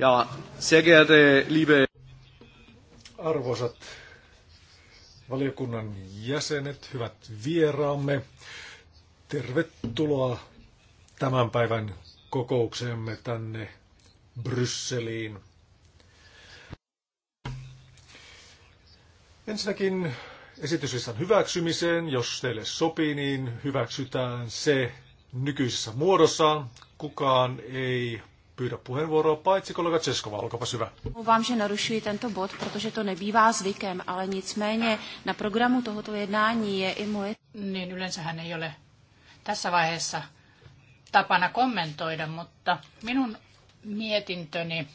Ja, sehr geehrte, liebe... Arvoisat valiokunnan jäsenet, hyvät vieraamme, tervetuloa tämän päivän kokoukseemme tänne Brysseliin. Ensinnäkin esityslistan hyväksymiseen, jos teille sopii, niin hyväksytään se nykyisessä muodossaan. Kukaan ei pyydä puheenvuoroa, paitsi kollega Českova, olkapa syvä. Vám, že narušuji tento bod, protože to nebývá zvykem, ale nicméně na programu tohoto jednání je i moje... Niin, yleensähän ei ole tässä vaiheessa tapana kommentoida, mutta minun mietintöni,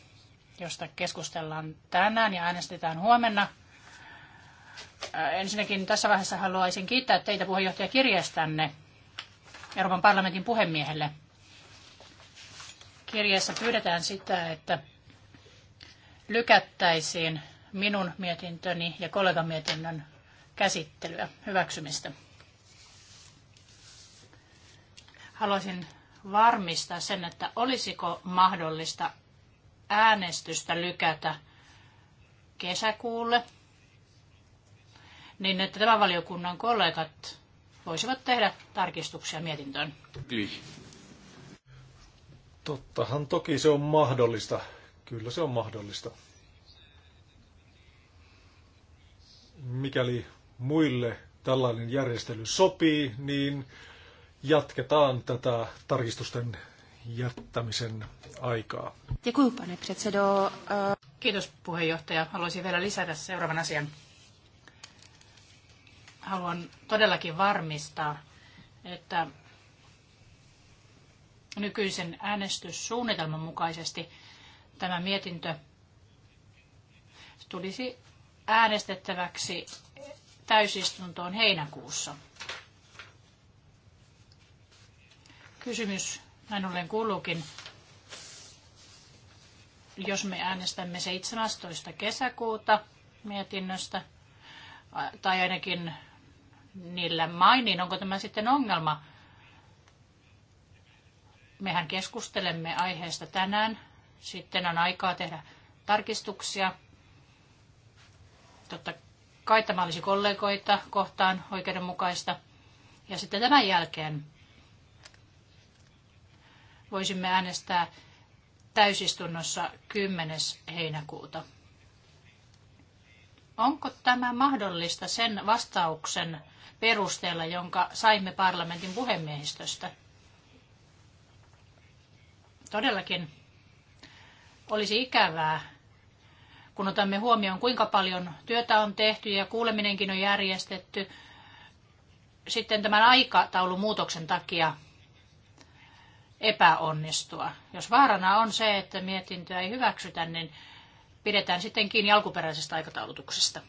josta keskustellaan tänään ja äänestetään huomenna, äh, Ensinnäkin tässä vaiheessa haluaisin kiittää teitä puheenjohtajakirjeestänne Euroopan parlamentin puhemiehelle – kirjeessä pyydetään sitä, että lykättäisiin minun mietintöni ja kollegan mietinnön käsittelyä, hyväksymistä. Haluaisin varmistaa sen, että olisiko mahdollista äänestystä lykätä kesäkuulle, niin että tämän valiokunnan kollegat voisivat tehdä tarkistuksia mietintöön. Kyllä. Tottahan toki se on mahdollista. Kyllä se on mahdollista. Mikäli muille tällainen järjestely sopii, niin jatketaan tätä tarkistusten jättämisen aikaa. Kiitos puheenjohtaja. Haluaisin vielä lisätä seuraavan asian. Haluan todellakin varmistaa, että nykyisen äänestyssuunnitelman mukaisesti tämä mietintö tulisi äänestettäväksi täysistuntoon heinäkuussa. Kysymys näin ollen kuuluukin, jos me äänestämme 17. kesäkuuta mietinnöstä, tai ainakin niillä mainin, niin onko tämä sitten ongelma – Mehän keskustelemme aiheesta tänään. Sitten on aikaa tehdä tarkistuksia. Totta kai tämä olisi kollegoita kohtaan oikeudenmukaista. Ja sitten tämän jälkeen voisimme äänestää täysistunnossa 10. heinäkuuta. Onko tämä mahdollista sen vastauksen perusteella, jonka saimme parlamentin puhemiehistöstä? Todellakin olisi ikävää, kun otamme huomioon, kuinka paljon työtä on tehty ja kuuleminenkin on järjestetty sitten tämän aikataulun muutoksen takia epäonnistua. Jos vaarana on se, että mietintöä ei hyväksytä, niin pidetään sitten kiinni alkuperäisestä aikataulutuksesta.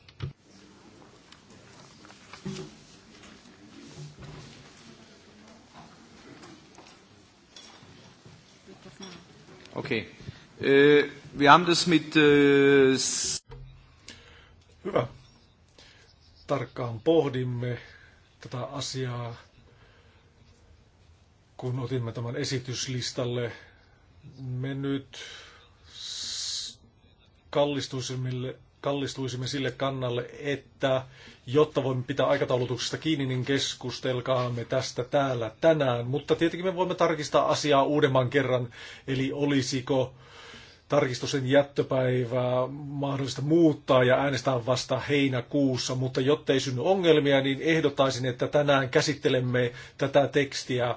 Okay. Äh, wir haben das mit... Äh... Hyvä. Tarkkaan pohdimme tätä asiaa, kun otimme tämän esityslistalle. Me nyt kallistuisimme kallistuisimme sille kannalle, että jotta voimme pitää aikataulutuksesta kiinni, niin keskustelkaamme tästä täällä tänään. Mutta tietenkin me voimme tarkistaa asiaa uudemman kerran, eli olisiko tarkistusen jättöpäivää mahdollista muuttaa ja äänestää vasta heinäkuussa, mutta jottei synny ongelmia, niin ehdottaisin, että tänään käsittelemme tätä tekstiä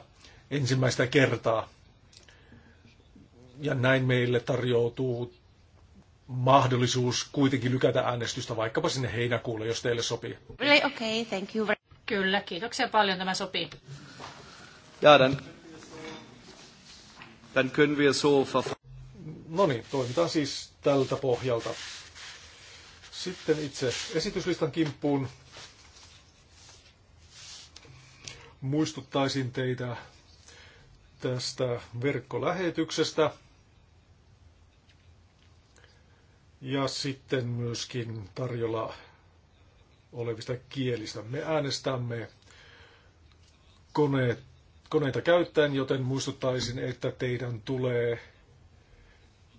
ensimmäistä kertaa. Ja näin meille tarjoutuu mahdollisuus kuitenkin lykätä äänestystä vaikkapa sinne heinäkuulle, jos teille sopii. Really? Okay, thank you. Kyllä, kiitoksia paljon, tämä sopii. Ja, dann, dann können wir so No niin, toimitaan siis tältä pohjalta. Sitten itse esityslistan kimppuun. Muistuttaisin teitä tästä verkkolähetyksestä. ja sitten myöskin tarjolla olevista kielistä. Me äänestämme koneet, koneita käyttäen, joten muistuttaisin, että teidän tulee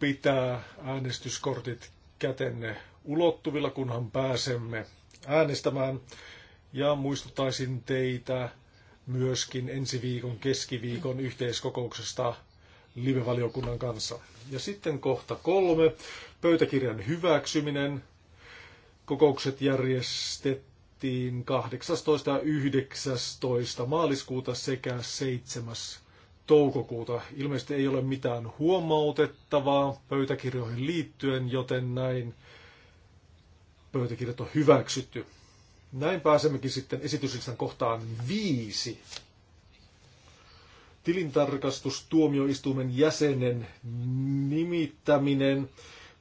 pitää äänestyskortit kätenne ulottuvilla, kunhan pääsemme äänestämään. Ja muistuttaisin teitä myöskin ensi viikon keskiviikon yhteiskokouksesta live-valiokunnan kanssa. Ja sitten kohta kolme, pöytäkirjan hyväksyminen. Kokoukset järjestettiin 18. ja 19. maaliskuuta sekä 7. toukokuuta. Ilmeisesti ei ole mitään huomautettavaa pöytäkirjoihin liittyen, joten näin pöytäkirjat on hyväksytty. Näin pääsemmekin sitten esityslistan kohtaan viisi tilintarkastustuomioistuimen jäsenen nimittäminen.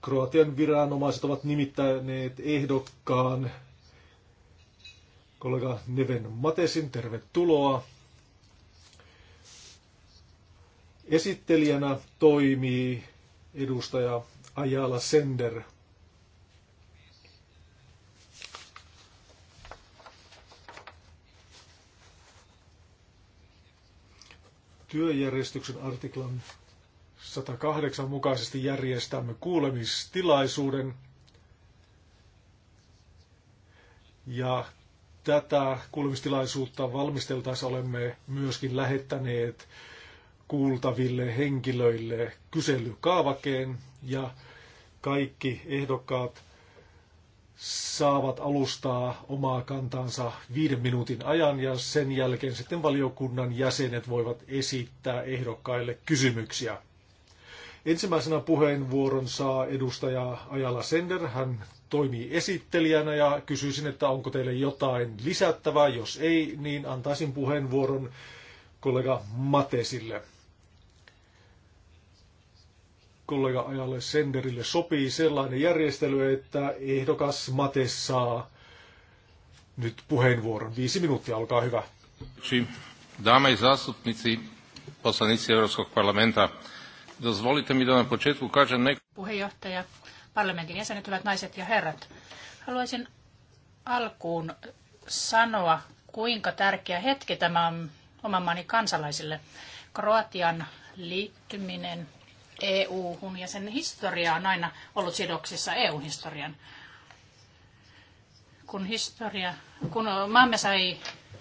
Kroatian viranomaiset ovat nimittäneet ehdokkaan kollega Neven Matesin. Tervetuloa. Esittelijänä toimii edustaja Ajala Sender. työjärjestyksen artiklan 108 mukaisesti järjestämme kuulemistilaisuuden. Ja tätä kuulemistilaisuutta valmisteltaessa olemme myöskin lähettäneet kuultaville henkilöille kyselykaavakeen ja kaikki ehdokkaat saavat alustaa omaa kantansa viiden minuutin ajan ja sen jälkeen sitten valiokunnan jäsenet voivat esittää ehdokkaille kysymyksiä. Ensimmäisenä puheenvuoron saa edustaja Ajala Sender. Hän toimii esittelijänä ja kysyisin, että onko teille jotain lisättävää. Jos ei, niin antaisin puheenvuoron kollega Matesille kollega ajalle Senderille sopii sellainen järjestely, että ehdokas Mate saa nyt puheenvuoron. Viisi minuuttia, olkaa hyvä. Dame i zastupnici, poslanici Euroopan parlamenta, dozvolite mi da na početku kažem neko... Puheenjohtaja, parlamentin jäsenet, hyvät naiset ja herrat. Haluaisin alkuun sanoa, kuinka tärkeä hetki tämä on oman maani kansalaisille. Kroatian liittyminen EU-hun ja sen historia on aina ollut sidoksissa EU-historian. Kun, historia, kun maamme sai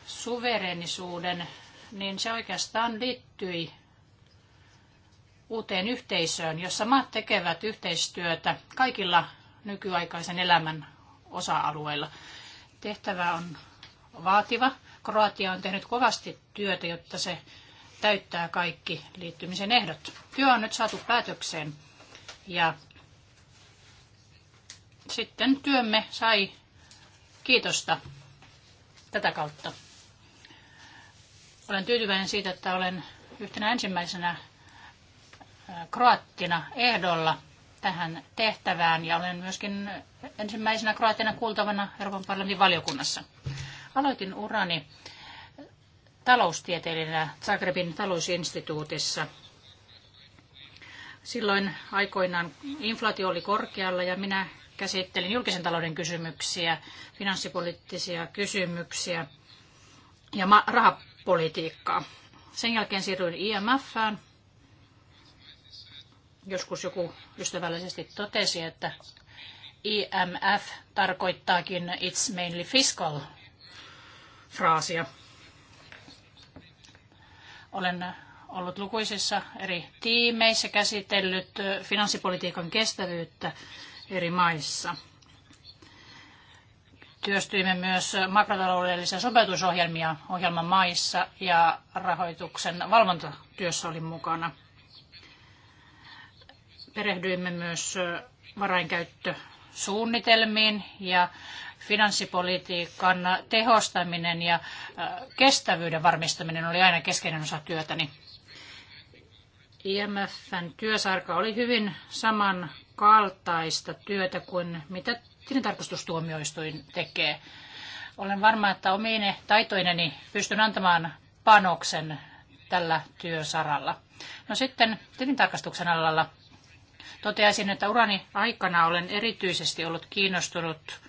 suverenisuuden, niin se oikeastaan liittyi uuteen yhteisöön, jossa maat tekevät yhteistyötä kaikilla nykyaikaisen elämän osa-alueilla. Tehtävä on vaativa. Kroatia on tehnyt kovasti työtä, jotta se täyttää kaikki liittymisen ehdot. Työ on nyt saatu päätökseen ja sitten työmme sai kiitosta tätä kautta. Olen tyytyväinen siitä, että olen yhtenä ensimmäisenä kroattina ehdolla tähän tehtävään ja olen myöskin ensimmäisenä kroattina kuultavana Euroopan parlamentin valiokunnassa. Aloitin urani taloustieteilijänä Zagrebin talousinstituutissa. Silloin aikoinaan inflaatio oli korkealla ja minä käsittelin julkisen talouden kysymyksiä, finanssipoliittisia kysymyksiä ja rahapolitiikkaa. Sen jälkeen siirryin IMFään. Joskus joku ystävällisesti totesi, että IMF tarkoittaakin it's mainly fiscal fraasia. Olen ollut lukuisissa eri tiimeissä käsitellyt finanssipolitiikan kestävyyttä eri maissa. Työstyimme myös makrotaloudellisia sopeutusohjelmia ohjelman maissa ja rahoituksen valvontatyössä olin mukana. Perehdyimme myös varainkäyttösuunnitelmiin ja finanssipolitiikan tehostaminen ja kestävyyden varmistaminen oli aina keskeinen osa työtäni. IMFn työsarka oli hyvin samankaltaista työtä kuin mitä tilintarkastustuomioistuin tekee. Olen varma, että omiin taitoineni pystyn antamaan panoksen tällä työsaralla. No sitten tilintarkastuksen alalla toteaisin, että urani aikana olen erityisesti ollut kiinnostunut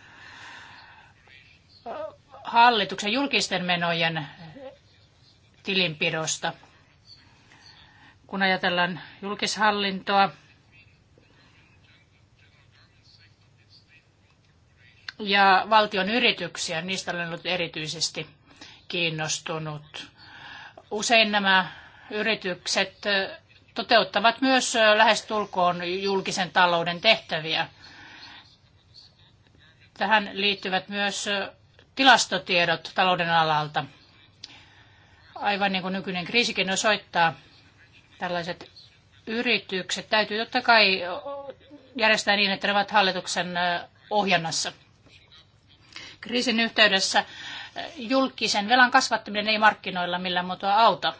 hallituksen julkisten menojen tilinpidosta. Kun ajatellaan julkishallintoa ja valtion yrityksiä, niistä olen ollut erityisesti kiinnostunut. Usein nämä yritykset toteuttavat myös lähestulkoon julkisen talouden tehtäviä. Tähän liittyvät myös tilastotiedot talouden alalta. Aivan niin kuin nykyinen kriisikin osoittaa, tällaiset yritykset täytyy totta kai järjestää niin, että ne ovat hallituksen ohjannassa. Kriisin yhteydessä julkisen velan kasvattaminen ei markkinoilla millään muotoa auta.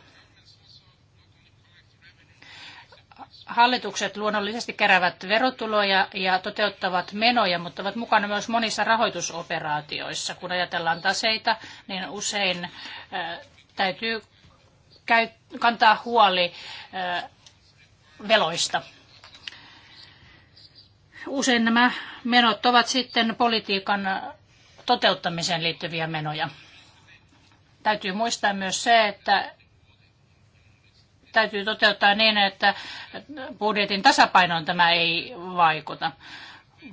Hallitukset luonnollisesti keräävät verotuloja ja toteuttavat menoja, mutta ovat mukana myös monissa rahoitusoperaatioissa. Kun ajatellaan taseita, niin usein äh, täytyy kantaa huoli äh, veloista. Usein nämä menot ovat sitten politiikan toteuttamiseen liittyviä menoja. Täytyy muistaa myös se, että täytyy toteuttaa niin, että budjetin tasapainoon tämä ei vaikuta.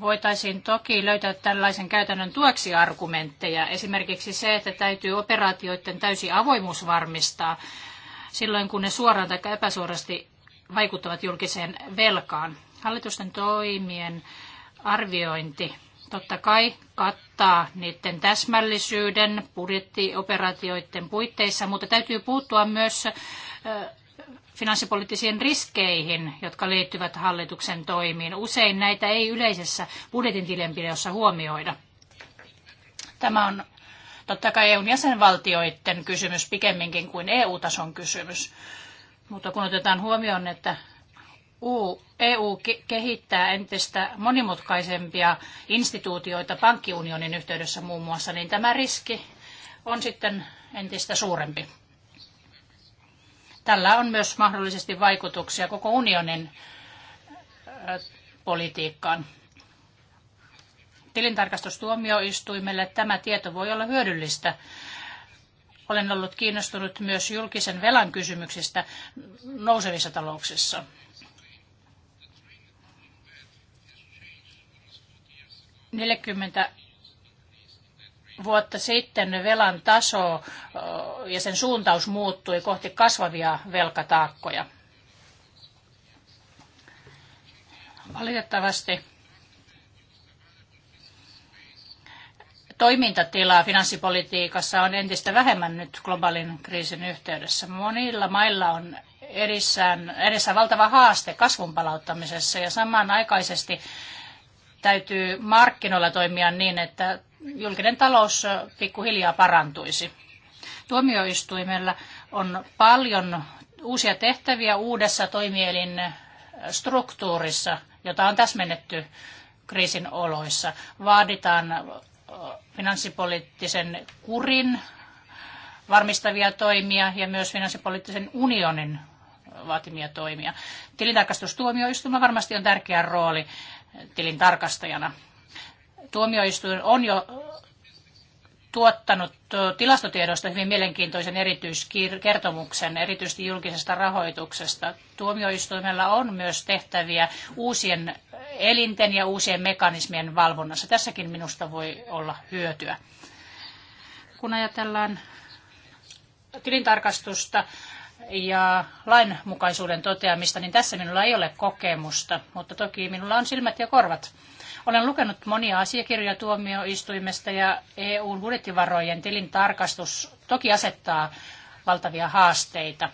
Voitaisiin toki löytää tällaisen käytännön tueksi argumentteja. Esimerkiksi se, että täytyy operaatioiden täysi avoimuus varmistaa silloin, kun ne suoraan tai epäsuorasti vaikuttavat julkiseen velkaan. Hallitusten toimien arviointi totta kai kattaa niiden täsmällisyyden budjettioperaatioiden puitteissa, mutta täytyy puuttua myös finanssipoliittisiin riskeihin, jotka liittyvät hallituksen toimiin. Usein näitä ei yleisessä budjetin tilinpidossa huomioida. Tämä on totta kai EUn jäsenvaltioiden kysymys pikemminkin kuin EU-tason kysymys. Mutta kun otetaan huomioon, että EU e kehittää entistä monimutkaisempia instituutioita pankkiunionin yhteydessä muun muassa, niin tämä riski on sitten entistä suurempi. Tällä on myös mahdollisesti vaikutuksia koko unionin politiikkaan. Tilintarkastustuomioistuimelle tämä tieto voi olla hyödyllistä. Olen ollut kiinnostunut myös julkisen velan kysymyksistä nousevissa talouksissa. Neljäkymmentä vuotta sitten velan taso ja sen suuntaus muuttui kohti kasvavia velkataakkoja. Valitettavasti toimintatilaa finanssipolitiikassa on entistä vähemmän nyt globaalin kriisin yhteydessä. Monilla mailla on edessään, edessä valtava haaste kasvun palauttamisessa ja samanaikaisesti täytyy markkinoilla toimia niin, että julkinen talous pikkuhiljaa parantuisi. Tuomioistuimella on paljon uusia tehtäviä uudessa toimielin struktuurissa, jota on täsmennetty kriisin oloissa. Vaaditaan finanssipoliittisen kurin varmistavia toimia ja myös finanssipoliittisen unionin vaatimia toimia. Tilintarkastustuomioistuma varmasti on tärkeä rooli tilintarkastajana. Tuomioistuin on jo tuottanut tilastotiedosta hyvin mielenkiintoisen erityiskertomuksen, erityisesti julkisesta rahoituksesta. Tuomioistuimella on myös tehtäviä uusien elinten ja uusien mekanismien valvonnassa. Tässäkin minusta voi olla hyötyä. Kun ajatellaan tilintarkastusta ja lainmukaisuuden toteamista, niin tässä minulla ei ole kokemusta, mutta toki minulla on silmät ja korvat olen lukenut monia asiakirjoja tuomioistuimesta ja EUn budjettivarojen tilintarkastus toki asettaa valtavia haasteita.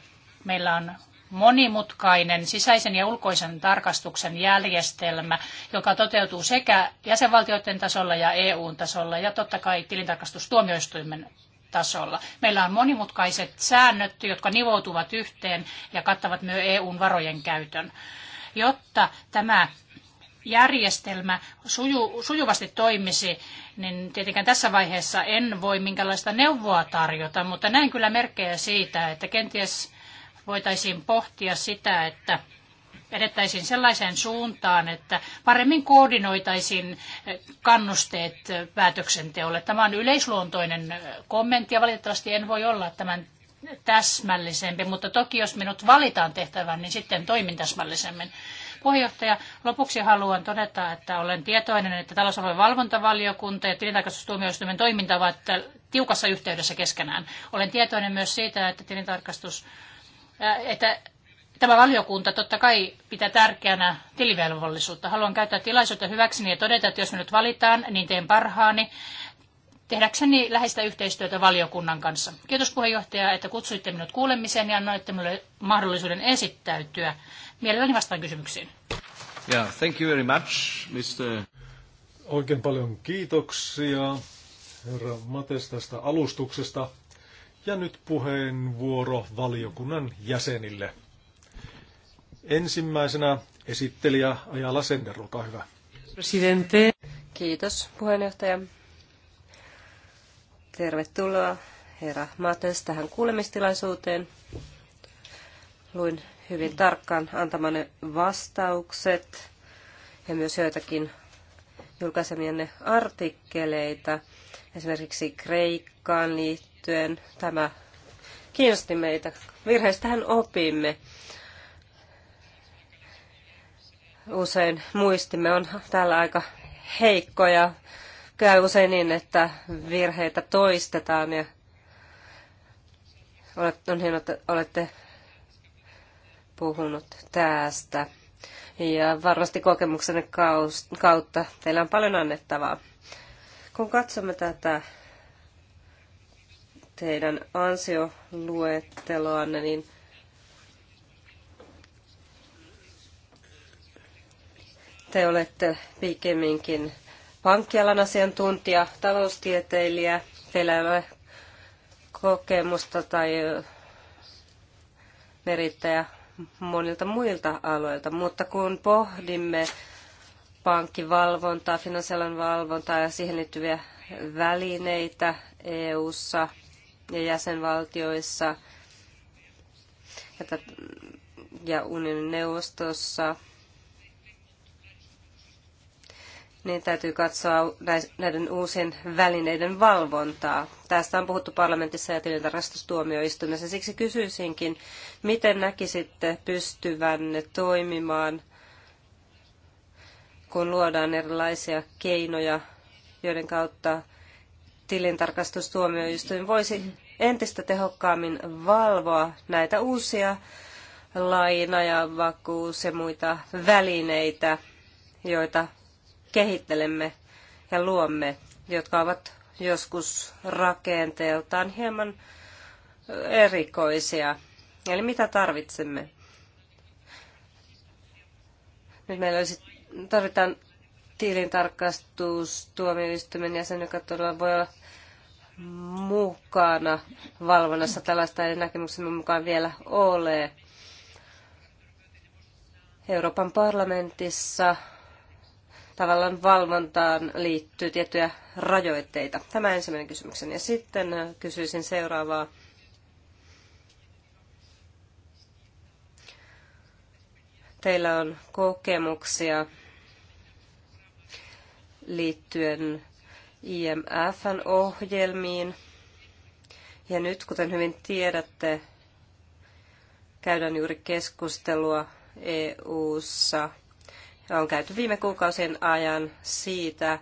Meillä on monimutkainen sisäisen ja ulkoisen tarkastuksen järjestelmä, joka toteutuu sekä jäsenvaltioiden tasolla ja EUn tasolla ja totta kai tilintarkastustuomioistuimen tasolla. Meillä on monimutkaiset säännöt, jotka nivoutuvat yhteen ja kattavat myös EUn varojen käytön. Jotta tämä järjestelmä suju, sujuvasti toimisi, niin tietenkään tässä vaiheessa en voi minkälaista neuvoa tarjota, mutta näin kyllä merkkejä siitä, että kenties voitaisiin pohtia sitä, että edettäisiin sellaiseen suuntaan, että paremmin koordinoitaisiin kannusteet päätöksenteolle. Tämä on yleisluontoinen kommentti ja valitettavasti en voi olla tämän täsmällisempi, mutta toki jos minut valitaan tehtävän, niin sitten toimin täsmällisemmin. Puheenjohtaja, lopuksi haluan todeta, että olen tietoinen, että talousalueen valvontavaliokunta ja tilintarkastustuomioistuimen toiminta ovat tiukassa yhteydessä keskenään. Olen tietoinen myös siitä, että tilintarkastus, äh, että tämä valiokunta totta kai pitää tärkeänä tilivelvollisuutta. Haluan käyttää tilaisuutta hyväkseni ja todeta, että jos minut valitaan, niin teen parhaani tehdäkseni läheistä yhteistyötä valiokunnan kanssa. Kiitos puheenjohtaja, että kutsuitte minut kuulemiseen ja annoitte minulle mahdollisuuden esittäytyä. Mielelläni vastaan kysymyksiin. Yeah, thank you very much, Mr. Oikein paljon kiitoksia herra Mates tästä alustuksesta. Ja nyt puheenvuoro valiokunnan jäsenille. Ensimmäisenä esittelijä Ajala Sender, olkaa hyvä. Presidente. Kiitos puheenjohtaja. Tervetuloa herra Mates tähän kuulemistilaisuuteen. Luin hyvin tarkkaan antamanne vastaukset ja myös joitakin julkaisemienne artikkeleita, esimerkiksi Kreikkaan liittyen. Tämä kiinnosti meitä. Virheistähän opimme. Usein muistimme on täällä aika heikkoja käy usein niin, että virheitä toistetaan ja on hienoa, että olette puhunut tästä. Ja varmasti kokemuksenne kautta teillä on paljon annettavaa. Kun katsomme tätä teidän ansioluetteloanne, niin te olette pikemminkin pankkialan asiantuntija, taloustieteilijä, teillä ei ole kokemusta tai merittäjä monilta muilta aloilta, mutta kun pohdimme pankkivalvontaa, finanssialan valvontaa ja siihen liittyviä välineitä EU-ssa ja jäsenvaltioissa ja unionin neuvostossa, niin täytyy katsoa näiden uusien välineiden valvontaa. Tästä on puhuttu parlamentissa ja tilintarkastustuomioistuimessa. Siksi kysyisinkin, miten näkisitte pystyvänne toimimaan, kun luodaan erilaisia keinoja, joiden kautta tilintarkastustuomioistuin voisi entistä tehokkaammin valvoa näitä uusia laina- ja vakuus- ja muita välineitä, joita kehittelemme ja luomme, jotka ovat joskus rakenteeltaan hieman erikoisia. Eli mitä tarvitsemme? Nyt meillä olisi, tarvitaan tilintarkastus tuomioistuimen jäsen, joka todella voi olla mukana valvonnassa. Tällaista ei näkemyksemme mukaan vielä ole. Euroopan parlamentissa tavallaan valvontaan liittyy tiettyjä rajoitteita? Tämä ensimmäinen kysymykseni. Ja sitten äh, kysyisin seuraavaa. Teillä on kokemuksia liittyen IMFn ohjelmiin. Ja nyt, kuten hyvin tiedätte, käydään juuri keskustelua EU:ssa ssa on käyty viime kuukausien ajan siitä,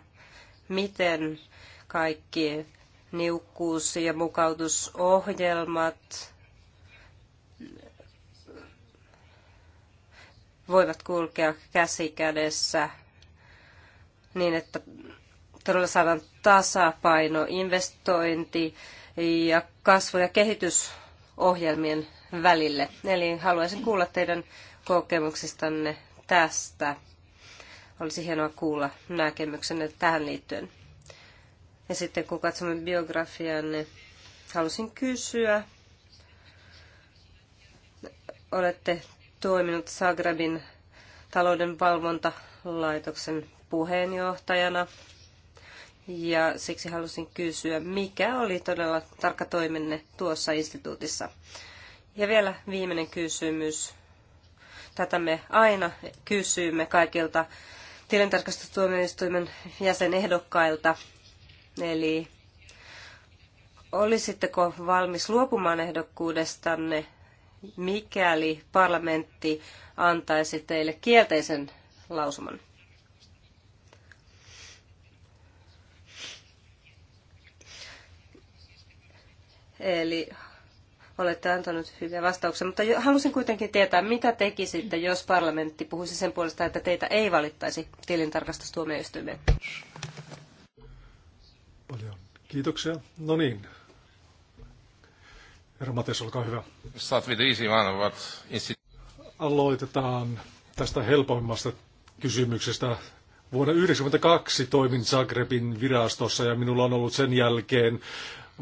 miten kaikki niukkuus- ja mukautusohjelmat voivat kulkea käsi kädessä niin, että todella saadaan tasapaino investointi ja kasvu- ja kehitysohjelmien välille. Eli haluaisin kuulla teidän kokemuksistanne tästä. Olisi hienoa kuulla näkemyksenne tähän liittyen. Ja sitten kun katsomme biografianne, niin halusin kysyä, olette toiminut Zagrebin talouden valvontalaitoksen puheenjohtajana. Ja siksi halusin kysyä, mikä oli todella tarkka toiminne tuossa instituutissa. Ja vielä viimeinen kysymys. Tätä me aina kysymme kaikilta tilintarkastustuomioistuimen jäsenehdokkailta. Eli olisitteko valmis luopumaan ehdokkuudestanne, mikäli parlamentti antaisi teille kielteisen lausuman? Eli olette antanut hyviä vastauksia, mutta halusin kuitenkin tietää, mitä tekisitte, jos parlamentti puhuisi sen puolesta, että teitä ei valittaisi tilintarkastustuomioistuimeen? Paljon kiitoksia. No niin. Herra Mates, olkaa hyvä. Aloitetaan tästä helpoimmasta kysymyksestä. Vuonna 1992 toimin Zagrebin virastossa ja minulla on ollut sen jälkeen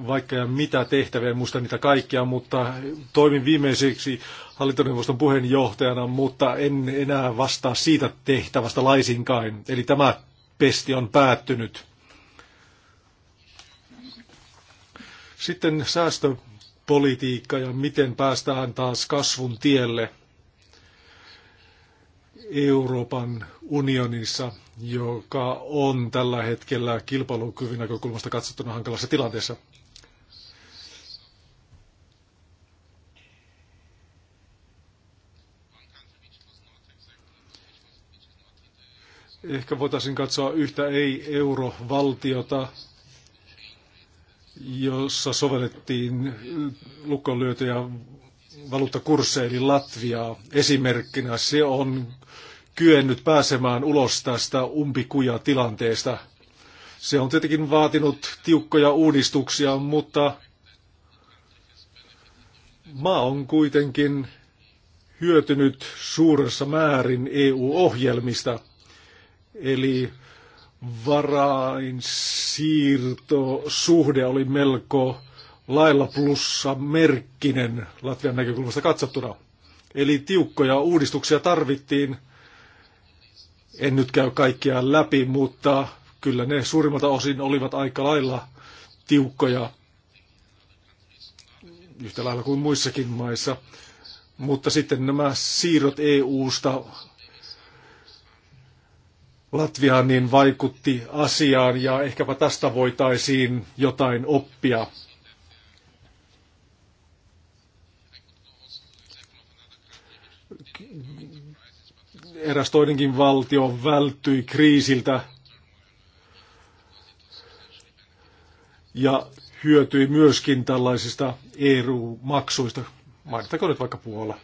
vaikka ja mitä tehtäviä, en muista niitä kaikkia, mutta toimin viimeiseksi hallintoneuvoston puheenjohtajana, mutta en enää vastaa siitä tehtävästä laisinkaan. Eli tämä pesti on päättynyt. Sitten säästöpolitiikka ja miten päästään taas kasvun tielle Euroopan unionissa, joka on tällä hetkellä kilpailukyvyn näkökulmasta katsottuna hankalassa tilanteessa. Ehkä voitaisiin katsoa yhtä ei-eurovaltiota, jossa sovellettiin lukkonlyötöjä valuuttakursseja eli Latviaa esimerkkinä. Se on kyennyt pääsemään ulos tästä tilanteesta. Se on tietenkin vaatinut tiukkoja uudistuksia, mutta maa on kuitenkin hyötynyt suuressa määrin EU-ohjelmista – Eli varainsiirtosuhde oli melko lailla plussa merkkinen Latvian näkökulmasta katsottuna. Eli tiukkoja uudistuksia tarvittiin. En nyt käy kaikkia läpi, mutta kyllä ne suurimmalta osin olivat aika lailla tiukkoja yhtä lailla kuin muissakin maissa. Mutta sitten nämä siirrot EU-sta Latvia niin vaikutti asiaan ja ehkäpä tästä voitaisiin jotain oppia. Eräs toinenkin valtio välttyi kriisiltä ja hyötyi myöskin tällaisista EU-maksuista. Mainittakoon nyt vaikka Puola.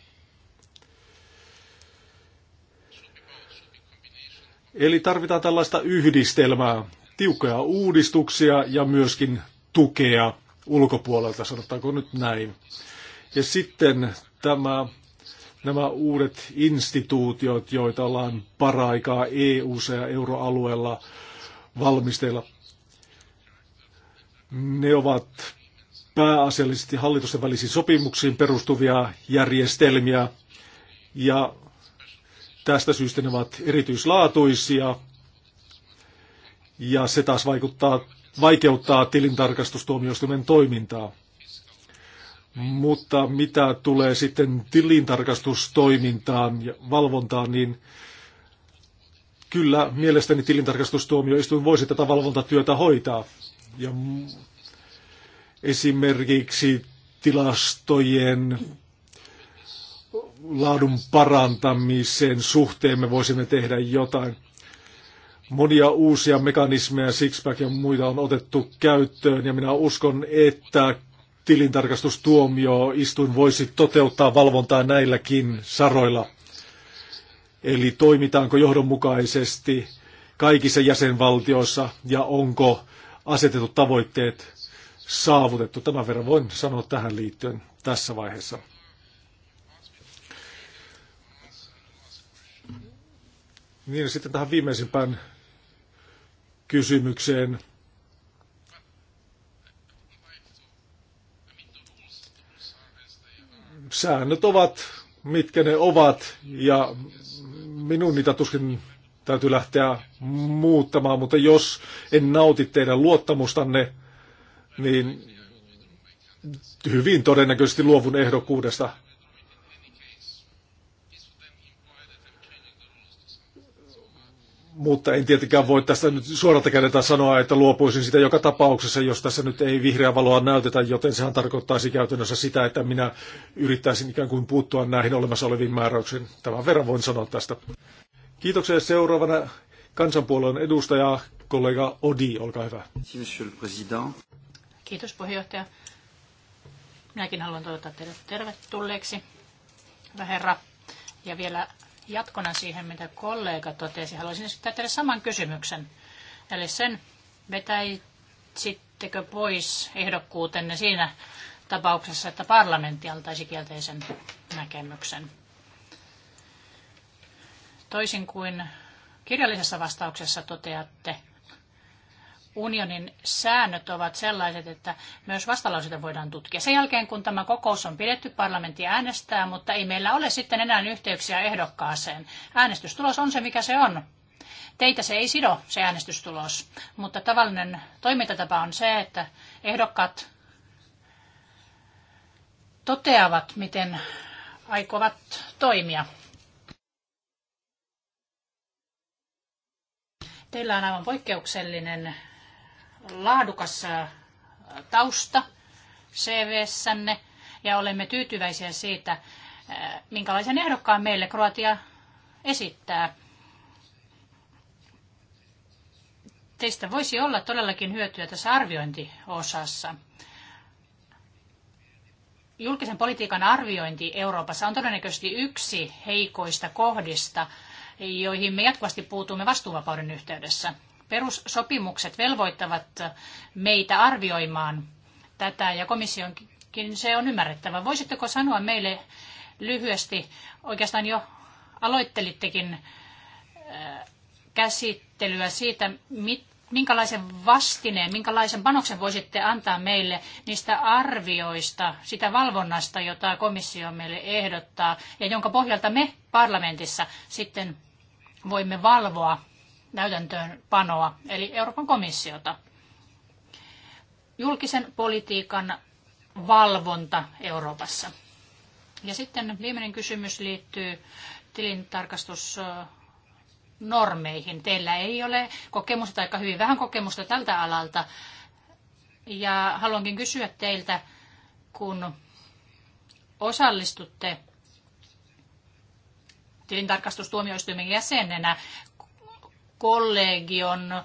Eli tarvitaan tällaista yhdistelmää, tiukkoja uudistuksia ja myöskin tukea ulkopuolelta, sanotaanko nyt näin. Ja sitten tämä, nämä uudet instituutiot, joita ollaan paraikaa eu ja euroalueella valmisteilla, ne ovat pääasiallisesti hallitusten välisiin sopimuksiin perustuvia järjestelmiä, ja Tästä syystä ne ovat erityislaatuisia ja se taas vaikuttaa, vaikeuttaa tilintarkastustuomioistuimen toimintaa. Mutta mitä tulee sitten tilintarkastustoimintaan ja valvontaan, niin kyllä mielestäni tilintarkastustuomioistuin voisi tätä valvontatyötä hoitaa. Ja esimerkiksi tilastojen laadun parantamisen suhteen me voisimme tehdä jotain. Monia uusia mekanismeja, Sixpack ja muita on otettu käyttöön ja minä uskon, että tilintarkastustuomioistuin voisi toteuttaa valvontaa näilläkin saroilla. Eli toimitaanko johdonmukaisesti kaikissa jäsenvaltioissa ja onko asetetut tavoitteet saavutettu. Tämän verran voin sanoa tähän liittyen tässä vaiheessa. Niin, sitten tähän viimeisimpään kysymykseen. Säännöt ovat, mitkä ne ovat, ja minun niitä tuskin täytyy lähteä muuttamaan, mutta jos en nauti teidän luottamustanne, niin hyvin todennäköisesti luovun ehdokkuudesta. mutta en tietenkään voi tästä nyt suoralta kädeltä sanoa, että luopuisin sitä joka tapauksessa, jos tässä nyt ei vihreä valoa näytetä, joten sehän tarkoittaisi käytännössä sitä, että minä yrittäisin ikään kuin puuttua näihin olemassa oleviin määräyksiin. Tämän verran voin sanoa tästä. Kiitoksia seuraavana kansanpuolueen edustaja, kollega Odi, olkaa hyvä. Kiitos puheenjohtaja. Minäkin haluan toivottaa teidät tervetulleeksi, hyvä herra. Ja vielä Jatkona siihen, mitä kollega totesi, haluaisin esittää teille saman kysymyksen. Eli sen vetäisittekö pois ehdokkuutenne siinä tapauksessa, että parlamentti antaisi kielteisen näkemyksen? Toisin kuin kirjallisessa vastauksessa toteatte, unionin säännöt ovat sellaiset, että myös vastalauseita voidaan tutkia. Sen jälkeen, kun tämä kokous on pidetty, parlamentti äänestää, mutta ei meillä ole sitten enää yhteyksiä ehdokkaaseen. Äänestystulos on se, mikä se on. Teitä se ei sido, se äänestystulos, mutta tavallinen toimintatapa on se, että ehdokkaat toteavat, miten aikovat toimia. Teillä on aivan poikkeuksellinen laadukas tausta CV-sänne ja olemme tyytyväisiä siitä, minkälaisen ehdokkaan meille Kroatia esittää. Teistä voisi olla todellakin hyötyä tässä arviointiosassa. Julkisen politiikan arviointi Euroopassa on todennäköisesti yksi heikoista kohdista, joihin me jatkuvasti puutumme vastuuvapauden yhteydessä. Perussopimukset velvoittavat meitä arvioimaan tätä ja komissionkin se on ymmärrettävä. Voisitteko sanoa meille lyhyesti, oikeastaan jo aloittelittekin äh, käsittelyä siitä, mit, minkälaisen vastineen, minkälaisen panoksen voisitte antaa meille niistä arvioista, sitä valvonnasta, jota komissio meille ehdottaa, ja jonka pohjalta me parlamentissa sitten voimme valvoa täytäntöönpanoa, eli Euroopan komissiota. Julkisen politiikan valvonta Euroopassa. Ja sitten viimeinen kysymys liittyy tilintarkastusnormeihin. Teillä ei ole kokemusta tai hyvin vähän kokemusta tältä alalta. Ja haluankin kysyä teiltä, kun osallistutte tilintarkastustuomioistuimen jäsenenä kollegion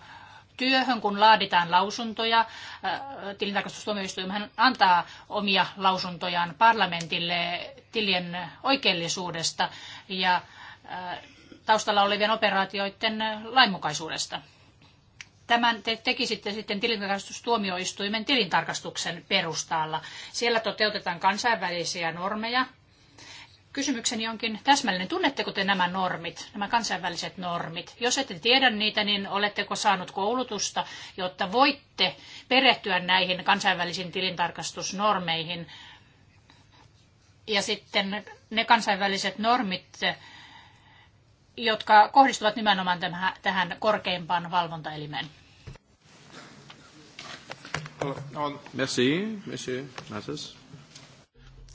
työhön, kun laaditaan lausuntoja. Äh, tilintarkastustuomioistuimhan antaa omia lausuntojaan parlamentille tilien oikeellisuudesta ja äh, taustalla olevien operaatioiden lainmukaisuudesta. Tämän te tekisitte sitten tilintarkastustuomioistuimen tilintarkastuksen perustaalla. Siellä toteutetaan kansainvälisiä normeja, Kysymykseni onkin täsmällinen. Tunnetteko te nämä normit, nämä kansainväliset normit? Jos ette tiedä niitä, niin oletteko saanut koulutusta, jotta voitte perehtyä näihin kansainvälisiin tilintarkastusnormeihin? Ja sitten ne kansainväliset normit, jotka kohdistuvat nimenomaan tähän korkeimpaan valvontaelimeen. Merci, monsieur Mattes.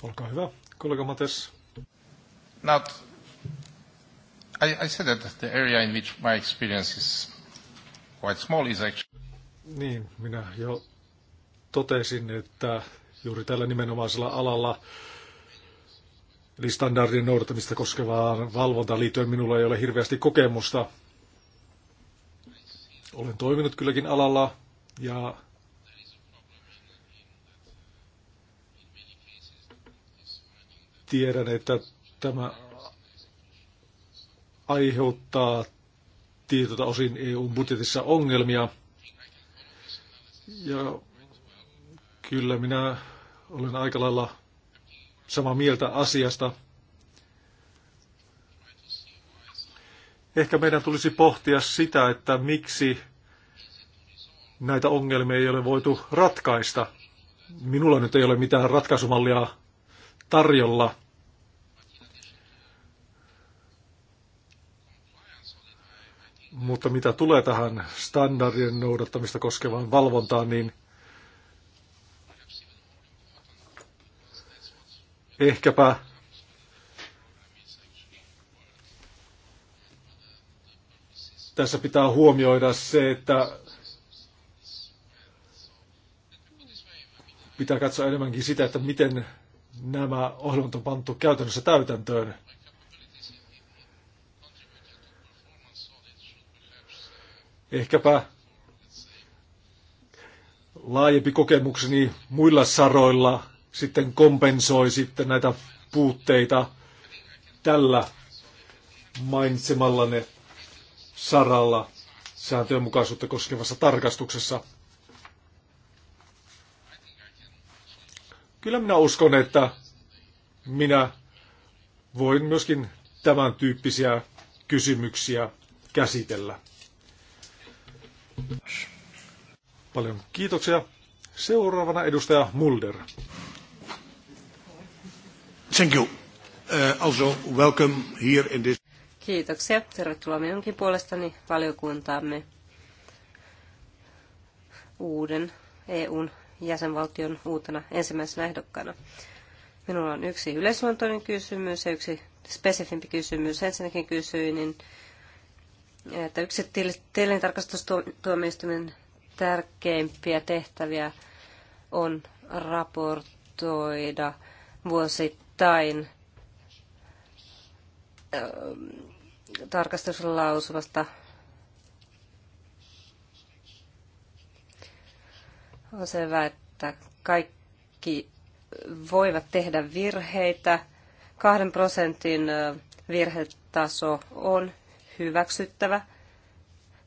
Olkaa hyvä, kollega Mates. Now, I, I said that the area in which my experience is quite small is actually... Niin, minä jo totesin, että juuri tällä nimenomaisella alalla eli standardien noudattamista koskevaan valvontaan liittyen minulla ei ole hirveästi kokemusta. Olen toiminut kylläkin alalla ja tiedän, että Tämä aiheuttaa tietyltä osin EU-budjetissa ongelmia. Ja kyllä minä olen aika lailla samaa mieltä asiasta. Ehkä meidän tulisi pohtia sitä, että miksi näitä ongelmia ei ole voitu ratkaista. Minulla nyt ei ole mitään ratkaisumallia tarjolla, Mutta mitä tulee tähän standardien noudattamista koskevaan valvontaan, niin ehkäpä tässä pitää huomioida se, että pitää katsoa enemmänkin sitä, että miten nämä ohjelmat on pantu käytännössä täytäntöön. Ehkäpä laajempi kokemukseni muilla saroilla sitten kompensoi sitten näitä puutteita tällä mainitsemallanne saralla sääntöjen mukaisuutta koskevassa tarkastuksessa. Kyllä minä uskon, että minä voin myöskin tämän tyyppisiä kysymyksiä käsitellä. Paljon kiitoksia. Seuraavana edustaja Mulder. Thank you. Uh, also welcome here in this... Kiitoksia. Tervetuloa minunkin puolestani valiokuntaamme uuden EUn jäsenvaltion uutena ensimmäisenä ehdokkaana. Minulla on yksi yleisluontoinen kysymys ja yksi spesifimpi kysymys. Ensinnäkin kysyin, niin että yksi tilintarkastustuomioistuimen tärkeimpiä tehtäviä on raportoida vuosittain ähm, tarkastuslausumasta on selvää, että kaikki voivat tehdä virheitä. Kahden prosentin äh, virhetaso on hyväksyttävä,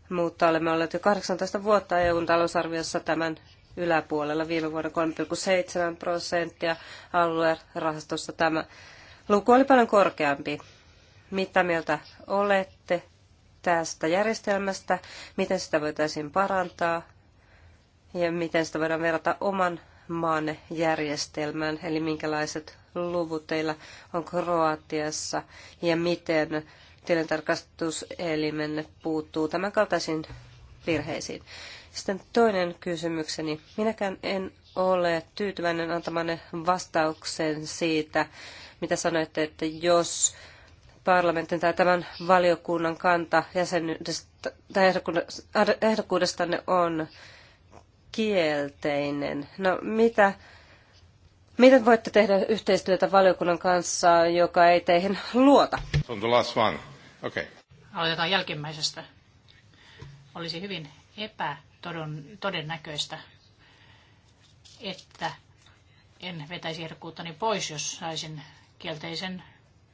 mutta olemme olleet jo 18 vuotta EUn talousarviossa tämän yläpuolella. Viime vuonna 3,7 prosenttia aluerahastossa tämä luku oli paljon korkeampi. Mitä mieltä olette tästä järjestelmästä, miten sitä voitaisiin parantaa ja miten sitä voidaan verrata oman maan järjestelmään, eli minkälaiset luvut teillä on Kroatiassa ja miten tilintarkastuselimenne puuttuu tämänkaltaisiin virheisiin. Sitten toinen kysymykseni. Minäkään en ole tyytyväinen antamanne vastauksen siitä, mitä sanoitte, että jos parlamentin tai tämän valiokunnan kanta jäsenyydestä tai ehdokkuudestanne on kielteinen. No mitä, miten voitte tehdä yhteistyötä valiokunnan kanssa, joka ei teihin luota? On the last one. Okay. Aloitetaan jälkimmäisestä. Olisi hyvin epätodennäköistä, että en vetäisi ehdokkuuttani pois, jos saisin kielteisen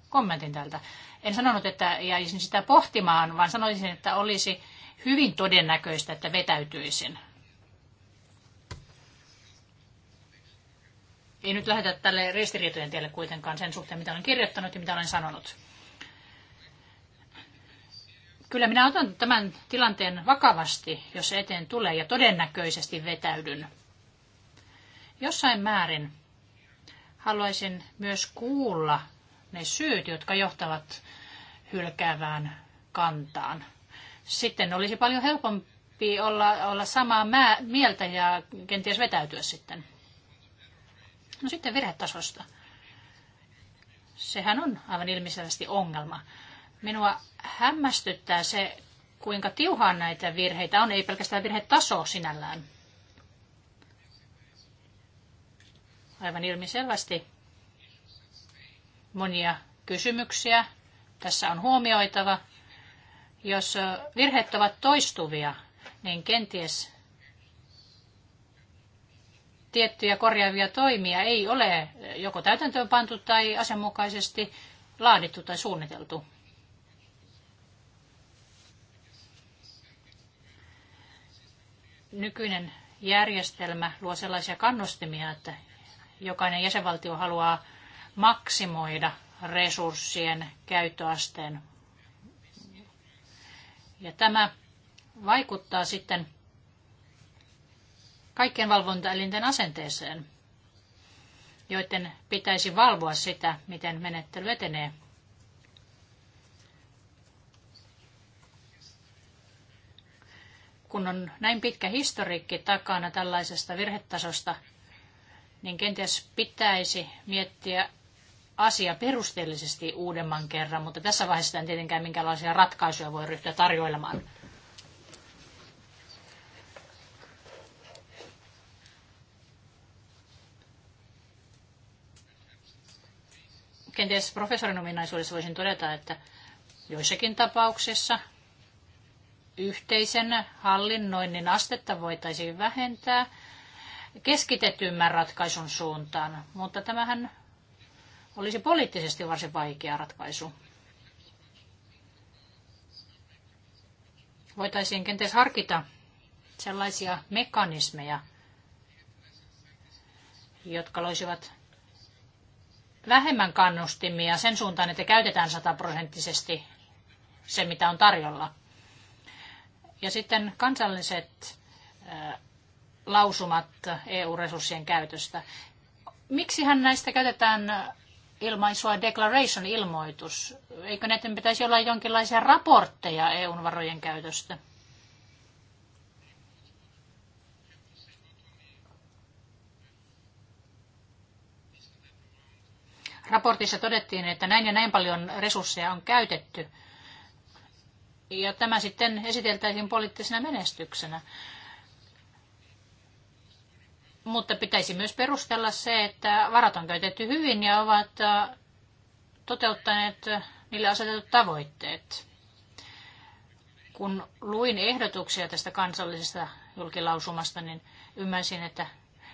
kommentin tältä. En sanonut, että jäisin sitä pohtimaan, vaan sanoisin, että olisi hyvin todennäköistä, että vetäytyisin. Ei nyt lähdetä tälle ristiriitojen tielle kuitenkaan sen suhteen, mitä olen kirjoittanut ja mitä olen sanonut. Kyllä minä otan tämän tilanteen vakavasti, jos eteen tulee, ja todennäköisesti vetäydyn. Jossain määrin haluaisin myös kuulla ne syyt, jotka johtavat hylkäävään kantaan. Sitten olisi paljon helpompi olla, olla samaa mä, mieltä ja kenties vetäytyä sitten. No sitten virhetasosta. Sehän on aivan ilmiselvästi ongelma. Minua hämmästyttää se, kuinka tiuhaan näitä virheitä on, ei pelkästään virhetaso sinällään. Aivan ilmiselvästi monia kysymyksiä tässä on huomioitava. Jos virheet ovat toistuvia, niin kenties tiettyjä korjaavia toimia ei ole joko täytäntöön pantu tai asianmukaisesti laadittu tai suunniteltu. nykyinen järjestelmä luo sellaisia kannustimia, että jokainen jäsenvaltio haluaa maksimoida resurssien käyttöasteen. Ja tämä vaikuttaa sitten kaikkien valvontaelinten asenteeseen, joiden pitäisi valvoa sitä, miten menettely etenee. kun on näin pitkä historiikki takana tällaisesta virhetasosta, niin kenties pitäisi miettiä asia perusteellisesti uudemman kerran, mutta tässä vaiheessa en tietenkään minkälaisia ratkaisuja voi ryhtyä tarjoilemaan. Kenties professorin ominaisuudessa voisin todeta, että joissakin tapauksissa yhteisen hallinnoinnin astetta voitaisiin vähentää keskitetymmän ratkaisun suuntaan, mutta tämähän olisi poliittisesti varsin vaikea ratkaisu. Voitaisiin kenties harkita sellaisia mekanismeja, jotka loisivat vähemmän kannustimia sen suuntaan, että käytetään sataprosenttisesti se, mitä on tarjolla. Ja sitten kansalliset lausumat EU-resurssien käytöstä. Miksihän näistä käytetään ilmaisua declaration ilmoitus? Eikö näiden pitäisi olla jonkinlaisia raportteja EUn varojen käytöstä? Raportissa todettiin, että näin ja näin paljon resursseja on käytetty – ja tämä sitten esiteltäisiin poliittisena menestyksenä. Mutta pitäisi myös perustella se, että varat on käytetty hyvin ja ovat äh, toteuttaneet äh, niille asetetut tavoitteet. Kun luin ehdotuksia tästä kansallisesta julkilausumasta, niin ymmärsin, että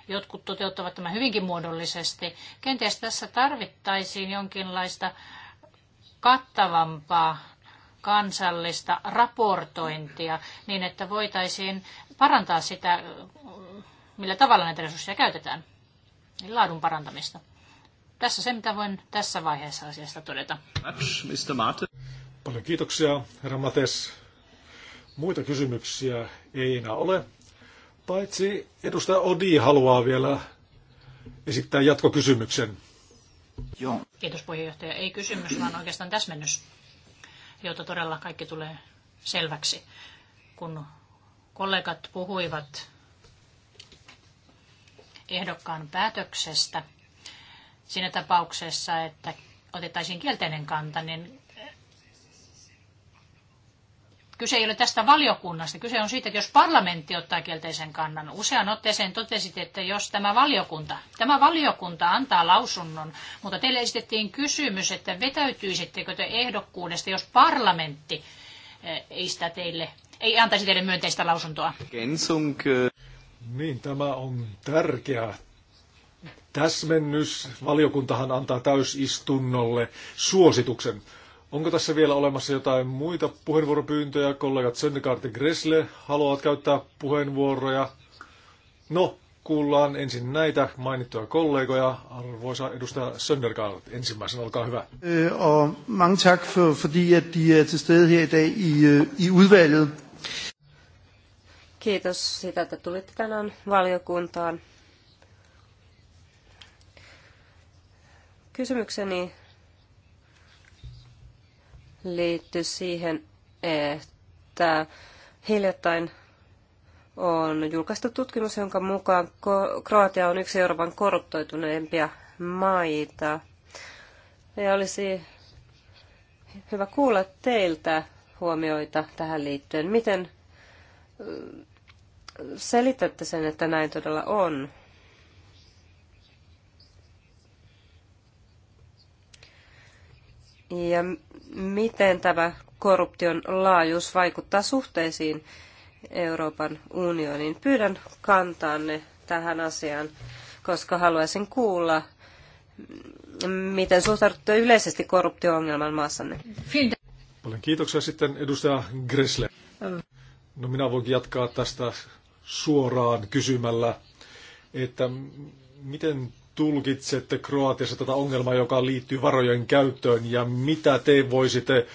jotkut toteuttavat tämän hyvinkin muodollisesti. Kenties tässä tarvittaisiin jonkinlaista kattavampaa kansallista raportointia niin, että voitaisiin parantaa sitä, millä tavalla näitä resursseja käytetään, eli laadun parantamista. Tässä se, mitä voin tässä vaiheessa asiasta todeta. Paljon kiitoksia, herra Mates. Muita kysymyksiä ei enää ole, paitsi edustaja Odi haluaa vielä esittää jatkokysymyksen. Joo. Kiitos puheenjohtaja. Ei kysymys, vaan oikeastaan täsmennys. Jota todella kaikki tulee selväksi. Kun kollegat puhuivat ehdokkaan päätöksestä siinä tapauksessa, että otettaisiin kielteinen kanta, niin Kyse ei ole tästä valiokunnasta. Kyse on siitä, että jos parlamentti ottaa kielteisen kannan. Usean otteeseen totesit, että jos tämä valiokunta, tämä valiokunta antaa lausunnon, mutta teille esitettiin kysymys, että vetäytyisittekö te ehdokkuudesta, jos parlamentti eh, ei sitä teille, ei antaisi teille myönteistä lausuntoa. Kensunk. Eh. Niin, tämä on tärkeä täsmennys. Valiokuntahan antaa täysistunnolle suosituksen. Onko tässä vielä olemassa jotain muita puheenvuoropyyntöjä? Kollegat Söndergaard ja Gressle haluavat käyttää puheenvuoroja. No, kuullaan ensin näitä mainittuja kollegoja. Arvoisa edustaja Söndergaard, ensimmäisenä olkaa hyvä. Øh, og mange tak for, fordi at de er til stede her i dag i, øh, i udvalget. Kiitos siitä, että tulitte tänään valiokuntaan. Kysymykseni liittyy siihen, että hiljattain on julkaistu tutkimus, jonka mukaan Kroatia on yksi Euroopan korruptoituneempia maita. Ja olisi hyvä kuulla teiltä huomioita tähän liittyen. Miten äh, selitätte sen, että näin todella on? Ja miten tämä korruption laajuus vaikuttaa suhteisiin Euroopan unioniin. Pyydän kantaanne tähän asiaan, koska haluaisin kuulla, miten suhtaudutte yleisesti korruptio-ongelman maassanne. Paljon kiitoksia sitten edustaja Gressle. No minä voinkin jatkaa tästä suoraan kysymällä, että miten tulkitsette Kroatiassa tätä ongelmaa, joka liittyy varojen käyttöön ja mitä te voisitte,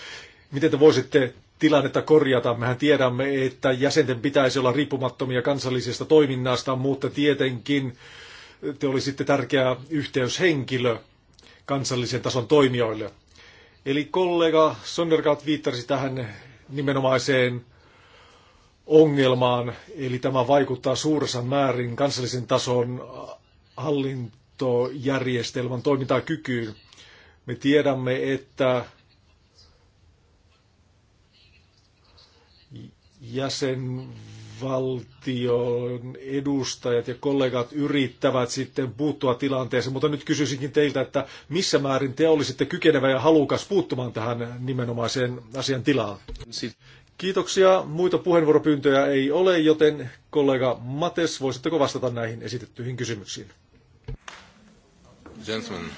miten te voisitte tilannetta korjata. Mehän tiedämme, että jäsenten pitäisi olla riippumattomia kansallisesta toiminnasta, mutta tietenkin te olisitte tärkeä yhteyshenkilö kansallisen tason toimijoille. Eli kollega Sondergaard viittasi tähän nimenomaiseen ongelmaan, eli tämä vaikuttaa suuressa määrin kansallisen tason hallin, nettojärjestelmän toimintakykyyn. Me tiedämme, että jäsenvaltion edustajat ja kollegat yrittävät sitten puuttua tilanteeseen, mutta nyt kysyisinkin teiltä, että missä määrin te olisitte kykenevä ja halukas puuttumaan tähän nimenomaiseen asian tilaan? Kiitoksia. Muita puheenvuoropyyntöjä ei ole, joten kollega Mates, voisitteko vastata näihin esitettyihin kysymyksiin? Gentlemen.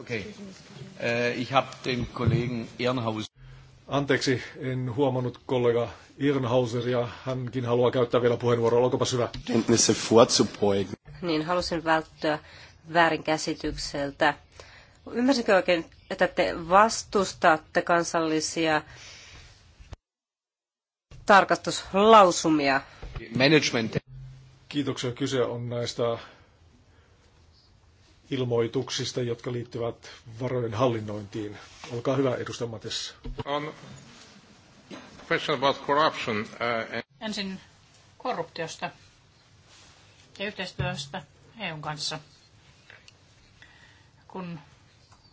Okay. Uh, ich habe den Kollegen Ehrenhaus. Anteeksi, en huomannut kollega Irnhauseria. Hänkin haluaa käyttää vielä puheenvuoroa. Olkapas hyvä. Niin, halusin välttyä väärinkäsitykseltä. Ymmärsinkö oikein, että te vastustatte kansallisia tarkastuslausumia? Management. Kiitoksia. Kyse on näistä ilmoituksista, jotka liittyvät varojen hallinnointiin. Olkaa hyvä, edustaja Mates. On um, question about corruption. Uh, Ensin korruptiosta ja yhteistyöstä EUn kanssa. Kun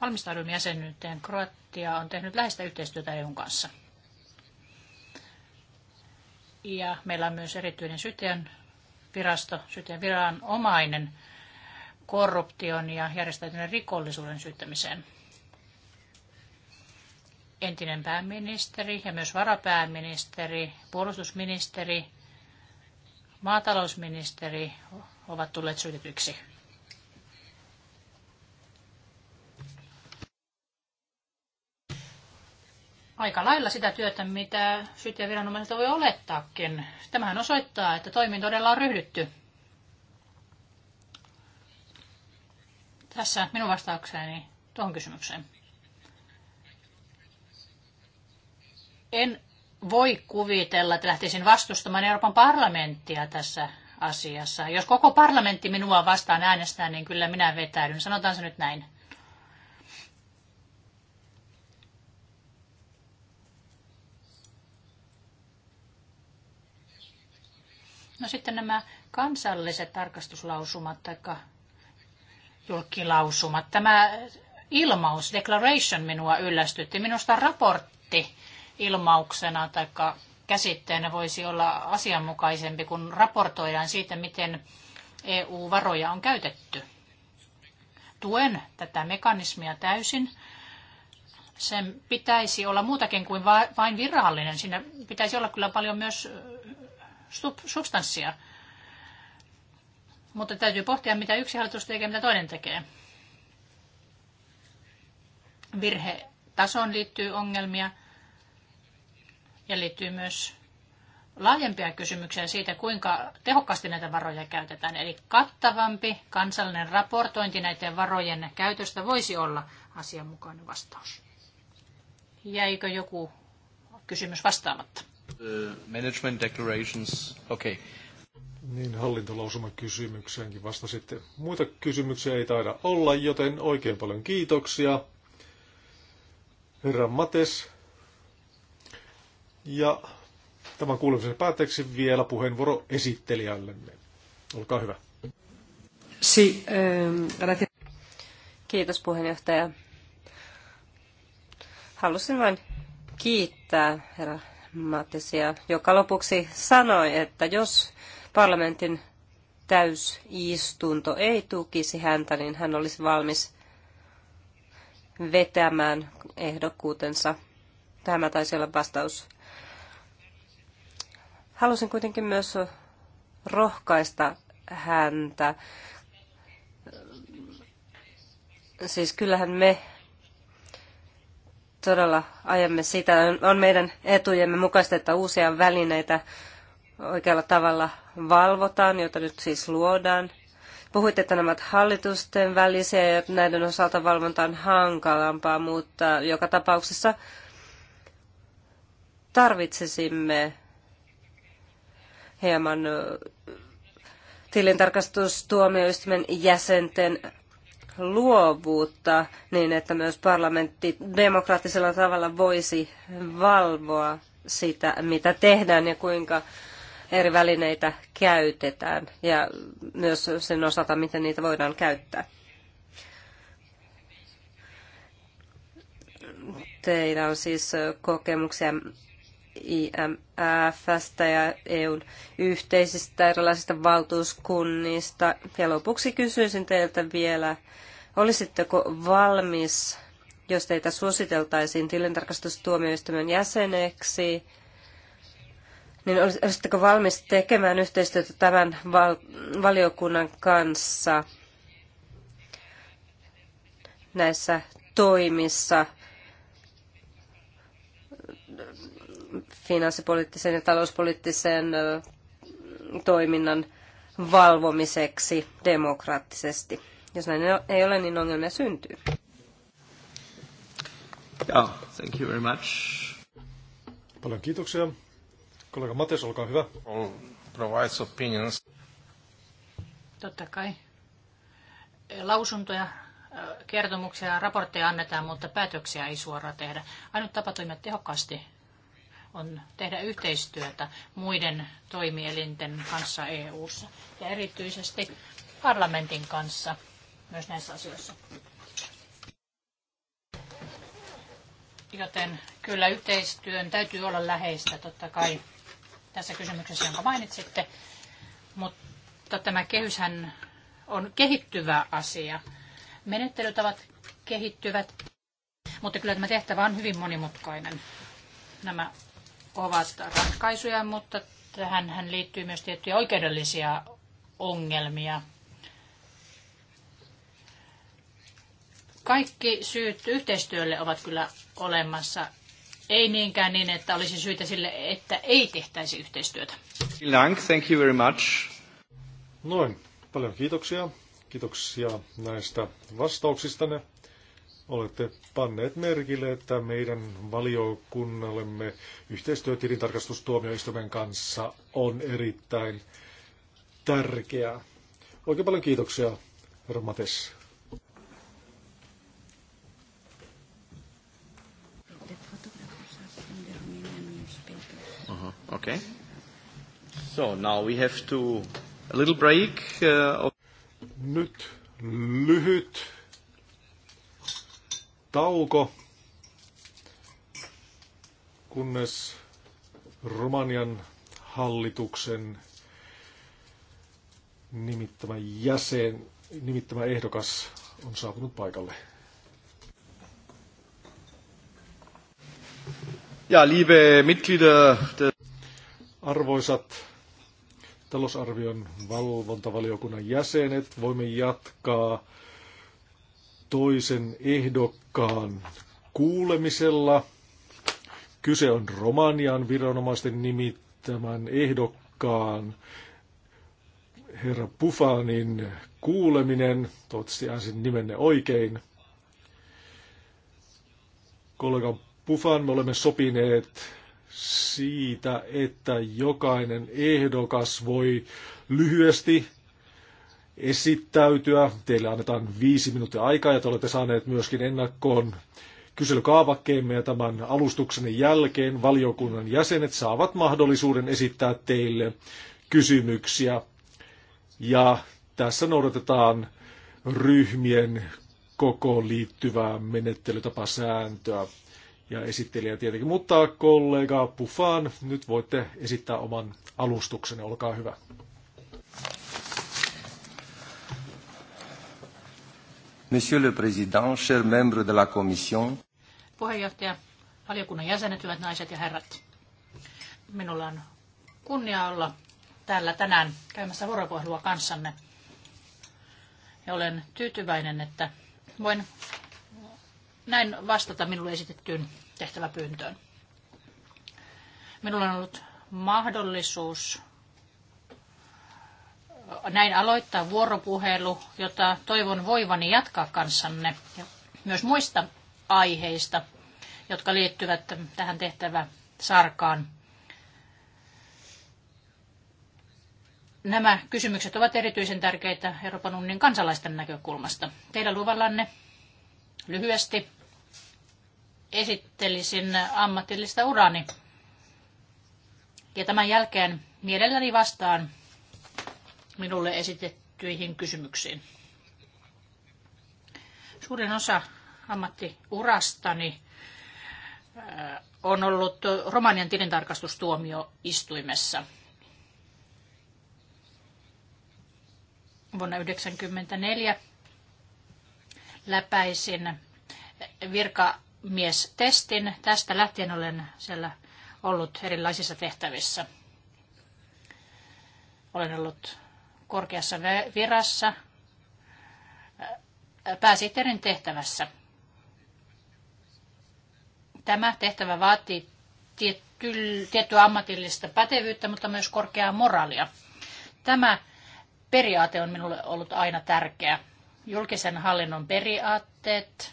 valmistaudun jäsenyyteen, Kroatia on tehnyt läheistä yhteistyötä EUn kanssa. Ja meillä on myös erityinen syteen virasto, syteen viranomainen, korruption ja järjestäytyneen rikollisuuden syyttämiseen. Entinen pääministeri ja myös varapääministeri, puolustusministeri, maatalousministeri ovat tulleet syytetyksi. aika lailla sitä työtä, mitä syyttäjäviranomaiselta voi olettaakin. Tämähän osoittaa, että toimiin todella on ryhdytty. Tässä minun vastaukseni tuohon kysymykseen. En voi kuvitella, että lähtisin vastustamaan Euroopan parlamenttia tässä asiassa. Jos koko parlamentti minua vastaan äänestää, niin kyllä minä vetäydyn. Sanotaan se nyt näin. No sitten nämä kansalliset tarkastuslausumat tai julkilausumat. Tämä ilmaus, declaration, minua yllästytti. Minusta raportti ilmauksena tai käsitteenä voisi olla asianmukaisempi, kun raportoidaan siitä, miten EU-varoja on käytetty. Tuen tätä mekanismia täysin. Sen pitäisi olla muutakin kuin vain virallinen. Siinä pitäisi olla kyllä paljon myös substanssia. Mutta täytyy pohtia, mitä yksi hallitus tekee, mitä toinen tekee. Virhetasoon liittyy ongelmia ja liittyy myös laajempia kysymyksiä siitä, kuinka tehokkaasti näitä varoja käytetään. Eli kattavampi kansallinen raportointi näiden varojen käytöstä voisi olla asianmukainen vastaus. Jäikö joku kysymys vastaamatta? Uh, management declarations, okay. Niin, hallintolausumakysymykseenkin sitten Muita kysymyksiä ei taida olla, joten oikein paljon kiitoksia. Herra Mates. Ja tämän kuulemisen päätteeksi vielä puheenvuoro esittelijällemme. Olkaa hyvä. Si, ähm, Kiitos puheenjohtaja. Halusin vain kiittää herra Matisia, joka lopuksi sanoi, että jos parlamentin täysistunto ei tukisi häntä, niin hän olisi valmis vetämään ehdokkuutensa. Tämä taisi olla vastaus. Halusin kuitenkin myös rohkaista häntä. Siis kyllähän me todella ajamme sitä. On meidän etujemme mukaista, että uusia välineitä oikealla tavalla valvotaan, jota nyt siis luodaan. Puhuit, että nämä hallitusten välisiä ja näiden osalta valvonta on hankalampaa, mutta joka tapauksessa tarvitsisimme hieman tilintarkastustuomioistuimen jäsenten luovuutta niin, että myös parlamentti demokraattisella tavalla voisi valvoa sitä, mitä tehdään ja kuinka eri välineitä käytetään ja myös sen osalta, miten niitä voidaan käyttää. Teillä on siis kokemuksia IMFstä ja EUn yhteisistä erilaisista valtuuskunnista. Ja lopuksi kysyisin teiltä vielä, olisitteko valmis, jos teitä suositeltaisiin tilintarkastustuomioistuimen jäseneksi, niin olisitteko valmis tekemään yhteistyötä tämän val- valiokunnan kanssa näissä toimissa finanssipoliittisen ja talouspoliittisen toiminnan valvomiseksi demokraattisesti. Jos näin ei ole, niin ongelmia syntyy. Yeah, thank you very much. Paljon kiitoksia. Kollega Mates, olkaa hyvä. Provides opinions. Totta kai. Lausuntoja, kertomuksia ja raportteja annetaan, mutta päätöksiä ei suoraan tehdä. Ainut tapa toimia tehokkaasti on tehdä yhteistyötä muiden toimielinten kanssa EU:ssa ja erityisesti parlamentin kanssa myös näissä asioissa. Joten kyllä yhteistyön täytyy olla läheistä totta kai tässä kysymyksessä, jonka mainitsitte. Mutta tämä kehyshän on kehittyvä asia. Menettelytavat kehittyvät, mutta kyllä tämä tehtävä on hyvin monimutkainen. Nämä ovat ratkaisuja, mutta tähän liittyy myös tiettyjä oikeudellisia ongelmia. Kaikki syyt yhteistyölle ovat kyllä olemassa ei niinkään niin, että olisi syytä sille, että ei tehtäisi yhteistyötä. Lang, thank you very much. Noin, paljon kiitoksia. Kiitoksia näistä vastauksistanne. Olette panneet merkille, että meidän valiokunnallemme yhteistyö tilintarkastustuomioistuimen kanssa on erittäin tärkeää. Oikein paljon kiitoksia, herra Mates. Okay. So now we have to a little break. Uh, of... Nyt lyhyt tauko, kunnes Romanian hallituksen nimittämä jäsen, nimittämä ehdokas on saapunut paikalle. Ja, liebe Mitglieder Arvoisat talousarvion valvontavaliokunnan jäsenet, voimme jatkaa toisen ehdokkaan kuulemisella. Kyse on Romanian viranomaisten nimittämän ehdokkaan herra Pufanin kuuleminen. Toivottavasti äänsin nimenne oikein. Kollega Pufan, me olemme sopineet siitä, että jokainen ehdokas voi lyhyesti esittäytyä. Teille annetaan viisi minuuttia aikaa ja te olette saaneet myöskin ennakkoon kyselykaavakkeemme ja tämän alustuksen jälkeen valiokunnan jäsenet saavat mahdollisuuden esittää teille kysymyksiä. Ja tässä noudatetaan ryhmien koko liittyvää menettelytapasääntöä ja esittelijä tietenkin. Mutta kollega Pufan nyt voitte esittää oman alustuksenne, olkaa hyvä. Monsieur le Président, chers membres de la Commission. Puheenjohtaja, valiokunnan jäsenet, hyvät naiset ja herrat. Minulla on kunnia olla täällä tänään käymässä vuoropuhelua kanssanne. Ja olen tyytyväinen, että voin näin vastata minulle esitettyyn tehtäväpyyntöön. Minulla on ollut mahdollisuus äh, näin aloittaa vuoropuhelu, jota toivon voivani jatkaa kanssanne ja myös muista aiheista, jotka liittyvät tähän tehtävä sarkaan. Nämä kysymykset ovat erityisen tärkeitä Euroopan unionin kansalaisten näkökulmasta. Teidän luvallanne Lyhyesti esittelisin ammatillista urani. Ja tämän jälkeen mielelläni vastaan minulle esitettyihin kysymyksiin. Suurin osa ammattiurastani äh, on ollut Romanian tilintarkastustuomioistuimessa. Vuonna 1994 läpäisin virkamiestestin. Tästä lähtien olen siellä ollut erilaisissa tehtävissä. Olen ollut korkeassa virassa, pääsihteerin tehtävässä. Tämä tehtävä vaatii tiettyä ammatillista pätevyyttä, mutta myös korkeaa moraalia. Tämä periaate on minulle ollut aina tärkeä julkisen hallinnon periaatteet,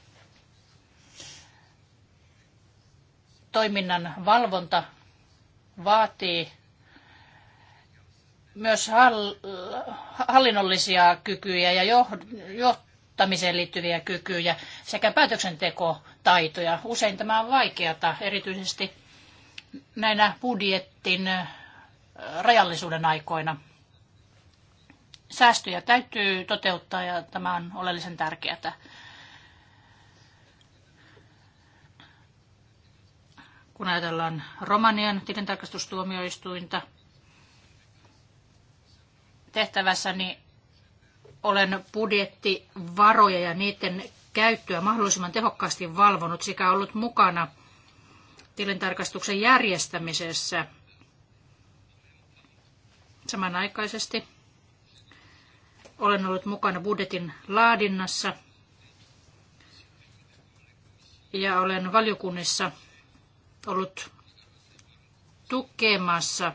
toiminnan valvonta vaatii myös hallinnollisia kykyjä ja johtamiseen liittyviä kykyjä sekä päätöksentekotaitoja. Usein tämä on vaikeata, erityisesti näinä budjettin rajallisuuden aikoina säästöjä täytyy toteuttaa ja tämä on oleellisen tärkeää. Kun ajatellaan Romanian tilintarkastustuomioistuinta tehtävässäni niin olen budjettivaroja ja niiden käyttöä mahdollisimman tehokkaasti valvonut sekä ollut mukana tilintarkastuksen järjestämisessä samanaikaisesti – olen ollut mukana budjetin laadinnassa ja olen valiokunnissa ollut tukemassa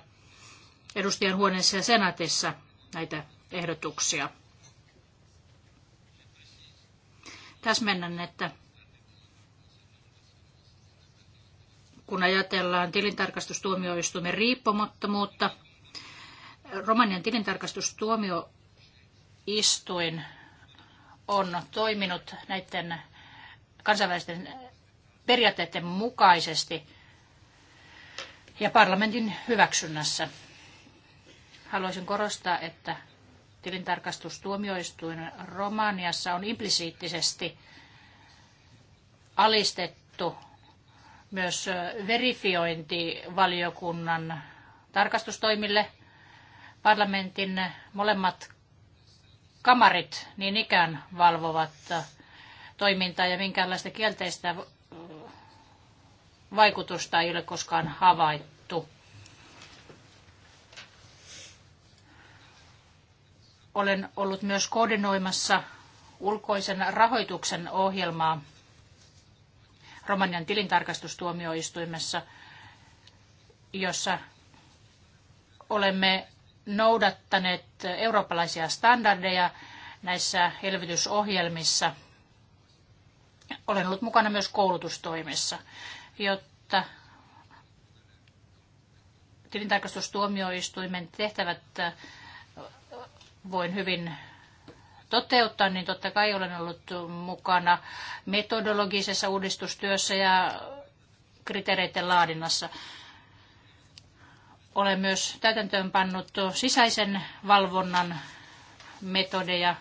edustajan huoneessa ja senaatissa näitä ehdotuksia. Täsmennän, että kun ajatellaan tilintarkastustuomioistuimen riippumattomuutta, Romanian tilintarkastustuomio tuomioistuin on toiminut näiden kansainvälisten periaatteiden mukaisesti ja parlamentin hyväksynnässä. Haluaisin korostaa, että tilintarkastustuomioistuin Romaniassa on implisiittisesti alistettu myös verifiointivaliokunnan tarkastustoimille. Parlamentin molemmat kamarit niin ikään valvovat äh, toimintaa ja minkäänlaista kielteistä äh, vaikutusta ei ole koskaan havaittu. Olen ollut myös koordinoimassa ulkoisen rahoituksen ohjelmaa Romanian tilintarkastustuomioistuimessa, jossa olemme noudattaneet eurooppalaisia standardeja näissä elvytysohjelmissa. Olen ollut mukana myös koulutustoimessa, jotta tilintarkastustuomioistuimen tehtävät äh, voin hyvin toteuttaa, niin totta kai olen ollut mukana metodologisessa uudistustyössä ja kriteereiden laadinnassa. Olen myös täytäntöönpannut sisäisen valvonnan metodeja.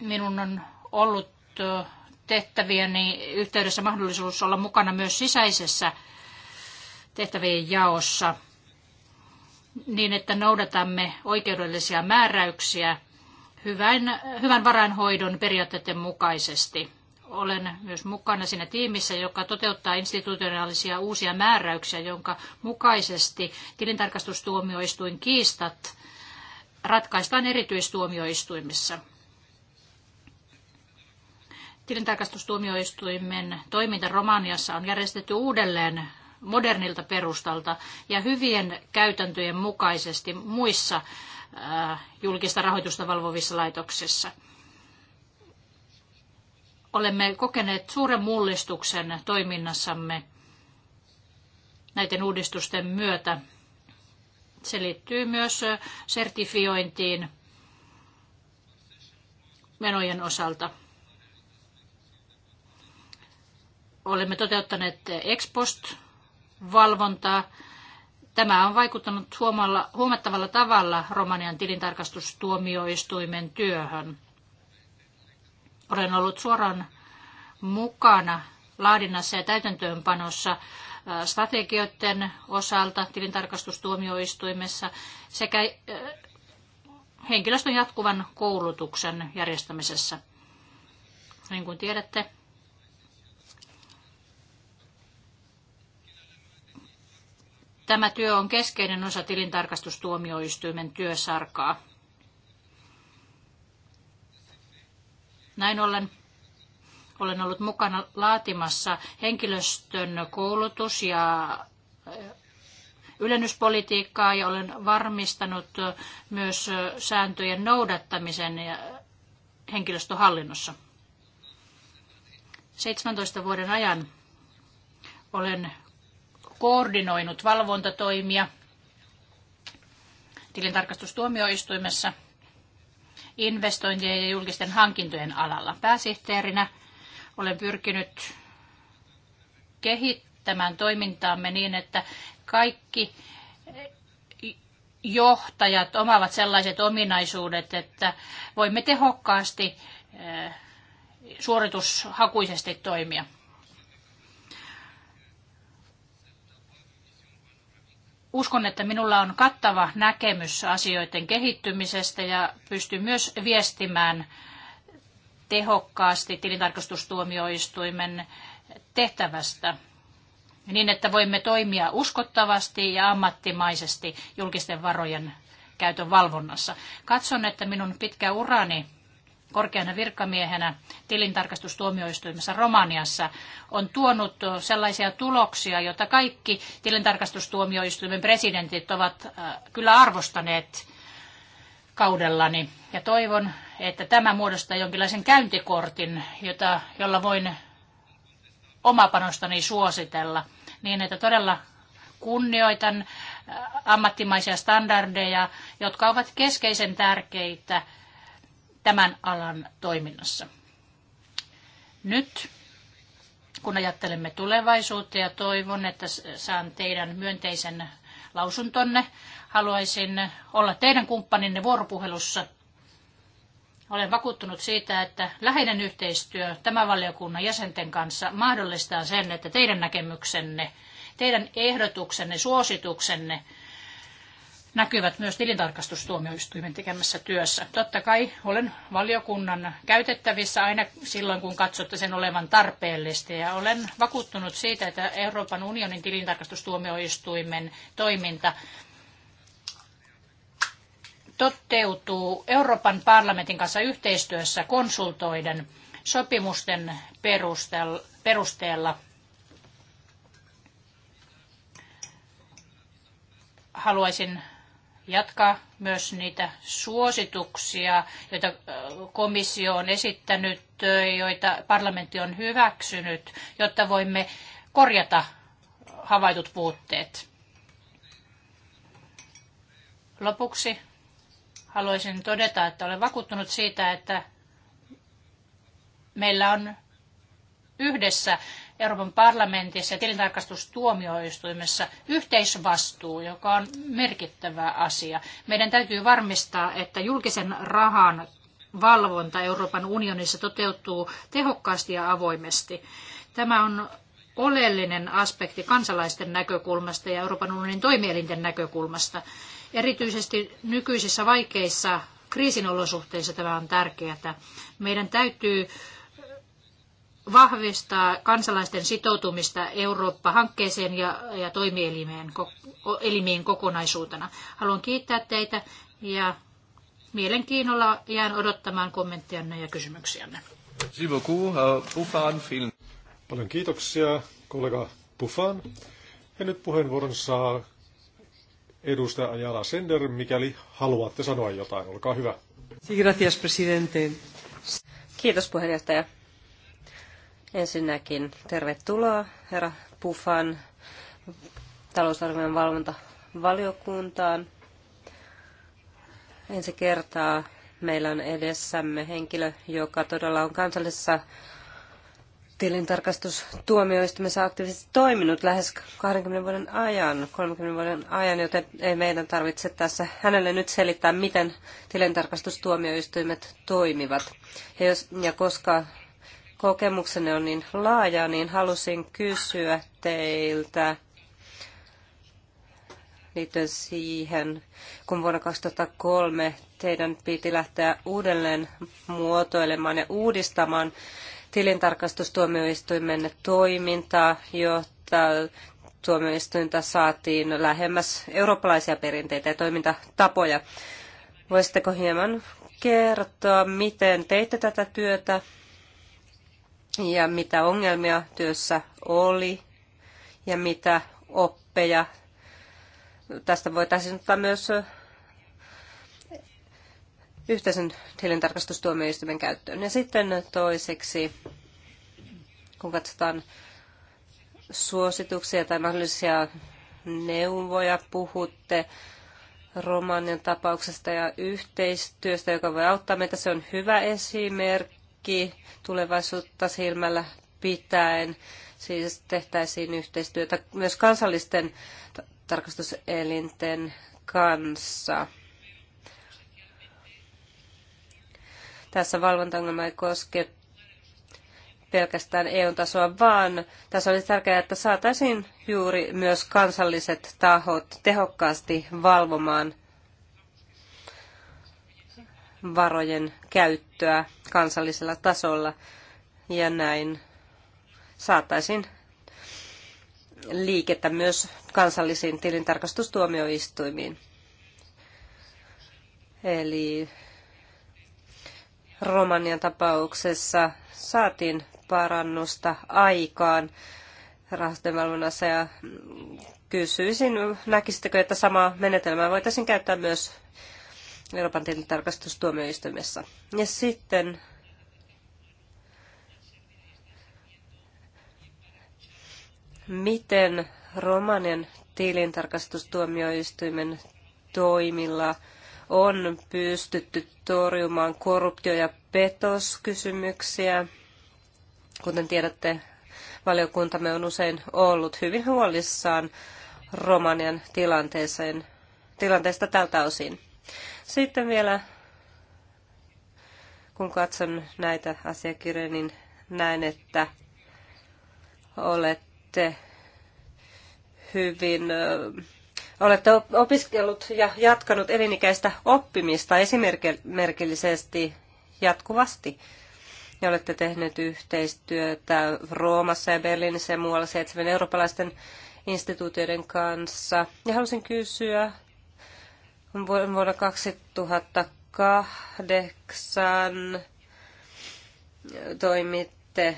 Minun on ollut tehtävieni yhteydessä mahdollisuus olla mukana myös sisäisessä tehtävien jaossa niin, että noudatamme oikeudellisia määräyksiä hyvän, hyvän varainhoidon periaatteiden mukaisesti olen myös mukana siinä tiimissä, joka toteuttaa institutionaalisia uusia määräyksiä, jonka mukaisesti tilintarkastustuomioistuin kiistat ratkaistaan erityistuomioistuimissa. Tilintarkastustuomioistuimen toiminta Romaniassa on järjestetty uudelleen modernilta perustalta ja hyvien käytäntöjen mukaisesti muissa äh, julkista rahoitusta valvovissa laitoksissa olemme kokeneet suuren mullistuksen toiminnassamme näiden uudistusten myötä. Se liittyy myös sertifiointiin menojen osalta. Olemme toteuttaneet expost valvontaa. Tämä on vaikuttanut huomattavalla tavalla Romanian tilintarkastustuomioistuimen työhön. Olen ollut suoraan mukana laadinnassa ja täytäntöönpanossa äh, strategioiden osalta tilintarkastustuomioistuimessa sekä äh, henkilöstön jatkuvan koulutuksen järjestämisessä. Niin kuin tiedätte, tämä työ on keskeinen osa tilintarkastustuomioistuimen työsarkaa. Näin ollen olen ollut mukana laatimassa henkilöstön koulutus- ja eh, ylennyspolitiikkaa ja olen varmistanut eh, myös eh, sääntöjen noudattamisen henkilöstöhallinnossa. 17 vuoden ajan olen koordinoinut valvontatoimia tilintarkastustuomioistuimessa – investointien ja julkisten hankintojen alalla. Pääsihteerinä olen pyrkinyt kehittämään toimintaamme niin, että kaikki johtajat omaavat sellaiset ominaisuudet, että voimme tehokkaasti eh, suoritushakuisesti toimia. Uskon, että minulla on kattava näkemys asioiden kehittymisestä ja pystyn myös viestimään tehokkaasti tilintarkastustuomioistuimen tehtävästä niin, että voimme toimia uskottavasti ja ammattimaisesti julkisten varojen käytön valvonnassa. Katson, että minun pitkä urani korkeana virkamiehenä tilintarkastustuomioistuimessa Romaniassa on tuonut sellaisia tuloksia, joita kaikki tilintarkastustuomioistuimen presidentit ovat äh, kyllä arvostaneet kaudellani. Ja toivon, että tämä muodostaa jonkinlaisen käyntikortin, jota, jolla voin omapanostani suositella, niin että todella kunnioitan äh, ammattimaisia standardeja, jotka ovat keskeisen tärkeitä – tämän alan toiminnassa. Nyt kun ajattelemme tulevaisuutta ja toivon, että saan teidän myönteisen lausuntonne, haluaisin olla teidän kumppaninne vuoropuhelussa. Olen vakuuttunut siitä, että läheinen yhteistyö tämän valiokunnan jäsenten kanssa mahdollistaa sen, että teidän näkemyksenne, teidän ehdotuksenne, suosituksenne – näkyvät myös tilintarkastustuomioistuimen tekemässä työssä. Totta kai olen valiokunnan käytettävissä aina silloin, kun katsotte sen olevan tarpeellista. Ja olen vakuuttunut siitä, että Euroopan unionin tilintarkastustuomioistuimen toiminta toteutuu Euroopan parlamentin kanssa yhteistyössä konsultoiden sopimusten perusteella. Haluaisin jatkaa myös niitä suosituksia, joita komissio on esittänyt, joita parlamentti on hyväksynyt, jotta voimme korjata havaitut puutteet. Lopuksi haluaisin todeta, että olen vakuuttunut siitä, että meillä on yhdessä Euroopan parlamentissa ja tilintarkastustuomioistuimessa yhteisvastuu, joka on merkittävä asia. Meidän täytyy varmistaa, että julkisen rahan valvonta Euroopan unionissa toteutuu tehokkaasti ja avoimesti. Tämä on oleellinen aspekti kansalaisten näkökulmasta ja Euroopan unionin toimielinten näkökulmasta. Erityisesti nykyisissä vaikeissa kriisin olosuhteissa tämä on tärkeää. Meidän täytyy vahvistaa kansalaisten sitoutumista Eurooppa-hankkeeseen ja, ja toimielimien elimiin kokonaisuutena. Haluan kiittää teitä ja mielenkiinnolla jään odottamaan kommenttianne ja kysymyksiänne. Euh, Paljon kiitoksia kollega Buffan. Ja nyt puheenvuoron saa edustaja Ajala Sender, mikäli haluatte sanoa jotain. Olkaa hyvä. Kiitos puheenjohtaja. Ensinnäkin tervetuloa herra Pufan talousarvion valvontavaliokuntaan. Ensi kertaa meillä on edessämme henkilö, joka todella on kansallisessa tilintarkastustuomioistumissa aktiivisesti toiminut lähes 20 vuoden ajan, 30 vuoden ajan, joten ei meidän tarvitse tässä hänelle nyt selittää, miten tilintarkastustuomioistuimet toimivat. Ja, jos, ja koska kokemuksenne on niin laaja, niin halusin kysyä teiltä liittyen siihen, kun vuonna 2003 teidän piti lähteä uudelleen muotoilemaan ja uudistamaan tilintarkastustuomioistuimen toimintaa, jotta tuomioistuinta saatiin lähemmäs eurooppalaisia perinteitä ja toimintatapoja. Voisitteko hieman kertoa, miten teitte tätä työtä ja mitä ongelmia työssä oli ja mitä oppeja. Tästä voitaisiin ottaa myös yhteisen tilintarkastustuomioistuimen käyttöön. Ja sitten toiseksi, kun katsotaan suosituksia tai mahdollisia neuvoja, puhutte Romanian tapauksesta ja yhteistyöstä, joka voi auttaa meitä. Se on hyvä esimerkki kaikki tulevaisuutta silmällä pitäen. Siis tehtäisiin yhteistyötä myös kansallisten tarkastuselinten kanssa. Tässä valvontaongelma ei koske pelkästään EU-tasoa, vaan tässä olisi tärkeää, että saataisiin juuri myös kansalliset tahot tehokkaasti valvomaan – varojen käyttöä kansallisella tasolla ja näin saataisiin liikettä myös kansallisiin tilintarkastustuomioistuimiin. Eli Romanian tapauksessa saatiin parannusta aikaan rahastojenvalvonnassa ja kysyisin, näkisittekö, että samaa menetelmää voitaisiin käyttää myös Euroopan tilintarkastustuomioistuimessa. Ja sitten miten Romanian tilintarkastustuomioistuimen toimilla on pystytty torjumaan korruptio- ja petoskysymyksiä. Kuten tiedätte, valiokuntamme on usein ollut hyvin huolissaan Romanian tilanteeseen, tilanteesta tältä osin. Sitten vielä, kun katson näitä asiakirjoja, niin näen, että olette hyvin, olette opiskellut ja jatkanut elinikäistä oppimista esimerkillisesti jatkuvasti. Ja olette tehneet yhteistyötä Roomassa ja Berliinissä ja muualla seitsemän eurooppalaisten instituutioiden kanssa. Ja halusin kysyä, vuonna 2008 toimitte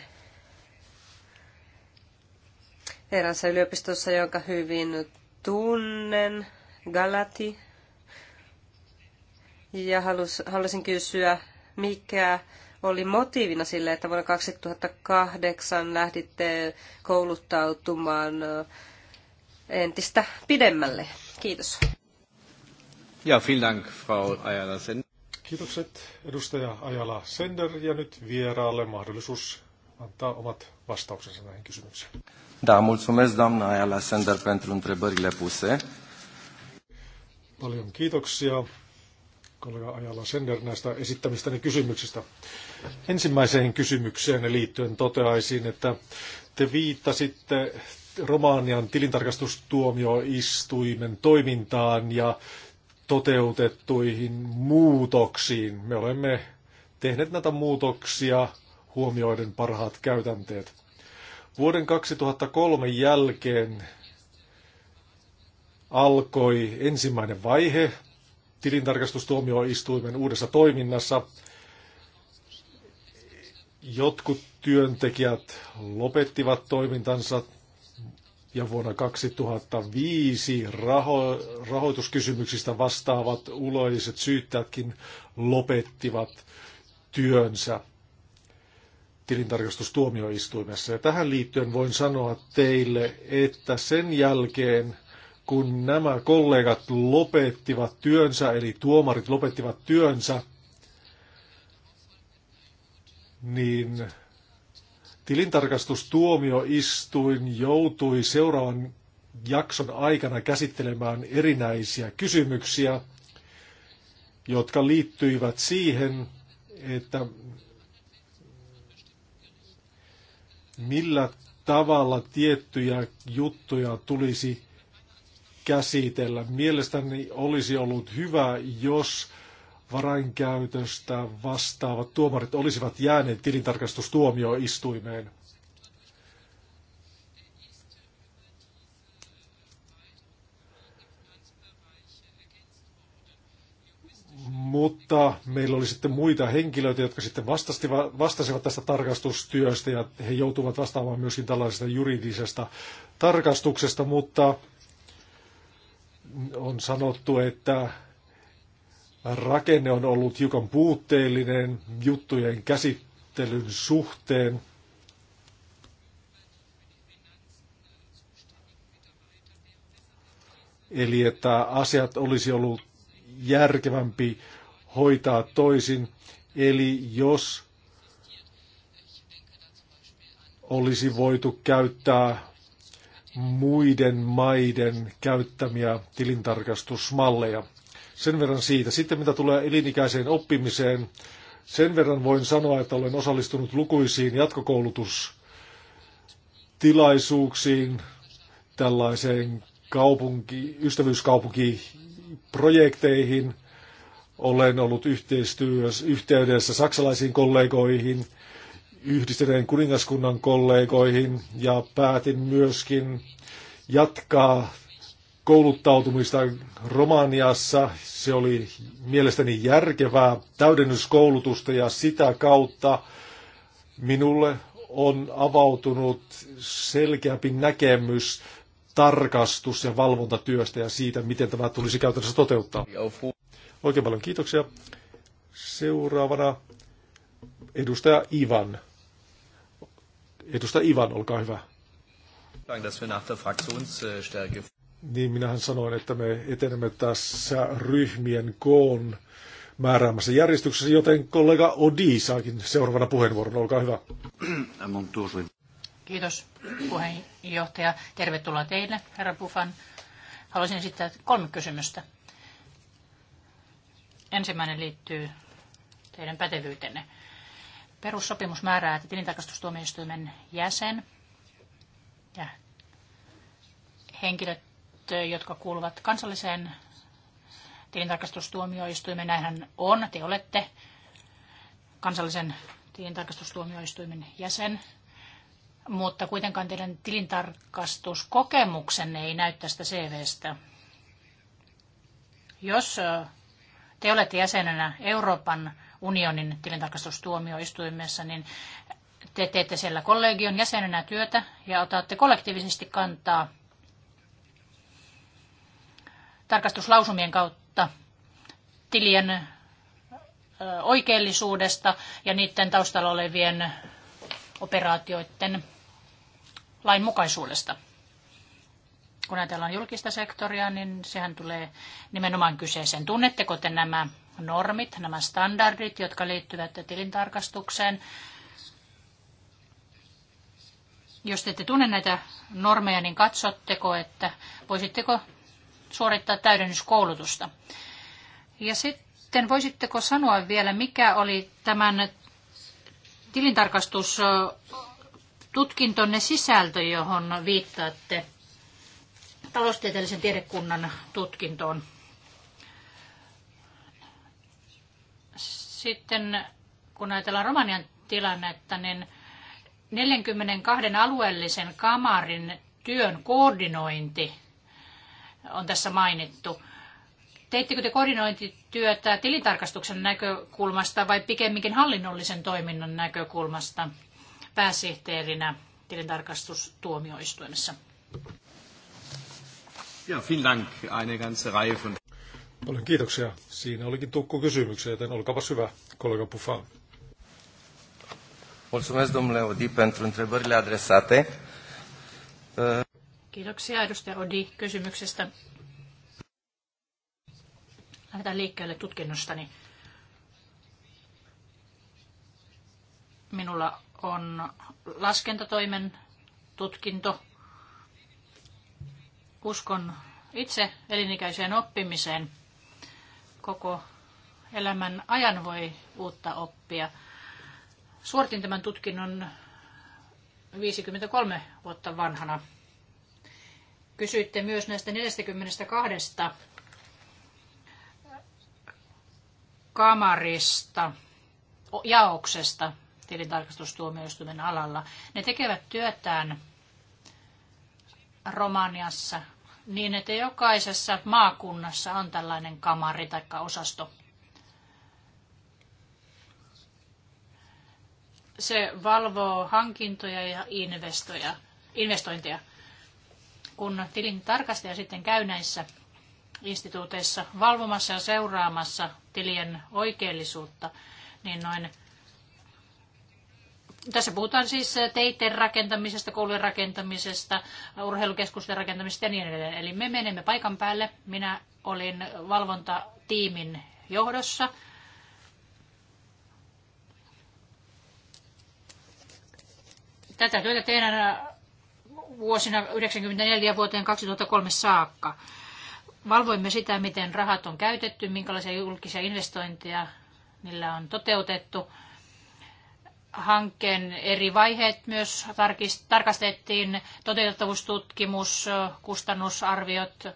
eräässä yliopistossa, jonka hyvin tunnen, Galati. Ja halus, halusin kysyä, mikä oli motiivina sille, että vuonna 2008 lähditte kouluttautumaan entistä pidemmälle. Kiitos. Ja, vielen Dank, Frau Ajala Sender. Kiitokset edustaja Ajala Sender ja nyt vieraalle mahdollisuus antaa omat vastauksensa näihin kysymyksiin. Da, mulțumesc doamna Ajala Sender pentru întrebările puse. Paljon kiitoksia kollega Ajala Sender näistä esittämistäni kysymyksistä. Ensimmäiseen kysymykseen liittyen toteaisin, että te viittasitte Romanian tilintarkastustuomioistuimen toimintaan ja toteutettuihin muutoksiin. Me olemme tehneet näitä muutoksia huomioiden parhaat käytänteet. Vuoden 2003 jälkeen alkoi ensimmäinen vaihe tilintarkastustuomioistuimen uudessa toiminnassa. Jotkut työntekijät lopettivat toimintansa, ja vuonna 2005 raho- rahoituskysymyksistä vastaavat uloiset syyttäjätkin lopettivat työnsä tilintarkastustuomioistuimessa. Ja tähän liittyen voin sanoa teille, että sen jälkeen kun nämä kollegat lopettivat työnsä, eli tuomarit lopettivat työnsä, niin Tilintarkastustuomioistuin joutui seuraavan jakson aikana käsittelemään erinäisiä kysymyksiä, jotka liittyivät siihen, että millä tavalla tiettyjä juttuja tulisi käsitellä. Mielestäni olisi ollut hyvä, jos varainkäytöstä vastaavat tuomarit olisivat jääneet tilintarkastustuomioistuimeen. Mutta meillä oli sitten muita henkilöitä, jotka sitten vastasivat tästä tarkastustyöstä ja he joutuvat vastaamaan myöskin tällaisesta juridisesta tarkastuksesta, mutta on sanottu, että rakenne on ollut hiukan puutteellinen juttujen käsittelyn suhteen. Eli että asiat olisi ollut järkevämpi hoitaa toisin. Eli jos olisi voitu käyttää muiden maiden käyttämiä tilintarkastusmalleja. Sen verran siitä. Sitten mitä tulee elinikäiseen oppimiseen, sen verran voin sanoa, että olen osallistunut lukuisiin jatkokoulutustilaisuuksiin, tällaiseen kaupunki, ystävyyskaupunkiprojekteihin. Olen ollut yhteistyössä, yhteydessä saksalaisiin kollegoihin, yhdistyneen kuningaskunnan kollegoihin ja päätin myöskin jatkaa kouluttautumista Romaniassa. Se oli mielestäni järkevää täydennyskoulutusta ja sitä kautta minulle on avautunut selkeämpi näkemys tarkastus- ja valvontatyöstä ja siitä, miten tämä tulisi käytännössä toteuttaa. Oikein paljon kiitoksia. Seuraavana edustaja Ivan. Edustaja Ivan, olkaa hyvä niin minähän sanoin, että me etenemme tässä ryhmien koon määräämässä järjestyksessä, joten kollega Odi saakin seuraavana puheenvuoron. Olkaa hyvä. Kiitos puheenjohtaja. Tervetuloa teille, herra Buffan. Haluaisin esittää kolme kysymystä. Ensimmäinen liittyy teidän pätevyytenne. Perussopimus määrää, että tilintarkastustuomioistuimen jäsen ja henkilöt jotka kuuluvat kansalliseen tilintarkastustuomioistuimen. Näinhän on, te olette kansallisen tilintarkastustuomioistuimen jäsen, mutta kuitenkaan teidän tilintarkastuskokemuksenne ei näy tästä CVstä. Jos te olette jäsenenä Euroopan unionin tilintarkastustuomioistuimessa, niin te teette siellä kollegion jäsenenä työtä ja otatte kollektiivisesti kantaa tarkastuslausumien kautta tilien oikeellisuudesta ja niiden taustalla olevien operaatioiden lainmukaisuudesta. Kun ajatellaan julkista sektoria, niin sehän tulee nimenomaan kyseeseen. Tunnetteko te nämä normit, nämä standardit, jotka liittyvät tilintarkastukseen? Jos te ette tunne näitä normeja, niin katsotteko, että voisitteko suorittaa täydennyskoulutusta. Ja sitten voisitteko sanoa vielä, mikä oli tämän tilintarkastustutkintonne sisältö, johon viittaatte taloustieteellisen tiedekunnan tutkintoon? Sitten kun ajatellaan Romanian tilannetta, niin 42 alueellisen kamarin työn koordinointi on tässä mainittu. Teittekö te koordinointityötä tilintarkastuksen näkökulmasta vai pikemminkin hallinnollisen toiminnan näkökulmasta pääsihteerinä tilintarkastustuomioistuimessa? Ja, vielen Dank. Eine ganze Reihe von... Paljon kiitoksia. Siinä olikin tukku kysymyksiä, joten olkaapas hyvä, kollega Buffan. Mulțumesc, domnule Odi, pentru întrebările adresate. Kiitoksia edustaja Odi kysymyksestä. Lähdetään liikkeelle tutkinnostani. Minulla on laskentatoimen tutkinto. Uskon itse elinikäiseen oppimiseen. Koko elämän ajan voi uutta oppia. Suoritin tämän tutkinnon 53 vuotta vanhana. Kysyitte myös näistä 42 kamarista, jaoksesta tilintarkastustuomioistuimen alalla. Ne tekevät työtään Romaniassa niin, että jokaisessa maakunnassa on tällainen kamari tai osasto. Se valvoo hankintoja ja investoja, investointeja kun tilin sitten käy näissä instituuteissa valvomassa ja seuraamassa tilien oikeellisuutta, niin noin tässä puhutaan siis teiden rakentamisesta, koulujen rakentamisesta, urheilukeskusten rakentamisesta ja niin edelleen. Eli me menemme paikan päälle. Minä olin valvontatiimin johdossa. Tätä työtä tehdään vuosina 1994 vuoteen 2003 saakka. Valvoimme sitä, miten rahat on käytetty, minkälaisia julkisia investointeja niillä on toteutettu. Hankkeen eri vaiheet myös tarkastettiin, toteutettavuustutkimus, kustannusarviot, äh,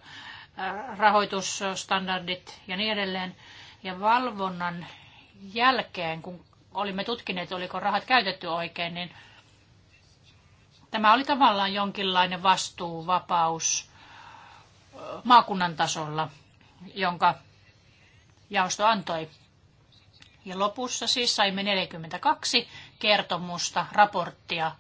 rahoitusstandardit ja niin edelleen. Ja valvonnan jälkeen, kun olimme tutkineet, oliko rahat käytetty oikein, niin Tämä oli tavallaan jonkinlainen vastuuvapaus maakunnan tasolla, jonka jaosto antoi. Ja lopussa siis saimme 42 kertomusta, raporttia.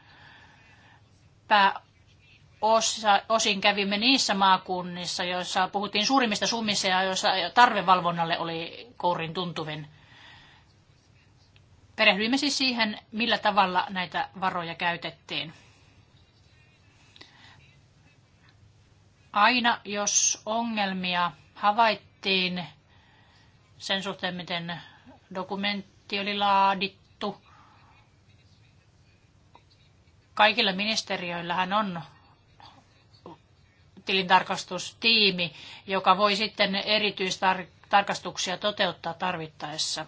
Pääosa, osin kävimme niissä maakunnissa, joissa puhuttiin suurimmista summissa ja joissa tarvevalvonnalle oli kourin tuntuvin. Perehdyimme siis siihen, millä tavalla näitä varoja käytettiin. Aina jos ongelmia havaittiin sen suhteen, miten dokumentti oli laadittu, kaikilla ministeriöillähän on tilintarkastustiimi, joka voi sitten erityistarkastuksia toteuttaa tarvittaessa.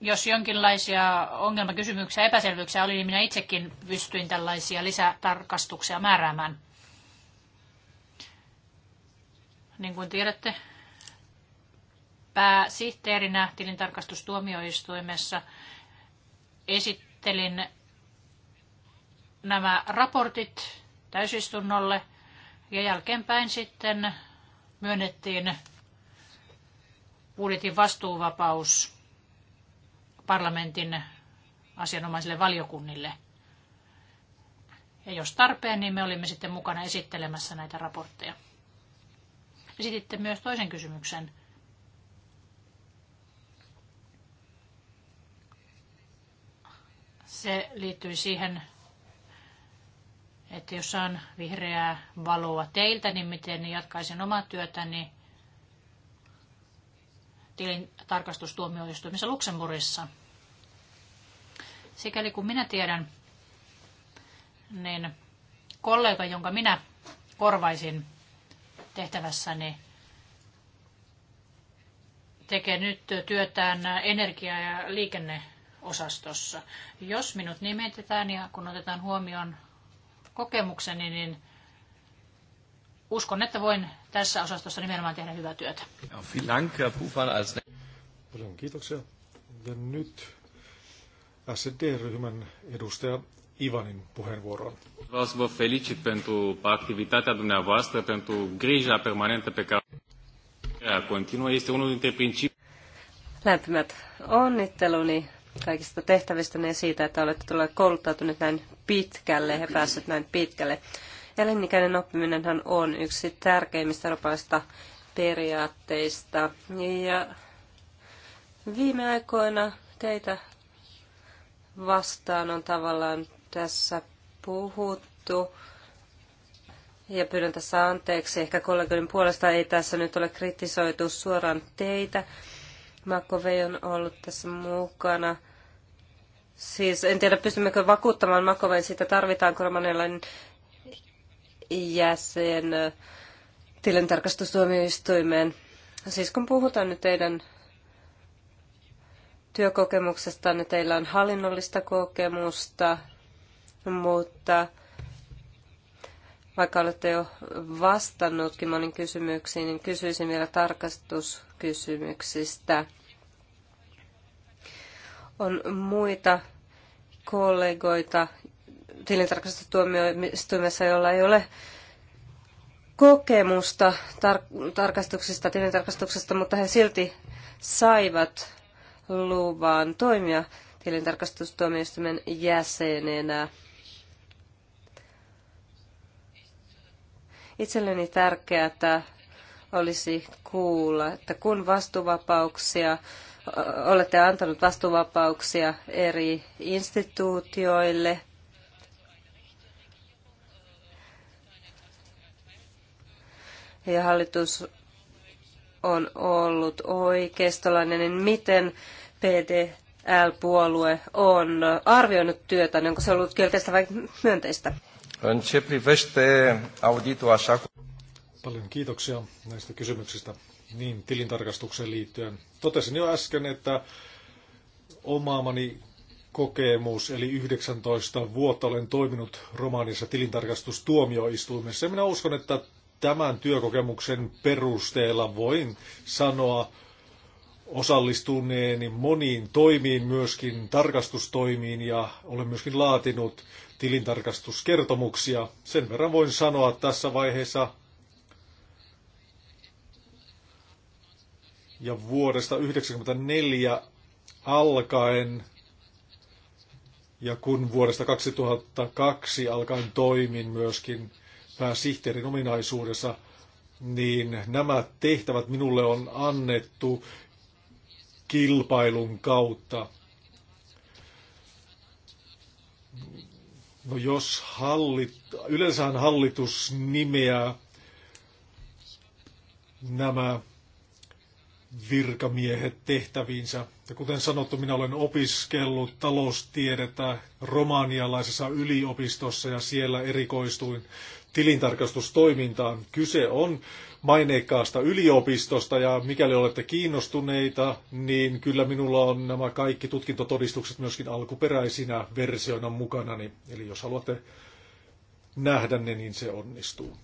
jos jonkinlaisia ongelmakysymyksiä, epäselvyyksiä oli, niin minä itsekin pystyin tällaisia lisätarkastuksia määräämään. Niin kuin tiedätte, pääsihteerinä tilintarkastustuomioistuimessa esittelin nämä raportit täysistunnolle ja jälkeenpäin sitten myönnettiin budjetin vastuuvapaus parlamentin asianomaisille valiokunnille. Ja jos tarpeen, niin me olimme sitten mukana esittelemässä näitä raportteja. Esititte myös toisen kysymyksen. Se liittyi siihen, että jos saan vihreää valoa teiltä, niin miten jatkaisin omaa työtäni Niin tarkastustuomioistuimessa Luxemburgissa. Sikäli kun minä tiedän, niin kollega, jonka minä korvaisin tehtävässäni, tekee nyt työtään energia- ja liikenneosastossa. Jos minut nimetetään ja kun otetaan huomioon kokemukseni, niin uskon, että voin tässä osastossa nimenomaan tehdä hyvää työtä. Paljon kiitoksia. Ja nyt SD-ryhmän edustaja Ivanin puheenvuoroon. Lämpimät onnitteluni kaikista tehtävistä ja siitä, että olette tulleet kouluttautuneet näin pitkälle ja päässeet näin pitkälle. Elinikäinen oppiminenhan on yksi tärkeimmistä eurooppalaisista periaatteista. Ja Viime aikoina teitä vastaan on tavallaan tässä puhuttu. Ja pyydän tässä anteeksi. Ehkä kollegoiden puolesta ei tässä nyt ole kritisoitu suoraan teitä. Makovei on ollut tässä mukana. Siis en tiedä, pystymmekö vakuuttamaan Makoven siitä, tarvitaanko romanialainen jäsen tilintarkastustuomioistuimeen. Siis kun puhutaan nyt teidän työkokemuksesta, niin teillä on hallinnollista kokemusta, mutta vaikka olette jo vastannutkin monin kysymyksiin, niin kysyisin vielä tarkastuskysymyksistä. On muita kollegoita tilintarkastustuomioistuimessa, jolla ei ole kokemusta tar- tarkastuksista, tilintarkastuksesta, mutta he silti saivat luvan toimia tilintarkastustuomioistuimen jäsenenä. Itselleni tärkeää olisi kuulla, että kun vastuvapauksia, olette antanut vastuvapauksia eri instituutioille, ja hallitus on ollut oikeistolainen, niin miten PDL-puolue on arvioinut työtä, niin onko se ollut kielteistä vai myönteistä? Paljon kiitoksia näistä kysymyksistä. Niin, tilintarkastukseen liittyen. Totesin jo äsken, että omaamani kokemus, eli 19 vuotta olen toiminut Romaaniassa tilintarkastustuomioistuimessa. Ja minä uskon, että tämän työkokemuksen perusteella voin sanoa osallistuneeni moniin toimiin, myöskin tarkastustoimiin ja olen myöskin laatinut tilintarkastuskertomuksia. Sen verran voin sanoa tässä vaiheessa ja vuodesta 1994 alkaen ja kun vuodesta 2002 alkaen toimin myöskin pääsihteerin ominaisuudessa, niin nämä tehtävät minulle on annettu kilpailun kautta. No jos hallit, yleensähän hallitus nimeää nämä virkamiehet tehtäviinsä. Ja kuten sanottu, minä olen opiskellut taloustiedettä romanialaisessa yliopistossa ja siellä erikoistuin tilintarkastustoimintaan. Kyse on maineikkaasta yliopistosta ja mikäli olette kiinnostuneita, niin kyllä minulla on nämä kaikki tutkintotodistukset myöskin alkuperäisinä versioina mukana. Eli jos haluatte nähdä ne, niin se onnistuu.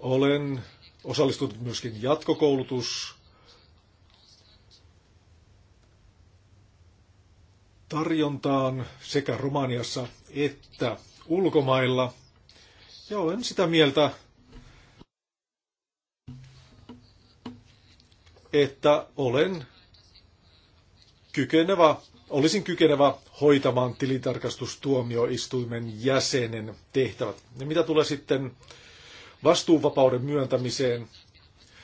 Olen osallistunut myöskin jatkokoulutus tarjontaan sekä Romaniassa että ulkomailla. Ja olen sitä mieltä, että olen kykenevä, olisin kykenevä hoitamaan tilintarkastustuomioistuimen jäsenen tehtävät. Ja mitä tulee sitten vastuuvapauden myöntämiseen,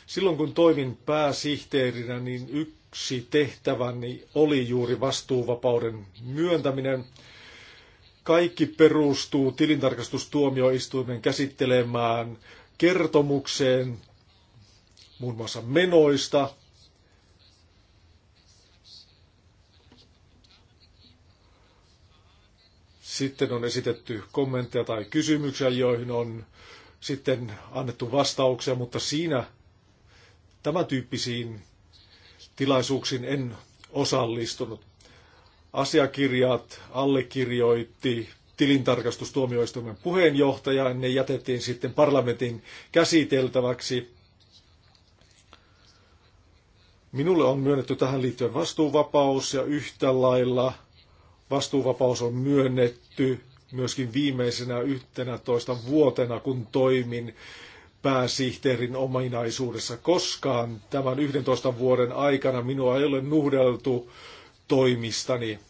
silloin kun toimin pääsihteerinä, niin yksi tehtäväni oli juuri vastuuvapauden myöntäminen. Kaikki perustuu tilintarkastustuomioistuimen käsittelemään kertomukseen muun muassa menoista, Sitten on esitetty kommentteja tai kysymyksiä, joihin on sitten annettu vastauksia, mutta siinä tämän tyyppisiin tilaisuuksiin en osallistunut. Asiakirjat allekirjoitti tilintarkastustuomioistuimen puheenjohtaja, ne jätettiin sitten parlamentin käsiteltäväksi. Minulle on myönnetty tähän liittyen vastuuvapaus ja yhtä lailla vastuuvapaus on myönnetty myöskin viimeisenä 11 vuotena, kun toimin pääsihteerin ominaisuudessa koskaan. Tämän 11 vuoden aikana minua ei ole nuhdeltu toimistani,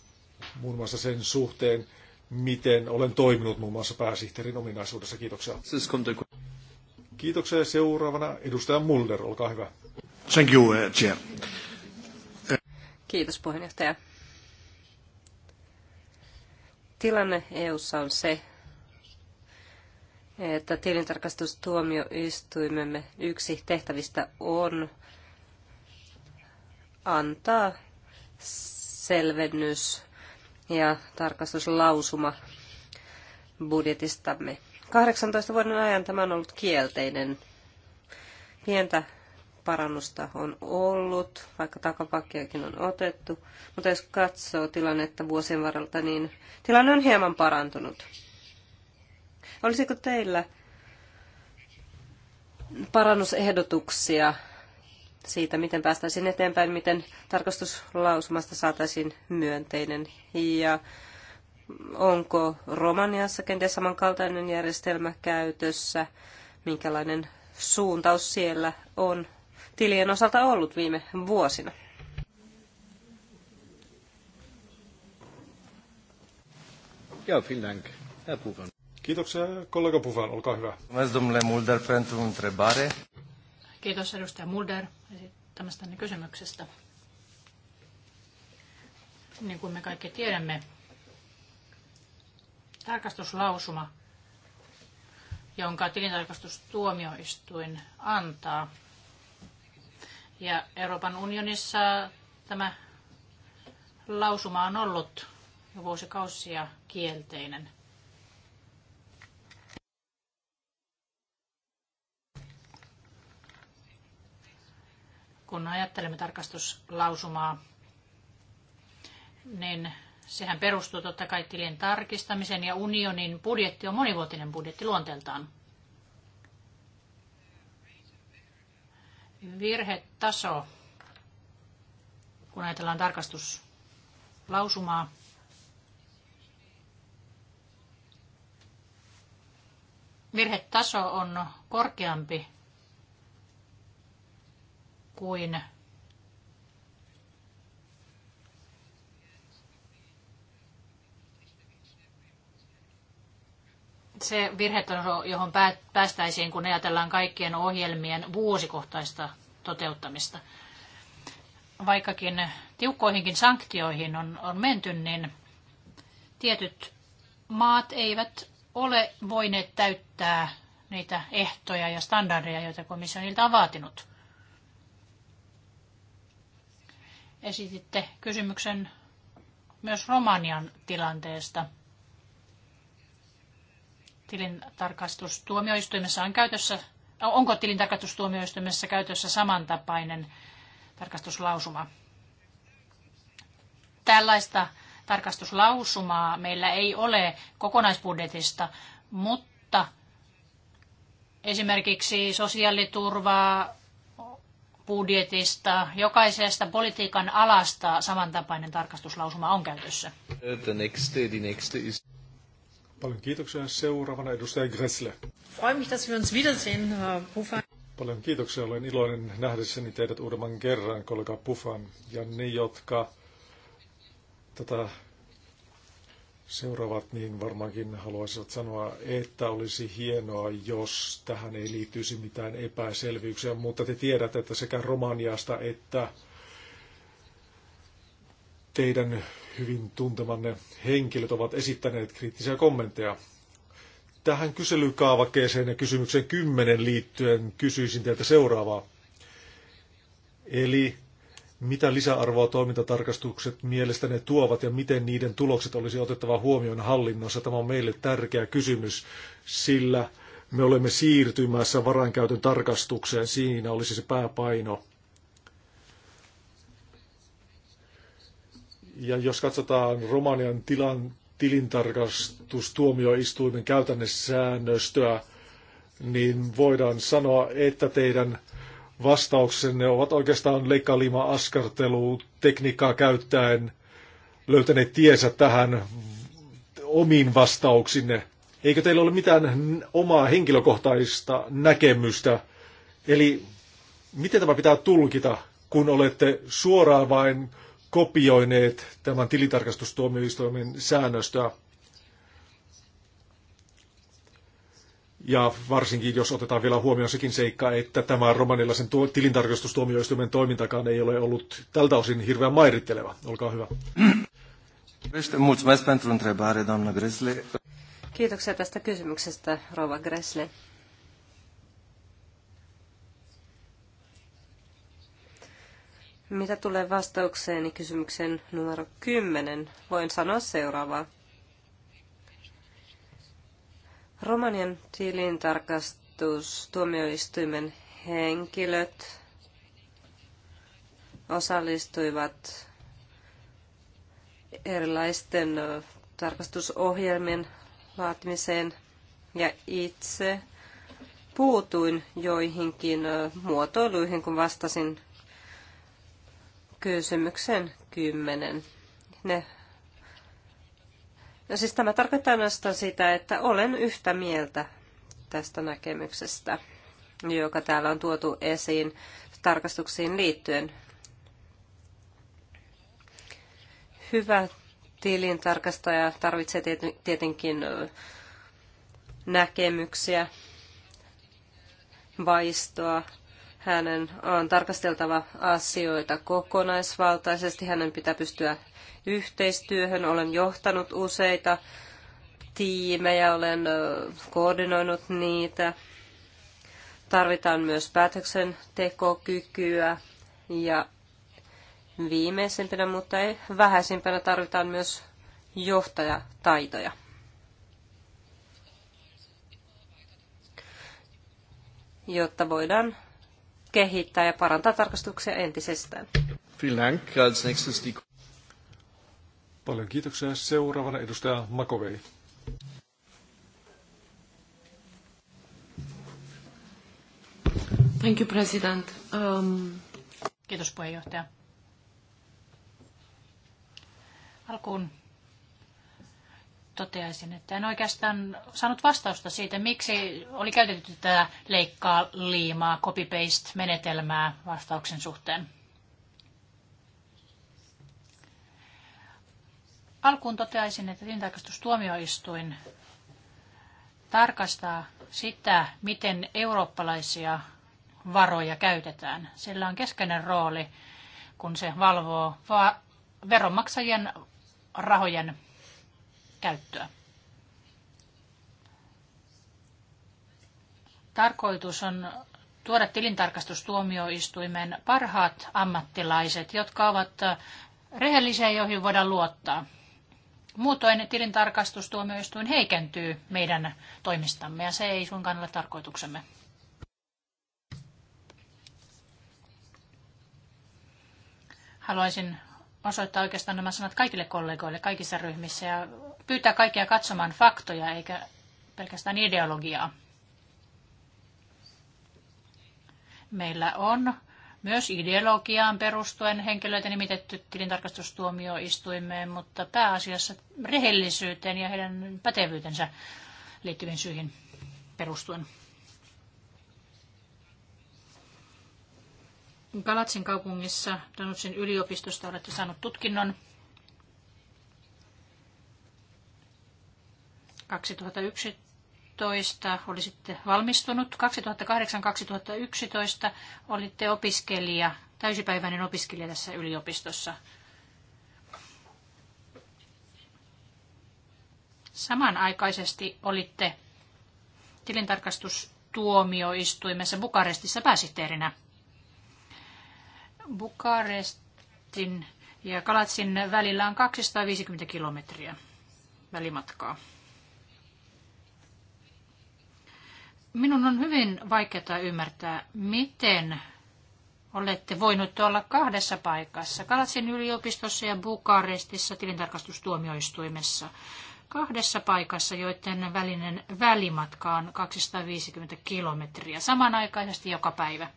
muun muassa sen suhteen, miten olen toiminut muun muassa pääsihteerin ominaisuudessa. Kiitoksia. Kiitoksia. Seuraavana edustaja Mulder, olkaa hyvä. Thank you, eh, chair. Kiitos puheenjohtaja. Tilanne EU:ssa on se, että tilintarkastustuomioistuimemme yksi tehtävistä on antaa selvennys ja tarkastuslausuma budjetistamme. 18 vuoden ajan tämä on ollut kielteinen. Pientä parannusta on ollut, vaikka takapakkiakin on otettu. Mutta jos katsoo tilannetta vuosien varrelta, niin tilanne on hieman parantunut. Olisiko teillä parannusehdotuksia siitä, miten päästäisiin eteenpäin, miten tarkastuslausumasta saataisiin myönteinen ja onko Romaniassa kenties samankaltainen järjestelmä käytössä, minkälainen suuntaus siellä on tilien osalta ollut viime vuosina. Ja, vielen Dank, Herr Buchan. Kiitoksia kollega Puvan, olkaa hyvä. Kiitos edustaja Mulder esittämästä kysymyksestä. Niin kuin me kaikki tiedämme, tarkastuslausuma, jonka tilintarkastustuomioistuin antaa. Ja Euroopan unionissa tämä lausuma on ollut jo vuosikausia kielteinen. kun ajattelemme tarkastuslausumaa, niin sehän perustuu totta kai tilien tarkistamisen ja unionin budjetti on monivuotinen budjetti luonteeltaan. Virhetaso, kun ajatellaan tarkastuslausumaa, virhetaso on korkeampi kuin se virhetaso, johon päästäisiin, kun ajatellaan kaikkien ohjelmien vuosikohtaista toteuttamista. Vaikkakin tiukkoihinkin sanktioihin on, on menty, niin tietyt maat eivät ole voineet täyttää niitä ehtoja ja standardeja, joita komissio niiltä on vaatinut. Esititte kysymyksen myös Romanian tilanteesta. Tilintarkastustuomioistuimessa on käytössä, onko tilintarkastustuomioistuimessa käytössä samantapainen tarkastuslausuma? Tällaista tarkastuslausumaa meillä ei ole kokonaisbudjetista, mutta esimerkiksi sosiaaliturvaa budjetista, jokaisesta politiikan alasta samantapainen tarkastuslausuma on käytössä. The next, the next is... Paljon kiitoksia. Seuraavana edustaja Gressle. Freue mich, dass wir uns wiedersehen, Pufan. Paljon kiitoksia. Olen iloinen nähdessäni teidät uudemman kerran, kollega Pufan. Ja ne, jotka tätä seuraavat, niin varmaankin haluaisivat sanoa, että olisi hienoa, jos tähän ei liittyisi mitään epäselvyyksiä, mutta te tiedätte, että sekä Romaniasta että teidän hyvin tuntemanne henkilöt ovat esittäneet kriittisiä kommentteja. Tähän kyselykaavakkeeseen ja kysymykseen 10 liittyen kysyisin teiltä seuraavaa. Eli mitä lisäarvoa toimintatarkastukset mielestäne tuovat ja miten niiden tulokset olisi otettava huomioon hallinnossa? Tämä on meille tärkeä kysymys, sillä me olemme siirtymässä varainkäytön tarkastukseen. Siinä olisi se pääpaino. Ja jos katsotaan Romanian tilan, tilintarkastustuomioistuimen käytännössäännöstöä, niin voidaan sanoa, että teidän vastauksenne ovat oikeastaan leikkaalima askartelu tekniikkaa käyttäen löytäneet tiesä tähän omiin vastauksinne. Eikö teillä ole mitään omaa henkilökohtaista näkemystä? Eli miten tämä pitää tulkita, kun olette suoraan vain kopioineet tämän tilintarkastustuomioistuimen säännöstöä? Ja varsinkin, jos otetaan vielä huomioon sekin seikka, että tämä romanilaisen tuo, tilintarkastustuomioistuimen toimintakaan ei ole ollut tältä osin hirveän mairitteleva. Olkaa hyvä. Kiitoksia tästä kysymyksestä, Rova Gresle. Mitä tulee vastaukseeni kysymykseen numero 10, voin sanoa seuraavaa. Romanian tilintarkastustuomioistuimen henkilöt osallistuivat erilaisten tarkastusohjelmien laatimiseen ja itse puutuin joihinkin muotoiluihin, kun vastasin kysymyksen kymmenen. Ne No siis tämä tarkoittaa ainoastaan sitä, että olen yhtä mieltä tästä näkemyksestä, joka täällä on tuotu esiin tarkastuksiin liittyen. Hyvä tilintarkastaja tarvitsee tietenkin näkemyksiä, vaistoa, hänen on tarkasteltava asioita kokonaisvaltaisesti. Hänen pitää pystyä yhteistyöhön. Olen johtanut useita tiimejä, olen koordinoinut niitä. Tarvitaan myös päätöksentekokykyä ja viimeisimpänä, mutta ei vähäisimpänä tarvitaan myös johtajataitoja. jotta voidaan kehittää ja parantaa tarkastuksia entisestään. Paljon kiitoksia. Seuraavana edustaja Makovei. Thank you, President. Um... Kiitos puheenjohtaja. Alkuun toteaisin, että en oikeastaan saanut vastausta siitä, miksi oli käytetty tätä leikkaa liimaa, copy-paste-menetelmää vastauksen suhteen. Alkuun toteaisin, että tilintarkastustuomioistuin tarkastaa sitä, miten eurooppalaisia varoja käytetään. Sillä on keskeinen rooli, kun se valvoo veronmaksajien rahojen käyttöä. Tarkoitus on tuoda tilintarkastustuomioistuimen parhaat ammattilaiset, jotka ovat rehellisiä, joihin voidaan luottaa. Muutoin tilintarkastustuomioistuin heikentyy meidän toimistamme ja se ei suinkaan ole tarkoituksemme. Haluaisin osoittaa oikeastaan nämä sanat kaikille kollegoille kaikissa ryhmissä ja pyytää kaikkia katsomaan faktoja eikä pelkästään ideologiaa. Meillä on myös ideologiaan perustuen henkilöitä nimitetty tilintarkastustuomioistuimeen, mutta pääasiassa rehellisyyteen ja heidän pätevyytensä liittyviin syihin perustuen. Galatsin kaupungissa Danutsin yliopistosta olette saanut tutkinnon 2011 olisitte valmistunut. 2008-2011 olitte opiskelija, täysipäiväinen opiskelija tässä yliopistossa. Samanaikaisesti olitte tilintarkastustuomioistuimessa Bukarestissa pääsihteerinä. Bukarestin ja Kalatsin välillä on 250 kilometriä välimatkaa. Minun on hyvin vaikeaa ymmärtää, miten olette voinut olla kahdessa paikassa, Kalatsin yliopistossa ja Bukarestissa tilintarkastustuomioistuimessa. Kahdessa paikassa, joiden välinen välimatka on 250 kilometriä samanaikaisesti joka päivä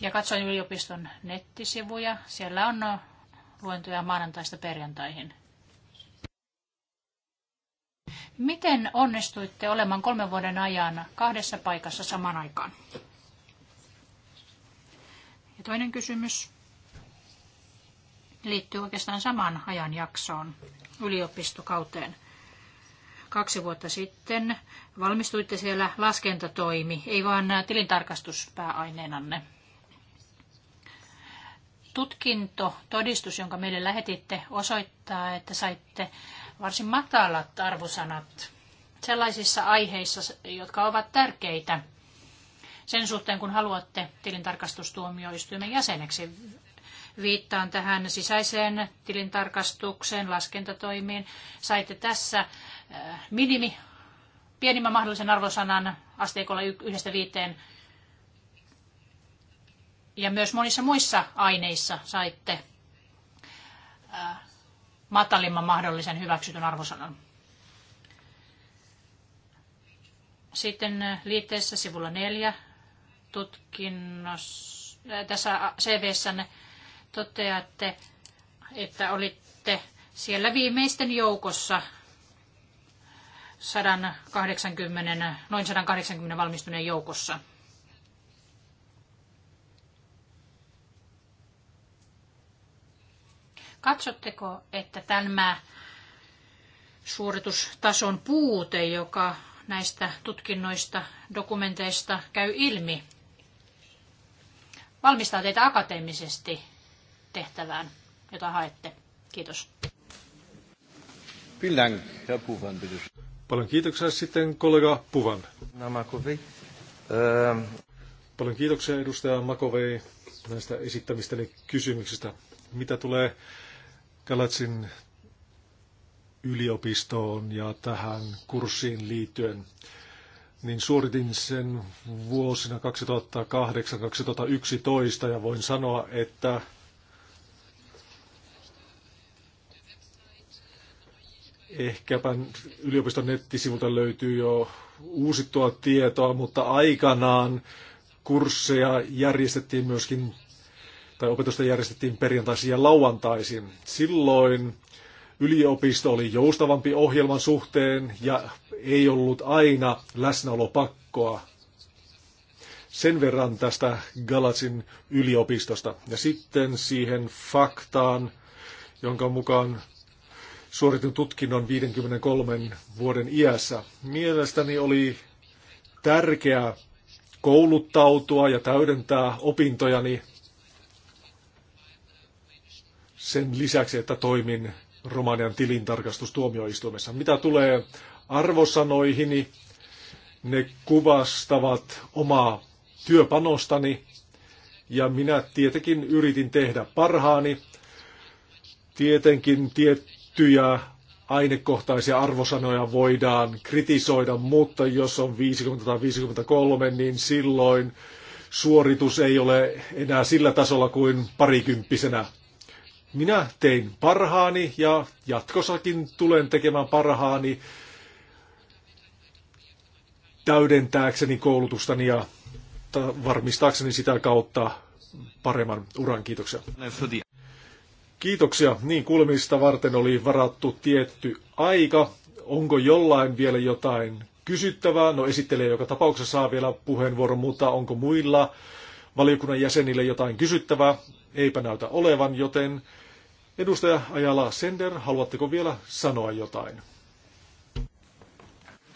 ja katsoin yliopiston nettisivuja. Siellä on no, luentoja maanantaista perjantaihin. Miten onnistuitte olemaan kolmen vuoden ajan kahdessa paikassa saman aikaan? Ja toinen kysymys liittyy oikeastaan samaan jaksoon yliopistokauteen. Kaksi vuotta sitten valmistuitte siellä laskentatoimi, ei vaan tilintarkastuspääaineenanne tutkinto, todistus, jonka meille lähetitte, osoittaa, että saitte varsin matalat arvosanat sellaisissa aiheissa, jotka ovat tärkeitä sen suhteen, kun haluatte tilintarkastustuomioistuimen jäseneksi. Viittaan tähän sisäiseen tilintarkastukseen, laskentatoimiin. Saitte tässä eh, minimi, pienimmän mahdollisen arvosanan asteikolla yhdestä viiteen ja myös monissa muissa aineissa saitte matalimman mahdollisen hyväksytyn arvosanan. Sitten liitteessä sivulla neljä tutkinnos, tässä CV-sänne toteatte, että olitte siellä viimeisten joukossa 180, noin 180 valmistuneen joukossa. Katsotteko, että tämä suoritustason puute, joka näistä tutkinnoista, dokumenteista käy ilmi, valmistaa teitä akateemisesti tehtävään, jota haette? Kiitos. Paljon kiitoksia sitten kollega Puvan. Ähm. Paljon kiitoksia edustaja Makovei näistä esittämistäni kysymyksistä. Mitä tulee Galatsin yliopistoon ja tähän kurssiin liittyen, niin suoritin sen vuosina 2008-2011 ja voin sanoa, että ehkäpä yliopiston nettisivulta löytyy jo uusittua tietoa, mutta aikanaan kursseja järjestettiin myöskin tai opetusta järjestettiin perjantaisin ja lauantaisin. Silloin yliopisto oli joustavampi ohjelman suhteen ja ei ollut aina läsnäolopakkoa. Sen verran tästä Galatsin yliopistosta. Ja sitten siihen faktaan, jonka mukaan suoritin tutkinnon 53 vuoden iässä. Mielestäni oli tärkeää kouluttautua ja täydentää opintojani sen lisäksi, että toimin Romanian tilintarkastustuomioistuimessa. Mitä tulee arvosanoihini, ne kuvastavat omaa työpanostani ja minä tietenkin yritin tehdä parhaani. Tietenkin tiettyjä ainekohtaisia arvosanoja voidaan kritisoida, mutta jos on 50 tai 53, niin silloin suoritus ei ole enää sillä tasolla kuin parikymppisenä minä tein parhaani ja jatkossakin tulen tekemään parhaani täydentääkseni koulutustani ja varmistaakseni sitä kautta paremman uran. Kiitoksia. Kiitoksia. Niin kuulemista varten oli varattu tietty aika. Onko jollain vielä jotain kysyttävää? No esittelee joka tapauksessa saa vielä puheenvuoron, mutta onko muilla valiokunnan jäsenille jotain kysyttävää? Eipä näytä olevan, joten edustaja Ajala Sender, haluatteko vielä sanoa jotain?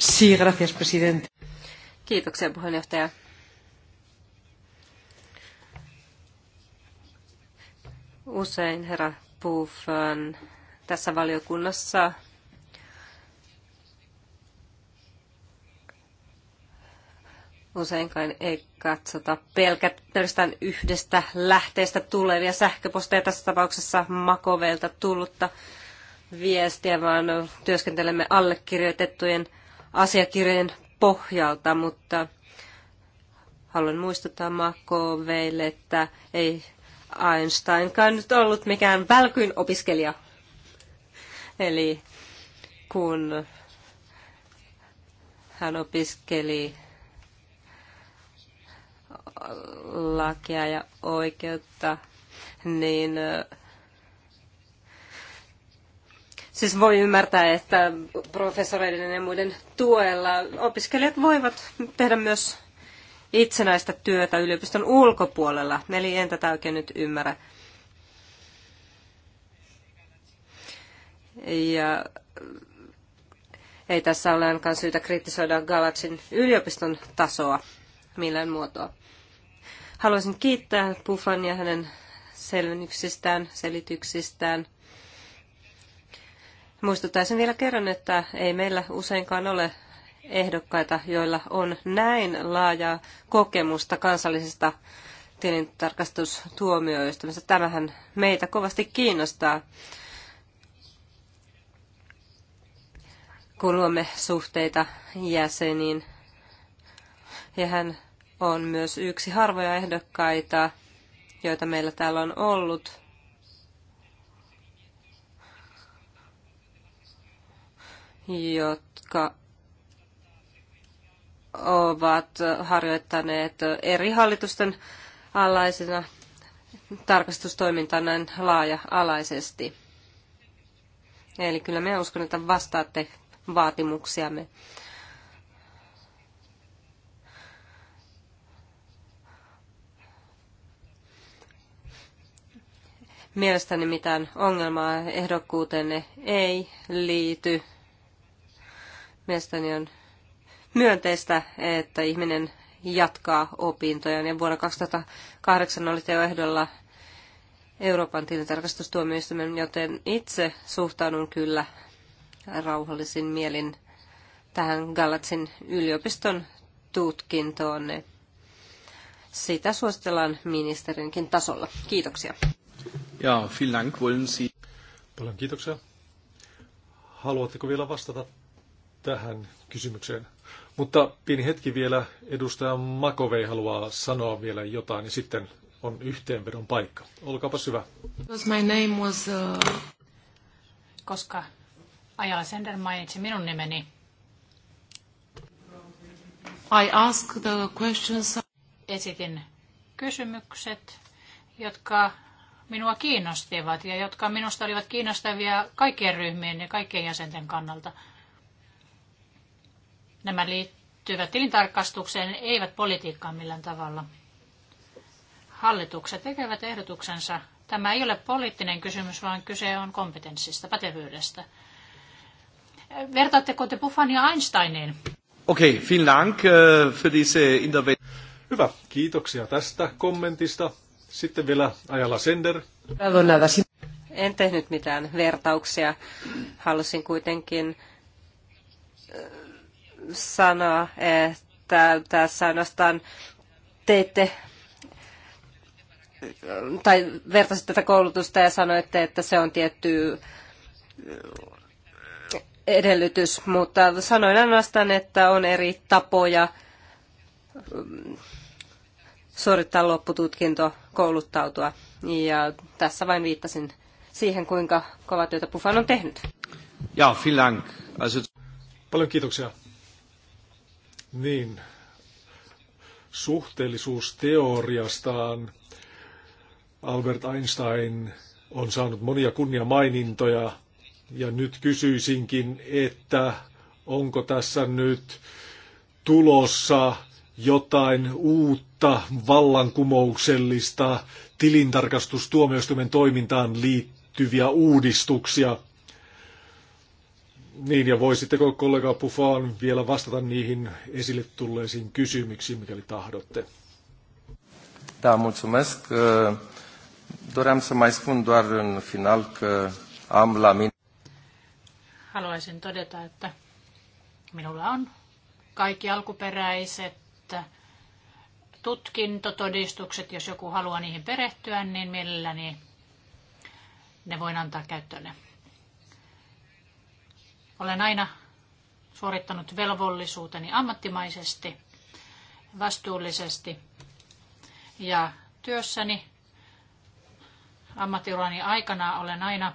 Sí, gracias, presidente. Kiitoksia, puheenjohtaja. Usein herra Puffan tässä valiokunnassa Useinkaan ei katsota pelkästään yhdestä lähteestä tulevia sähköposteja, tässä tapauksessa makoveilta tullutta viestiä, vaan työskentelemme allekirjoitettujen asiakirjojen pohjalta, mutta haluan muistuttaa Makoveille, että ei Einsteinkaan nyt ollut mikään välkyin opiskelija. Eli kun hän opiskeli lakia ja oikeutta, niin äh, siis voi ymmärtää, että professoreiden ja muiden tuella opiskelijat voivat tehdä myös itsenäistä työtä yliopiston ulkopuolella. Eli en tätä oikein nyt ymmärrä. Ja äh, ei tässä ole ainakaan syytä kritisoida Galatsin yliopiston tasoa millään muotoa. Haluaisin kiittää Buffania hänen selvennyksistään, selityksistään. Muistuttaisin vielä kerran, että ei meillä useinkaan ole ehdokkaita, joilla on näin laajaa kokemusta kansallisesta tilintarkastustuomioistumista. Tämähän meitä kovasti kiinnostaa, kun luomme suhteita jäseniin. Ja hän on myös yksi harvoja ehdokkaita, joita meillä täällä on ollut. jotka ovat harjoittaneet eri hallitusten alaisena tarkastustoimintaa näin laaja-alaisesti. Eli kyllä me uskon, että vastaatte vaatimuksiamme. Mielestäni mitään ongelmaa ehdokkuutenne ei liity. Mielestäni on myönteistä, että ihminen jatkaa opintojaan. Ja vuonna 2008 olitte jo ehdolla Euroopan tilintarkastustuomioistuimen, joten itse suhtaudun kyllä rauhallisin mielin tähän Galatsin yliopiston tutkintoon. Sitä suositellaan ministerinkin tasolla. Kiitoksia. Ja, vielen Dank, wollen Sie... Paljon kiitoksia. Haluatteko vielä vastata tähän kysymykseen? Mutta pieni hetki vielä, edustaja Makovei haluaa sanoa vielä jotain ja sitten on yhteenvedon paikka. Olkaapa hyvä. My name was, uh... Koska Ajala Sender mainitsi minun nimeni. I ask the questions. Esitin kysymykset, jotka minua kiinnostivat ja jotka minusta olivat kiinnostavia kaikkien ryhmien ja kaikkien jäsenten kannalta. Nämä liittyvät tilintarkastukseen, eivät politiikkaan millään tavalla. Hallitukset tekevät ehdotuksensa. Tämä ei ole poliittinen kysymys, vaan kyse on kompetenssista, pätevyydestä. Vertaatteko te Buffania Einsteiniin? Okei, okay, vielen Dank äh, für diese Hyvä, kiitoksia tästä kommentista. Sitten vielä Ajala Sender. En tehnyt mitään vertauksia. Halusin kuitenkin äh, sanoa, että tässä ainoastaan teitte äh, tai vertasitte tätä koulutusta ja sanoitte, että se on tietty äh, edellytys, mutta sanoin ainoastaan, että on eri tapoja suorittaa loppututkinto, kouluttautua. Ja tässä vain viittasin siihen, kuinka kova työtä Pufan on tehnyt. Ja, vielen Also... Paljon kiitoksia. Niin, suhteellisuusteoriastaan Albert Einstein on saanut monia kunnia mainintoja ja nyt kysyisinkin, että onko tässä nyt tulossa jotain uutta vallankumouksellista tilintarkastustuomioistuimen toimintaan liittyviä uudistuksia. Niin, ja voisitteko kollega Pufaan vielä vastata niihin esille tulleisiin kysymyksiin, mikäli tahdotte? Da, mulțumesc. Doream să mai spun doar în final că am la mine... Haluaisin todeta, että minulla on kaikki alkuperäiset tutkintotodistukset, jos joku haluaa niihin perehtyä, niin mielelläni ne voin antaa käyttöön. Olen aina suorittanut velvollisuuteni ammattimaisesti, vastuullisesti ja työssäni ammattiurani aikana olen aina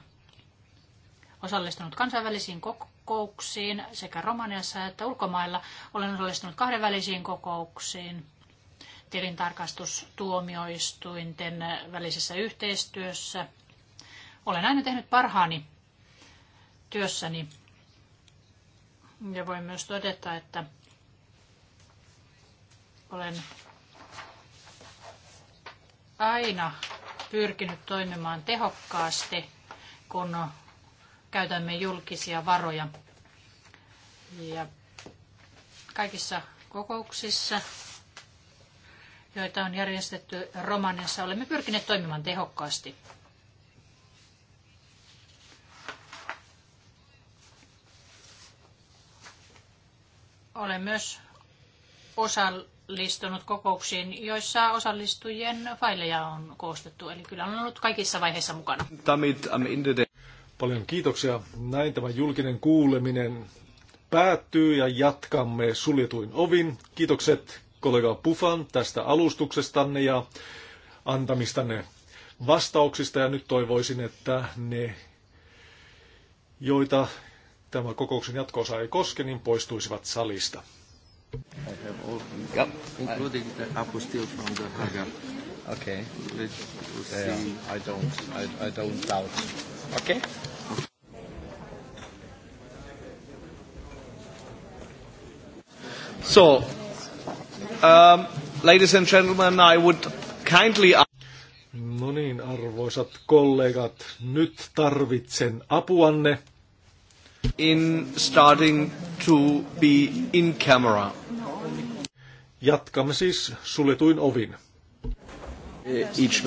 osallistunut kansainvälisiin kokouksiin sekä Romaniassa että ulkomailla. Olen osallistunut kahdenvälisiin kokouksiin tilintarkastustuomioistuinten välisessä yhteistyössä. Olen aina tehnyt parhaani työssäni ja voin myös todeta, että olen aina pyrkinyt toimimaan tehokkaasti, kun käytämme julkisia varoja. Ja kaikissa kokouksissa, joita on järjestetty Romaniassa, olemme pyrkineet toimimaan tehokkaasti. Olen myös osallistunut kokouksiin, joissa osallistujien faileja on koostettu. Eli kyllä on ollut kaikissa vaiheissa mukana. Damit am Ende Paljon kiitoksia. Näin tämä julkinen kuuleminen päättyy ja jatkamme suljetuin ovin. Kiitokset kollega Pufan tästä alustuksestanne ja antamistanne vastauksista ja nyt toivoisin, että ne, joita tämä kokouksen jatkoosa ei koske, niin poistuisivat salista. Okay. Yeah, I don't, I, I don't doubt. Okay. So, um, ladies and gentlemen, I would kindly... No niin, arvoisat kollegat, nyt tarvitsen apuanne. In starting to be in camera. Jatkamme siis suljetuin ovin. Each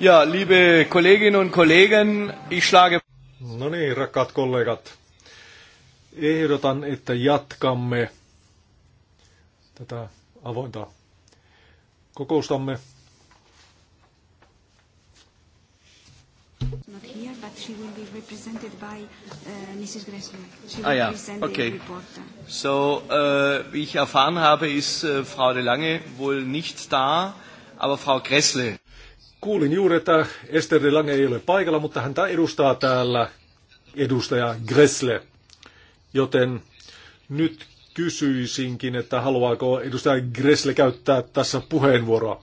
Ja, liebe Kolleginnen und Kollegen, ich schlage... No niin, rakkaat kollegat. Ehdotan, että jatkamme tätä avointa kokoustamme. Uh, ah, ja. okay. So, uh, wie ich erfahren habe, ist uh, Frau de Lange wohl nicht da, aber Frau Gressle Kuulin juuri, että Esther Lange ei ole paikalla, mutta häntä edustaa täällä edustaja Gressle. Joten nyt kysyisinkin, että haluaako edustaja Gressle käyttää tässä puheenvuoroa.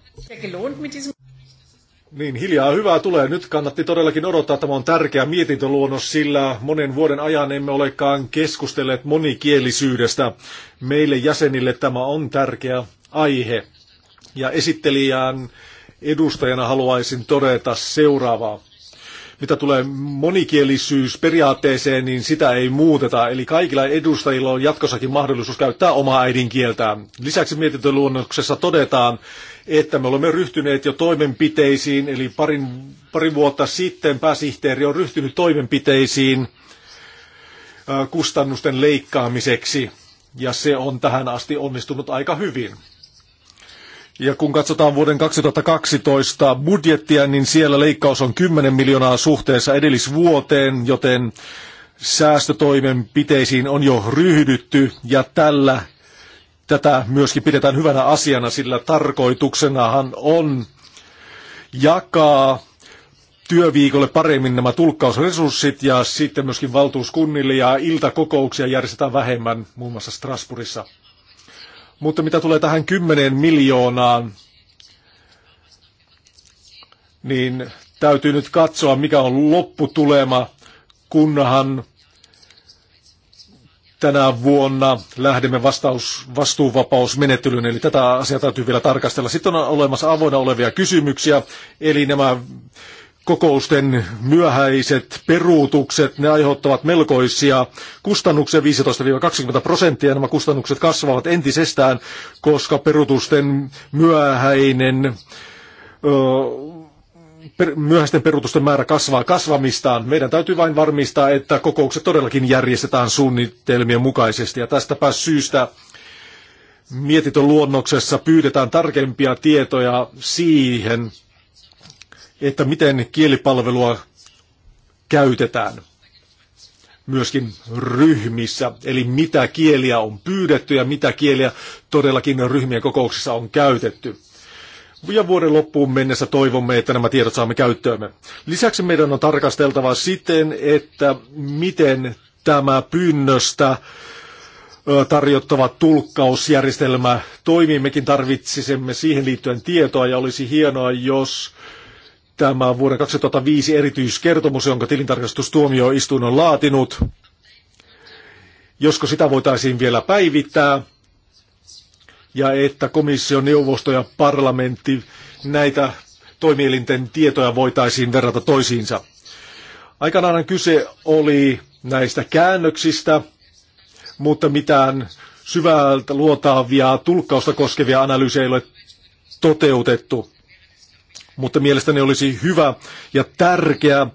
Niin, hiljaa hyvää tulee. Nyt kannatti todellakin odottaa, että tämä on tärkeä mietintöluonnos, sillä monen vuoden ajan emme olekaan keskustelleet monikielisyydestä. Meille jäsenille tämä on tärkeä aihe. Ja esittelijän edustajana haluaisin todeta seuraavaa. Mitä tulee monikielisyysperiaatteeseen, niin sitä ei muuteta, eli kaikilla edustajilla on jatkossakin mahdollisuus käyttää omaa äidinkieltään. Lisäksi mietintöluonnoksessa todetaan, että me olemme ryhtyneet jo toimenpiteisiin, eli parin, parin vuotta sitten pääsihteeri on ryhtynyt toimenpiteisiin äh, kustannusten leikkaamiseksi, ja se on tähän asti onnistunut aika hyvin. Ja kun katsotaan vuoden 2012 budjettia, niin siellä leikkaus on 10 miljoonaa suhteessa edellisvuoteen, joten säästötoimenpiteisiin on jo ryhdytty ja tällä tätä myöskin pidetään hyvänä asiana, sillä tarkoituksenahan on jakaa työviikolle paremmin nämä tulkkausresurssit ja sitten myöskin valtuuskunnille ja iltakokouksia järjestetään vähemmän, muun muassa Strasbourgissa. Mutta mitä tulee tähän 10 miljoonaan, niin täytyy nyt katsoa, mikä on lopputulema, kunnahan tänä vuonna lähdemme vastaus, vastuuvapausmenettelyyn, eli tätä asiaa täytyy vielä tarkastella. Sitten on olemassa avoinna olevia kysymyksiä, eli nämä kokousten myöhäiset peruutukset, ne aiheuttavat melkoisia kustannuksia, 15-20 prosenttia. Nämä kustannukset kasvavat entisestään, koska peruutusten myöhäinen myöhäisten peruutusten määrä kasvaa kasvamistaan. Meidän täytyy vain varmistaa, että kokoukset todellakin järjestetään suunnitelmien mukaisesti. Ja tästäpä syystä mietitön luonnoksessa pyydetään tarkempia tietoja siihen, että miten kielipalvelua käytetään myöskin ryhmissä, eli mitä kieliä on pyydetty ja mitä kieliä todellakin ryhmien kokouksissa on käytetty. Ja vuoden loppuun mennessä toivomme, että nämä tiedot saamme käyttöömme. Lisäksi meidän on tarkasteltava siten, että miten tämä pyynnöstä tarjottava tulkkausjärjestelmä toimii. Mekin tarvitsisimme siihen liittyen tietoa ja olisi hienoa, jos tämä vuoden 2005 erityiskertomus, jonka tilintarkastustuomioistuin on laatinut. Josko sitä voitaisiin vielä päivittää, ja että komission neuvosto ja parlamentti näitä toimielinten tietoja voitaisiin verrata toisiinsa. Aikanaan kyse oli näistä käännöksistä, mutta mitään syvältä luotaavia tulkkausta koskevia analyysejä ei ole toteutettu mutta mielestäni olisi hyvä ja tärkeä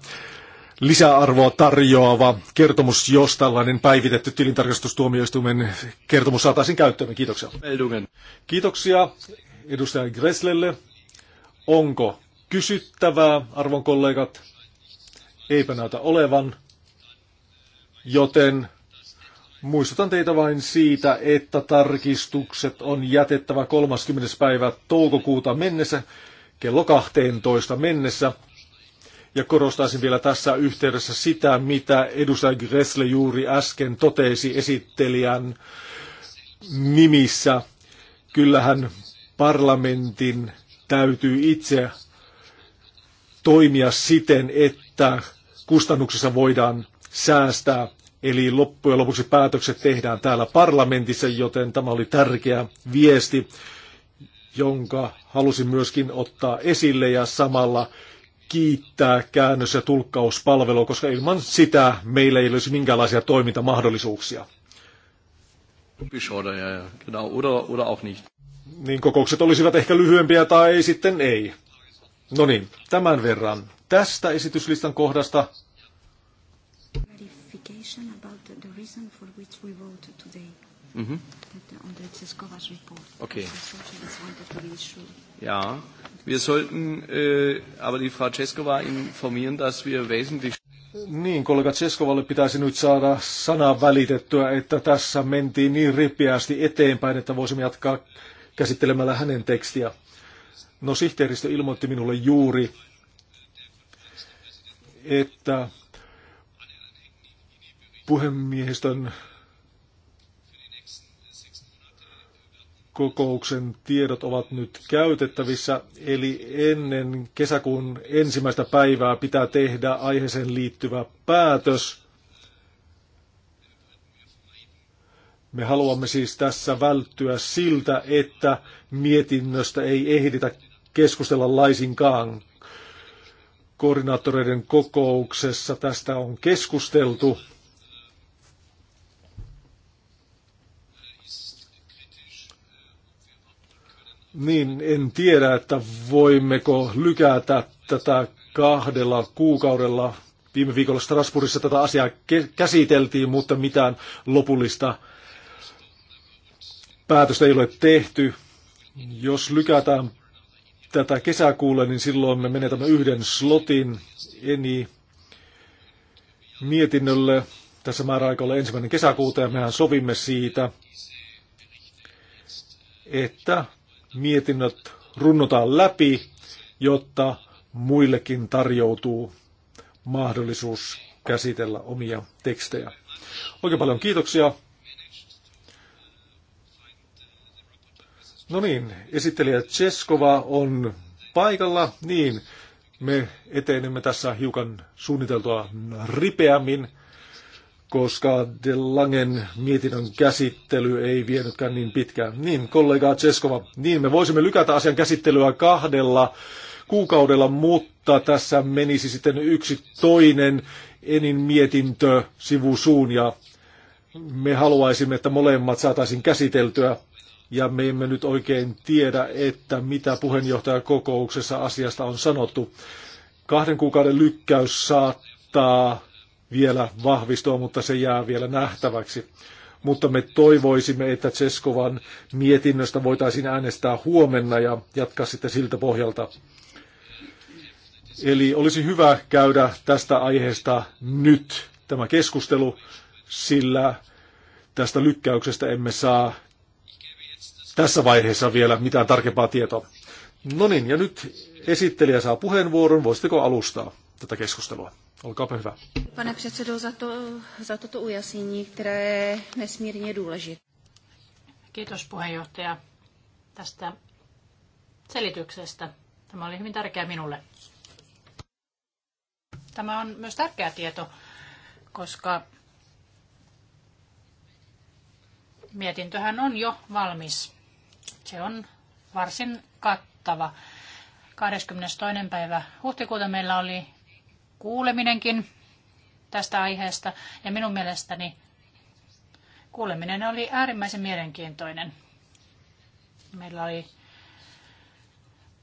lisäarvoa tarjoava kertomus, jos tällainen päivitetty tilintarkastustuomioistuimen kertomus saataisiin käyttöön. Kiitoksia. Kiitoksia edustaja Greslelle. Onko kysyttävää, arvon kollegat? Eipä näytä olevan, joten muistutan teitä vain siitä, että tarkistukset on jätettävä 30. päivä toukokuuta mennessä kello 12 mennessä. Ja korostaisin vielä tässä yhteydessä sitä, mitä edustaja Gressle juuri äsken totesi esittelijän nimissä. Kyllähän parlamentin täytyy itse toimia siten, että kustannuksissa voidaan säästää. Eli loppujen lopuksi päätökset tehdään täällä parlamentissa, joten tämä oli tärkeä viesti jonka halusin myöskin ottaa esille ja samalla kiittää käännös- ja tulkkauspalvelua, koska ilman sitä meillä ei olisi minkäänlaisia toimintamahdollisuuksia. Niin kokoukset olisivat ehkä lyhyempiä tai ei sitten ei. No niin, tämän verran tästä esityslistan kohdasta. Mm-hmm. Okay. Ja, wir sollten äh, aber die Frau Czeskova informieren, dass wir wesentlich... Niin, kollega Ceskovalle pitäisi nyt saada sana välitettyä, että tässä mentiin niin ripeästi eteenpäin, että voisimme jatkaa käsittelemällä hänen tekstiä. No sihteeristö ilmoitti minulle juuri, että puhemiehistön kokouksen tiedot ovat nyt käytettävissä, eli ennen kesäkuun ensimmäistä päivää pitää tehdä aiheeseen liittyvä päätös. Me haluamme siis tässä välttyä siltä, että mietinnöstä ei ehditä keskustella laisinkaan. Koordinaattoreiden kokouksessa tästä on keskusteltu Niin, en tiedä, että voimmeko lykätä tätä kahdella kuukaudella. Viime viikolla Strasbourgissa tätä asiaa käsiteltiin, mutta mitään lopullista päätöstä ei ole tehty. Jos lykätään tätä kesäkuulle, niin silloin me menetämme yhden slotin eni mietinnölle. Tässä määräaikalla ensimmäinen kesäkuuta ja mehän sovimme siitä, että mietinnöt runnotaan läpi, jotta muillekin tarjoutuu mahdollisuus käsitellä omia tekstejä. Oikein paljon kiitoksia. No niin, esittelijä Cheskova on paikalla. Niin, me etenemme tässä hiukan suunniteltua ripeämmin koska De Langen mietinnön käsittely ei vienytkään niin pitkään. Niin, kollega Cheskova, niin me voisimme lykätä asian käsittelyä kahdella kuukaudella, mutta tässä menisi sitten yksi toinen enin mietintö sivusuun ja me haluaisimme, että molemmat saataisiin käsiteltyä ja me emme nyt oikein tiedä, että mitä puheenjohtajakokouksessa asiasta on sanottu. Kahden kuukauden lykkäys saattaa vielä vahvistua, mutta se jää vielä nähtäväksi. Mutta me toivoisimme, että Cheskovan mietinnöstä voitaisiin äänestää huomenna ja jatkaa sitten siltä pohjalta. Eli olisi hyvä käydä tästä aiheesta nyt tämä keskustelu, sillä tästä lykkäyksestä emme saa tässä vaiheessa vielä mitään tarkempaa tietoa. No niin, ja nyt esittelijä saa puheenvuoron. Voisitteko alustaa tätä keskustelua? Olkaapa hyvä. Pane předsedo, za, to, za toto ujasnění, které je nesmírně důležité. Kiitos puheenjohtaja tästä selityksestä. Tämä oli hyvin tärkeä minulle. Tämä on myös tärkeä tieto, koska mietintöhän on jo valmis. Se on varsin kattava. 22. päivä huhtikuuta meillä oli kuuleminenkin tästä aiheesta. Ja minun mielestäni kuuleminen oli äärimmäisen mielenkiintoinen. Meillä oli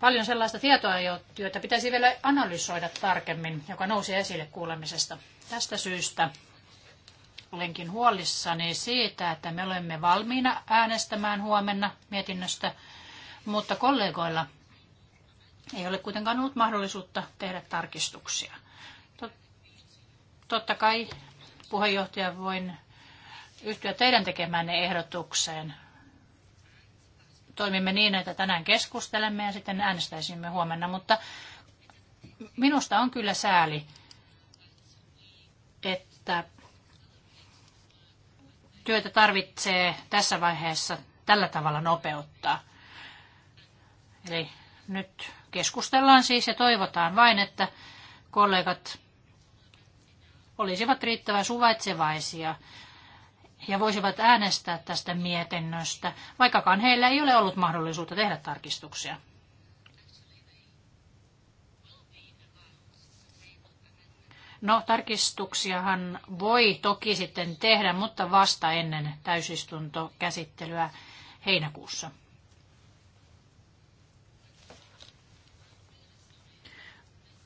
paljon sellaista tietoa, joita pitäisi vielä analysoida tarkemmin, joka nousi esille kuulemisesta. Tästä syystä olenkin huolissani siitä, että me olemme valmiina äänestämään huomenna mietinnöstä, mutta kollegoilla ei ole kuitenkaan ollut mahdollisuutta tehdä tarkistuksia. Totta kai puheenjohtaja voin yhtyä teidän tekemänne ehdotukseen. Toimimme niin, että tänään keskustelemme ja sitten äänestäisimme huomenna, mutta minusta on kyllä sääli, että työtä tarvitsee tässä vaiheessa tällä tavalla nopeuttaa. Eli nyt keskustellaan siis ja toivotaan vain, että kollegat olisivat riittävän suvaitsevaisia ja voisivat äänestää tästä mietinnöstä, vaikkakaan heillä ei ole ollut mahdollisuutta tehdä tarkistuksia. No, tarkistuksiahan voi toki sitten tehdä, mutta vasta ennen täysistuntokäsittelyä heinäkuussa.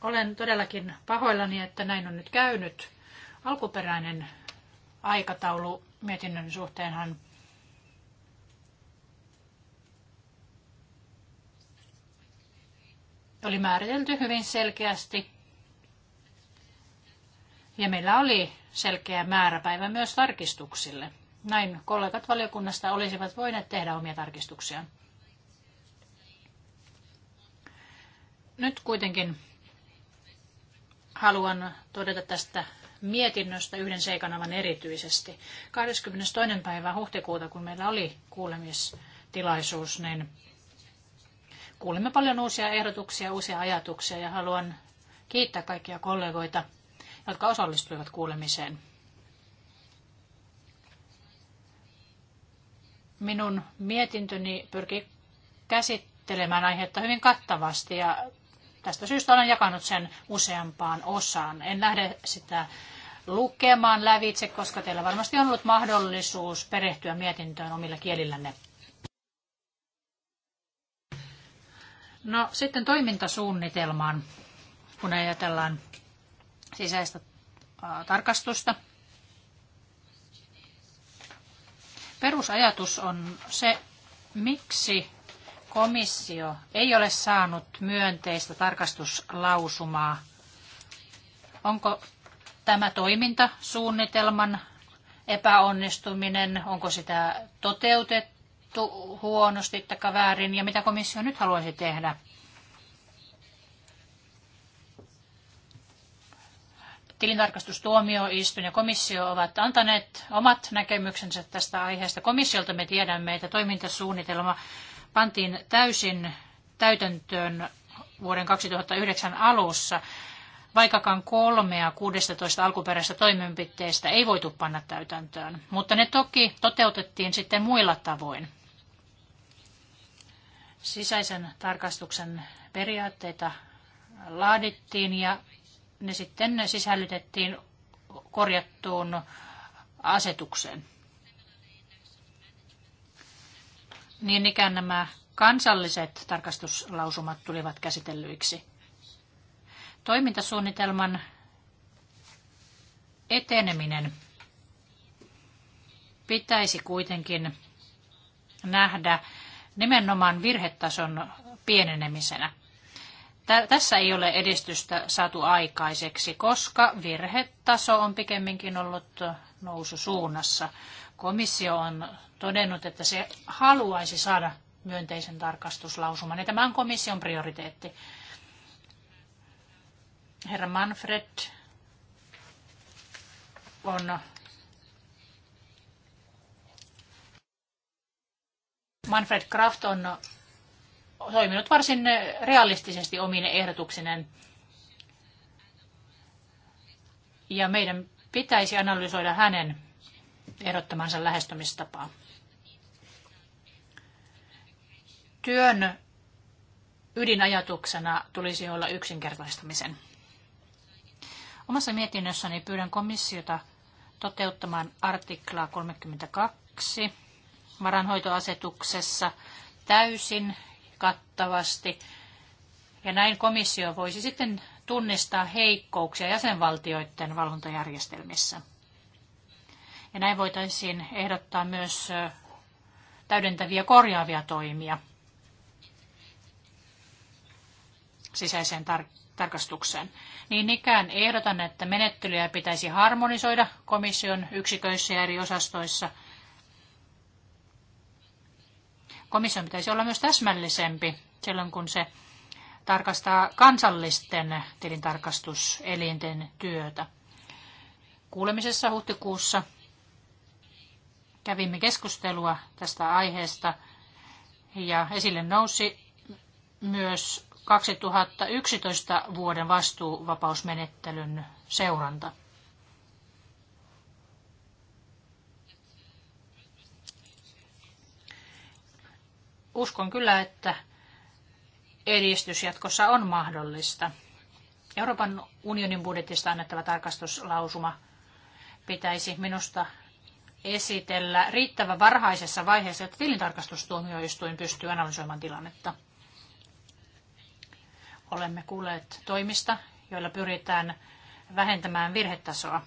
Olen todellakin pahoillani, että näin on nyt käynyt. Alkuperäinen aikataulu mietinnön suhteenhan oli määritelty hyvin selkeästi. Ja meillä oli selkeä määräpäivä myös tarkistuksille. Näin kollegat valiokunnasta olisivat voineet tehdä omia tarkistuksiaan. Nyt kuitenkin haluan todeta tästä mietinnöstä yhden seikan aivan erityisesti. 22. päivä huhtikuuta, kun meillä oli kuulemistilaisuus, niin kuulimme paljon uusia ehdotuksia, uusia ajatuksia ja haluan kiittää kaikkia kollegoita, jotka osallistuivat kuulemiseen. Minun mietintöni pyrkii käsittelemään aihetta hyvin kattavasti ja tästä syystä olen jakanut sen useampaan osaan. En lähde sitä lukemaan lävitse, koska teillä varmasti on ollut mahdollisuus perehtyä mietintöön omilla kielillänne. No sitten toimintasuunnitelmaan, kun ajatellaan sisäistä tarkastusta. Perusajatus on se, miksi komissio ei ole saanut myönteistä tarkastuslausumaa. Onko tämä toimintasuunnitelman epäonnistuminen, onko sitä toteutettu huonosti tai väärin ja mitä komissio nyt haluaisi tehdä? tilintarkastustuomioistuin ja komissio ovat antaneet omat näkemyksensä tästä aiheesta. Komissiolta me tiedämme, että toimintasuunnitelma pantiin täysin täytäntöön vuoden 2009 alussa vaikkakaan kolmea 16 alkuperäisestä toimenpiteestä ei voitu panna täytäntöön, mutta ne toki toteutettiin sitten muilla tavoin. Sisäisen tarkastuksen periaatteita laadittiin ja ne sitten sisällytettiin korjattuun asetukseen. Niin ikään nämä kansalliset tarkastuslausumat tulivat käsitellyiksi toimintasuunnitelman eteneminen pitäisi kuitenkin nähdä nimenomaan virhetason pienenemisenä. Tässä ei ole edistystä saatu aikaiseksi, koska virhetaso on pikemminkin ollut noususuunnassa. Komissio on todennut, että se haluaisi saada myönteisen tarkastuslausuman, ja tämä on komission prioriteetti. Herra Manfred on Manfred Kraft on toiminut varsin realistisesti omine ehdotuksineen. Ja meidän pitäisi analysoida hänen ehdottamansa lähestymistapaa. Työn ydinajatuksena tulisi olla yksinkertaistamisen. Omassa mietinnössäni pyydän komissiota toteuttamaan artiklaa 32 varanhoitoasetuksessa täysin kattavasti. Ja näin komissio voisi sitten tunnistaa heikkouksia jäsenvaltioiden valvontajärjestelmissä. Ja näin voitaisiin ehdottaa myös täydentäviä korjaavia toimia sisäiseen tar- tarkastukseen. Niin ikään ehdotan, että menettelyjä pitäisi harmonisoida komission yksiköissä ja eri osastoissa. Komission pitäisi olla myös täsmällisempi silloin, kun se tarkastaa kansallisten tilintarkastuselinten työtä. Kuulemisessa huhtikuussa kävimme keskustelua tästä aiheesta ja esille nousi myös 2011 vuoden vastuuvapausmenettelyn seuranta. Uskon kyllä, että edistys jatkossa on mahdollista. Euroopan unionin budjetista annettava tarkastuslausuma pitäisi minusta esitellä riittävän varhaisessa vaiheessa, että tilintarkastustuomioistuin pystyy analysoimaan tilannetta olemme kuulleet toimista, joilla pyritään vähentämään virhetasoa.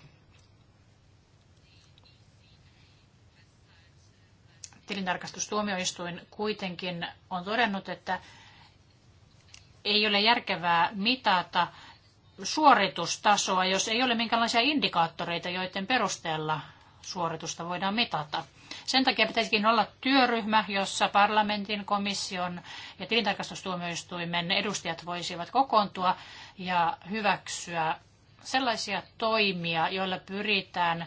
Tilintarkastustuomioistuin kuitenkin on todennut, että ei ole järkevää mitata suoritustasoa, jos ei ole minkälaisia indikaattoreita, joiden perusteella suoritusta voidaan mitata. Sen takia pitäisikin olla työryhmä, jossa parlamentin, komission ja tilintarkastustuomioistuimen edustajat voisivat kokoontua ja hyväksyä sellaisia toimia, joilla pyritään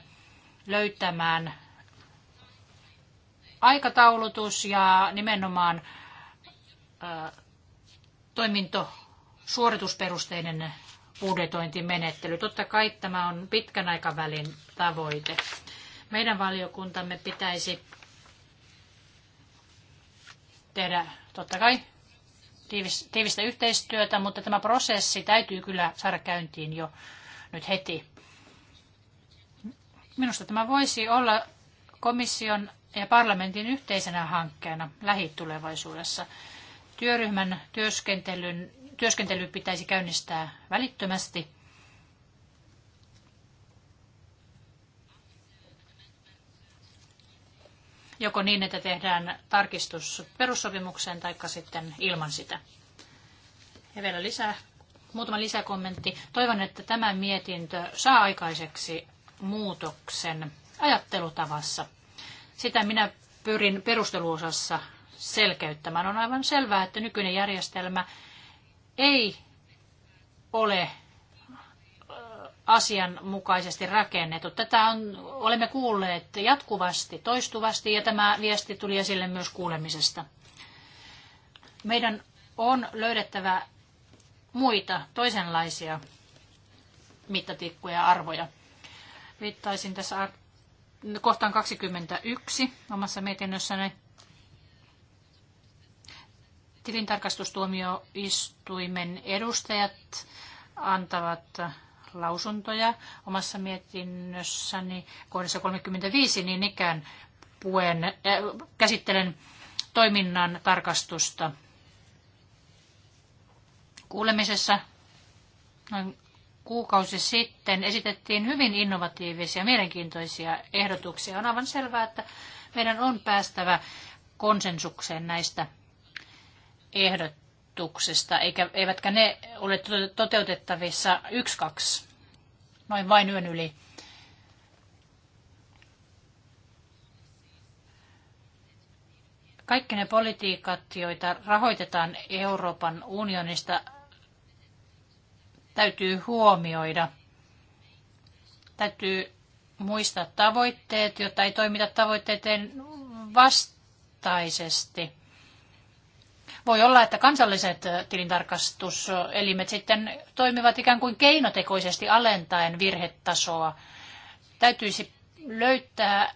löytämään aikataulutus ja nimenomaan toiminto suoritusperusteinen budjetointimenettely. Totta kai tämä on pitkän aikavälin tavoite. Meidän valiokuntamme pitäisi tehdä totta kai tiivistä yhteistyötä, mutta tämä prosessi täytyy kyllä saada käyntiin jo nyt heti. Minusta tämä voisi olla komission ja parlamentin yhteisenä hankkeena lähitulevaisuudessa. Työryhmän työskentelyn, työskentely pitäisi käynnistää välittömästi. joko niin, että tehdään tarkistus perussopimukseen tai sitten ilman sitä. Ja vielä lisää, muutama lisäkommentti. Toivon, että tämä mietintö saa aikaiseksi muutoksen ajattelutavassa. Sitä minä pyrin perusteluosassa selkeyttämään. On aivan selvää, että nykyinen järjestelmä ei ole asianmukaisesti rakennettu. Tätä on, olemme kuulleet jatkuvasti, toistuvasti ja tämä viesti tuli esille myös kuulemisesta. Meidän on löydettävä muita toisenlaisia mittatikkuja ja arvoja. Viittaisin tässä kohtaan 21 omassa mietinnössäni. Tilintarkastustuomioistuimen edustajat antavat lausuntoja. Omassa mietinnössäni kohdassa 35 niin ikään puen, äh, käsittelen toiminnan tarkastusta kuulemisessa noin kuukausi sitten esitettiin hyvin innovatiivisia, mielenkiintoisia ehdotuksia. On aivan selvää, että meidän on päästävä konsensukseen näistä ehdotuksista ehdotuksesta, eikä, eivätkä ne ole toteutettavissa yksi kaksi, noin vain yön yli. Kaikki ne politiikat, joita rahoitetaan Euroopan unionista, täytyy huomioida. Täytyy muistaa tavoitteet, jotta ei toimita tavoitteiden vastaisesti. Voi olla, että kansalliset tilintarkastuselimet sitten toimivat ikään kuin keinotekoisesti alentaen virhetasoa. Täytyisi löytää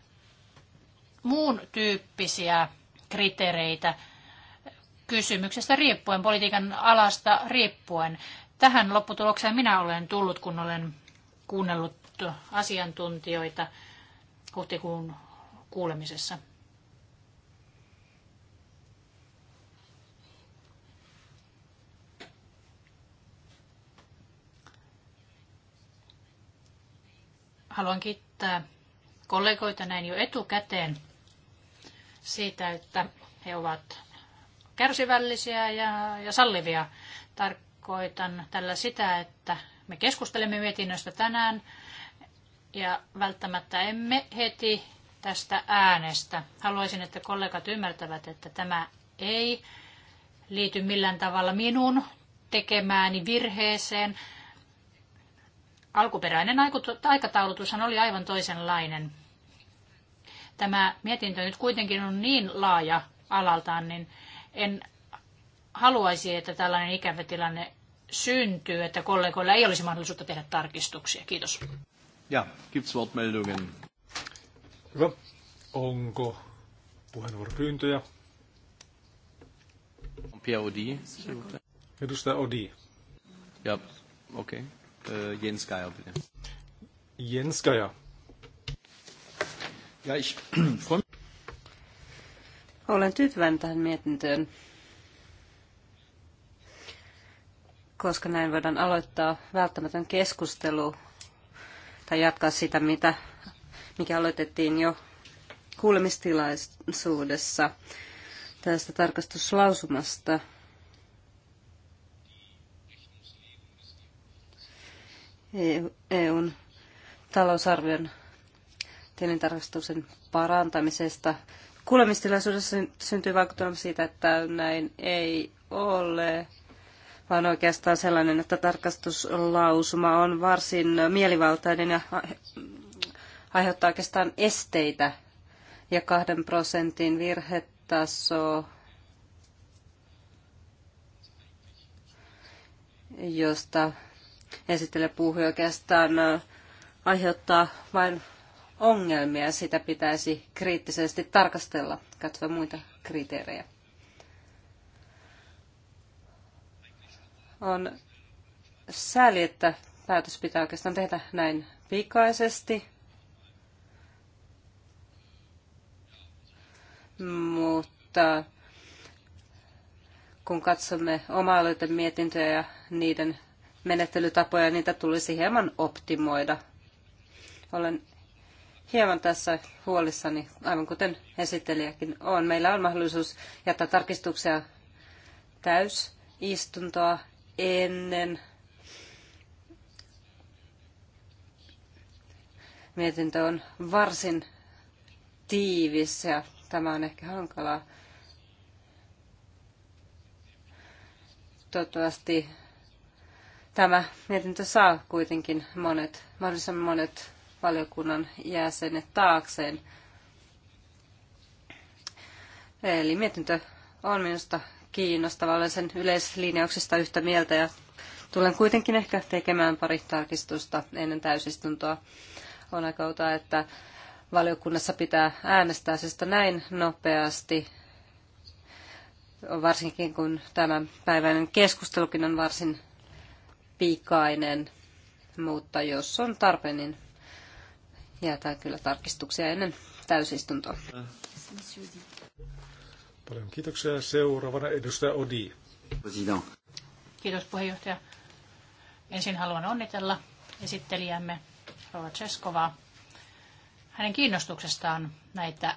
muun tyyppisiä kriteereitä kysymyksestä riippuen, politiikan alasta riippuen. Tähän lopputulokseen minä olen tullut, kun olen kuunnellut asiantuntijoita huhtikuun kuulemisessa. Haluan kiittää kollegoita näin jo etukäteen siitä, että he ovat kärsivällisiä ja, ja sallivia. Tarkoitan tällä sitä, että me keskustelemme mietinnöstä tänään ja välttämättä emme heti tästä äänestä. Haluaisin, että kollegat ymmärtävät, että tämä ei liity millään tavalla minun tekemääni virheeseen alkuperäinen aikataulutushan oli aivan toisenlainen. Tämä mietintö nyt kuitenkin on niin laaja alaltaan, niin en haluaisi, että tällainen ikävä tilanne syntyy, että kollegoilla ei olisi mahdollisuutta tehdä tarkistuksia. Kiitos. Ja, gibt's Wortmeldungen? Hyvä. Onko puheenvuoropyyntöjä? Pia Odi. Edustaja Odi. Ja, okei. Okay. Äh, Jens Geier, bitte. Jens Geier. Ja, ich freue Olen tyytyväinen tähän mietintöön, koska näin voidaan aloittaa välttämätön keskustelu tai jatkaa sitä, mitä, mikä aloitettiin jo kuulemistilaisuudessa tästä tarkastuslausumasta – EUn e talousarvion tilintarkastuksen parantamisesta. Kuulemistilaisuudessa syntyi vaikutelma siitä, että näin ei ole, vaan oikeastaan sellainen, että tarkastuslausuma on varsin mielivaltainen ja aiheuttaa oikeastaan esteitä ja kahden prosentin virhetaso, josta esittele oikeastaan aiheuttaa vain ongelmia. Sitä pitäisi kriittisesti tarkastella, katsoa muita kriteerejä. On sääli, että päätös pitää oikeastaan tehdä näin pikaisesti, mutta kun katsomme oma mietintöjä ja niiden menettelytapoja, niin niitä tulisi hieman optimoida. Olen hieman tässä huolissani, aivan kuten esittelijäkin on. Meillä on mahdollisuus jättää tarkistuksia täysistuntoa ennen mietintö on varsin tiivis ja tämä on ehkä hankalaa. Toivottavasti Tämä mietintö saa kuitenkin monet, mahdollisimman monet valiokunnan jäsenet taakseen. Eli mietintö on minusta kiinnostava. Olen sen yleislinjauksista yhtä mieltä ja tulen kuitenkin ehkä tekemään pari tarkistusta ennen täysistuntoa. On aikauta, että valiokunnassa pitää äänestää asiasta näin nopeasti, varsinkin kun tämä päiväinen keskustelukin on varsin pikainen, mutta jos on tarpeen, niin jätän kyllä tarkistuksia ennen täysistuntoa. Paljon kiitoksia. Seuraavana edustaja Odi. Kiitos puheenjohtaja. Ensin haluan onnitella esittelijämme Rova Cheskovaa hänen kiinnostuksestaan näitä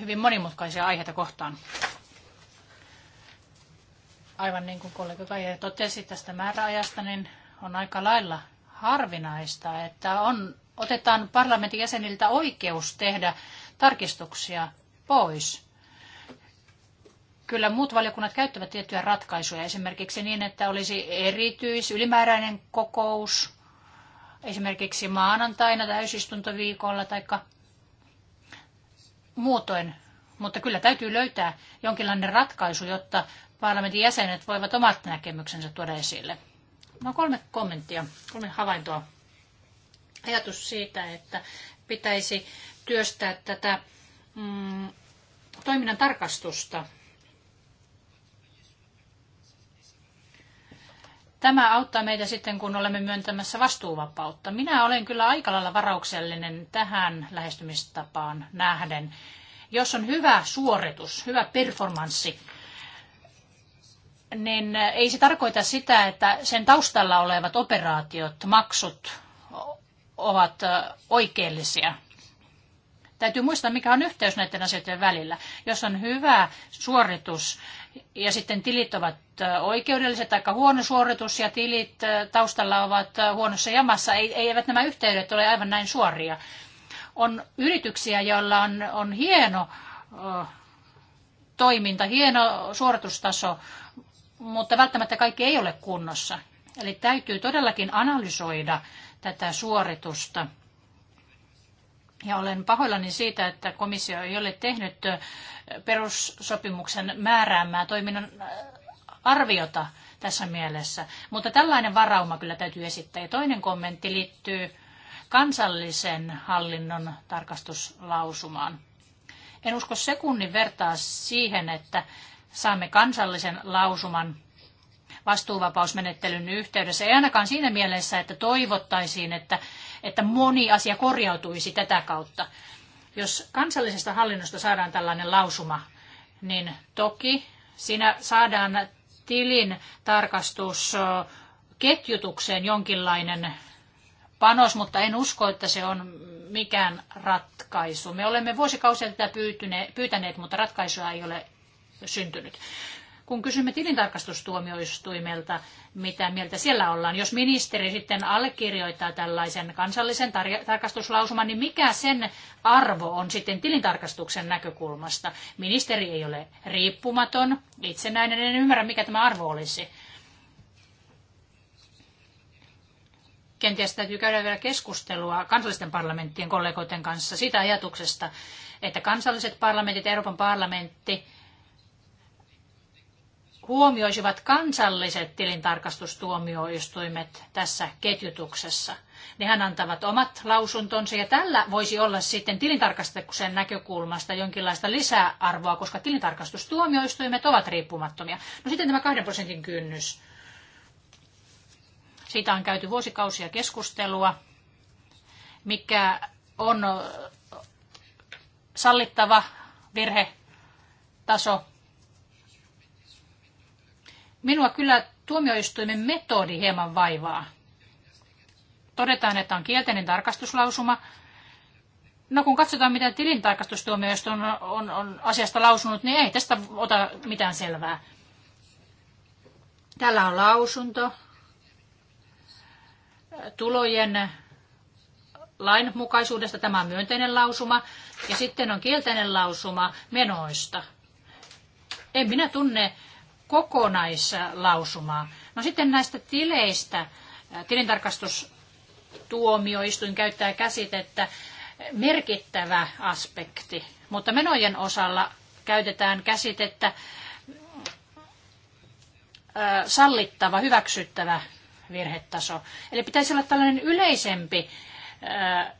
hyvin monimutkaisia aiheita kohtaan. Aivan niin kuin kollega Kaija totesi tästä määräajasta, niin on aika lailla harvinaista, että on, otetaan parlamentin jäseniltä oikeus tehdä tarkistuksia pois. Kyllä muut valiokunnat käyttävät tiettyjä ratkaisuja, esimerkiksi niin, että olisi erityis ylimääräinen kokous, esimerkiksi maanantaina täysistuntoviikolla tai muutoin. Mutta kyllä täytyy löytää jonkinlainen ratkaisu, jotta parlamentin jäsenet voivat omat näkemyksensä tuoda esille. No kolme kommenttia, kolme havaintoa. Ajatus siitä, että pitäisi työstää tätä mm, toiminnan tarkastusta. Tämä auttaa meitä sitten, kun olemme myöntämässä vastuuvapautta. Minä olen kyllä aika lailla varauksellinen tähän lähestymistapaan nähden. Jos on hyvä suoritus, hyvä performanssi, niin eh, ei se tarkoita sitä, että sen taustalla olevat operaatiot, maksut ovat eh, oikeellisia. Täytyy muistaa, mikä on yhteys näiden asioiden välillä. Jos on hyvä suoritus ja sitten tilit ovat eh, oikeudelliset, aika huono suoritus ja tilit taustalla ovat huonossa jamassa, eivät nämä yhteydet ole aivan näin suoria. On yrityksiä, joilla on, on hieno toiminta, hieno suoritustaso, mutta välttämättä kaikki ei ole kunnossa. Eli täytyy todellakin analysoida tätä suoritusta. Ja olen pahoillani siitä, että komissio ei ole tehnyt perussopimuksen määräämää toiminnan arviota tässä mielessä. Mutta tällainen varauma kyllä täytyy esittää. Ja toinen kommentti liittyy kansallisen hallinnon tarkastuslausumaan. En usko sekunnin vertaa siihen, että saamme kansallisen lausuman vastuuvapausmenettelyn yhteydessä. Ei ainakaan siinä mielessä, että toivottaisiin, että, että moni asia korjautuisi tätä kautta. Jos kansallisesta hallinnosta saadaan tällainen lausuma, niin toki siinä saadaan tilin tarkastus ketjutukseen jonkinlainen panos, mutta en usko, että se on mikään ratkaisu. Me olemme vuosikausia tätä pyytyne, pyytäneet, mutta ratkaisua ei ole syntynyt. Kun kysymme tilintarkastustuomioistuimelta, mitä mieltä siellä ollaan, jos ministeri sitten allekirjoittaa tällaisen kansallisen tar- tarkastuslausuman, niin mikä sen arvo on sitten tilintarkastuksen näkökulmasta? Ministeri ei ole riippumaton, itsenäinen, en ymmärrä mikä tämä arvo olisi. kenties täytyy käydä vielä keskustelua kansallisten parlamenttien kollegoiden kanssa siitä ajatuksesta, että kansalliset parlamentit, Euroopan parlamentti huomioisivat kansalliset tilintarkastustuomioistuimet tässä ketjutuksessa. Nehän antavat omat lausuntonsa ja tällä voisi olla sitten tilintarkastuksen näkökulmasta jonkinlaista lisäarvoa, koska tilintarkastustuomioistuimet ovat riippumattomia. No sitten tämä kahden prosentin kynnys. Siitä on käyty vuosikausia keskustelua, mikä on sallittava virhetaso Minua kyllä tuomioistuimen metodi hieman vaivaa. Todetaan, että on kielteinen tarkastuslausuma. No kun katsotaan, mitä tilintarkastustuomioistuin on, on, on asiasta lausunut, niin ei tästä ota mitään selvää. Täällä on lausunto tulojen lainmukaisuudesta. Tämä on myönteinen lausuma. Ja sitten on kielteinen lausuma menoista. En minä tunne kokonaislausumaa. No sitten näistä tileistä. Äh, tilintarkastustuomioistuin käyttää käsitettä merkittävä aspekti, mutta menojen osalla käytetään käsitettä äh, sallittava, hyväksyttävä virhetaso. Eli pitäisi olla tällainen yleisempi äh,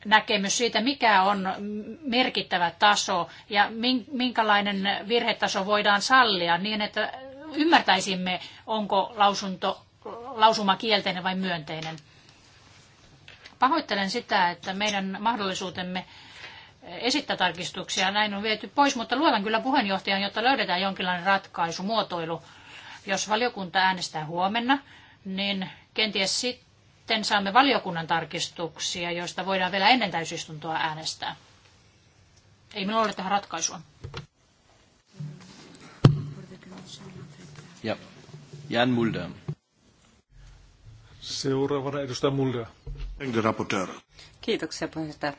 näkemys siitä, mikä on merkittävä taso ja minkälainen virhetaso voidaan sallia niin, että ymmärtäisimme, onko lausunto, lausuma kielteinen vai myönteinen. Pahoittelen sitä, että meidän mahdollisuutemme esittää tarkistuksia näin on viety pois, mutta luotan kyllä puheenjohtajan, jotta löydetään jonkinlainen ratkaisu, muotoilu. Jos valiokunta äänestää huomenna, niin kenties sitten saamme valiokunnan tarkistuksia, joista voidaan vielä ennen täysistuntoa äänestää. Ei minulla ole tähän ratkaisua. Ja Jan Mulder. Seuraavana edustaja Mulder. Kiitoksia puheenjohtaja.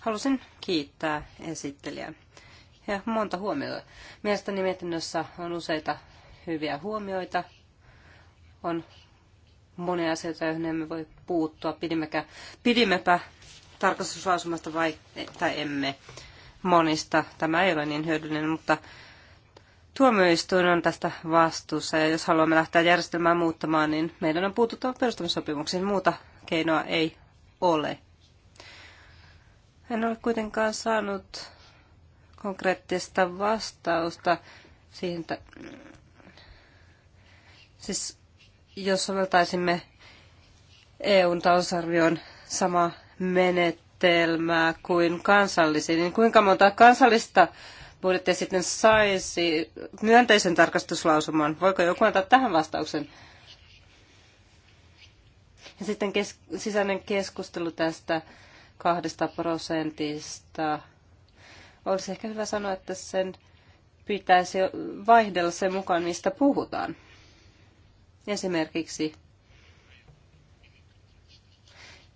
Halusin kiittää esittelijää. Ja monta huomiota. Mielestäni mietinnössä on useita hyviä huomioita. On monia asioita, joihin emme voi puuttua. Pidimmekä, pidimmepä tarkastuslausumasta vai, tai emme monista. Tämä ei ole niin hyödyllinen, mutta tuomioistuin on tästä vastuussa ja jos haluamme lähteä järjestelmää muuttamaan, niin meidän on puututtava perustamissopimuksiin. Muuta keinoa ei ole. En ole kuitenkaan saanut konkreettista vastausta siihen, että siis jos soveltaisimme EUn talousarvion samaa menettelmää kuin kansallisiin, niin kuinka monta kansallista budjettia sitten saisi myönteisen tarkastuslausuman. Voiko joku antaa tähän vastauksen? Ja sitten kes- sisäinen keskustelu tästä kahdesta prosentista. Olisi ehkä hyvä sanoa, että sen pitäisi vaihdella sen mukaan, mistä puhutaan. Esimerkiksi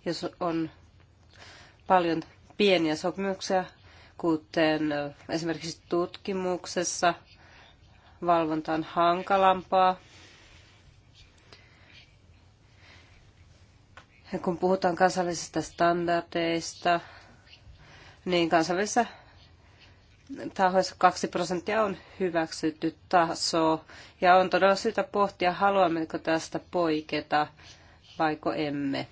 jos on paljon pieniä sopimuksia kuten äh, esimerkiksi tutkimuksessa valvonta on hankalampaa. Ja kun puhutaan kansallisista standardeista, niin kansallisissa tahoissa 2 prosenttia on hyväksytty taso. Ja on todella syytä pohtia, haluammeko tästä poiketa vaiko emme.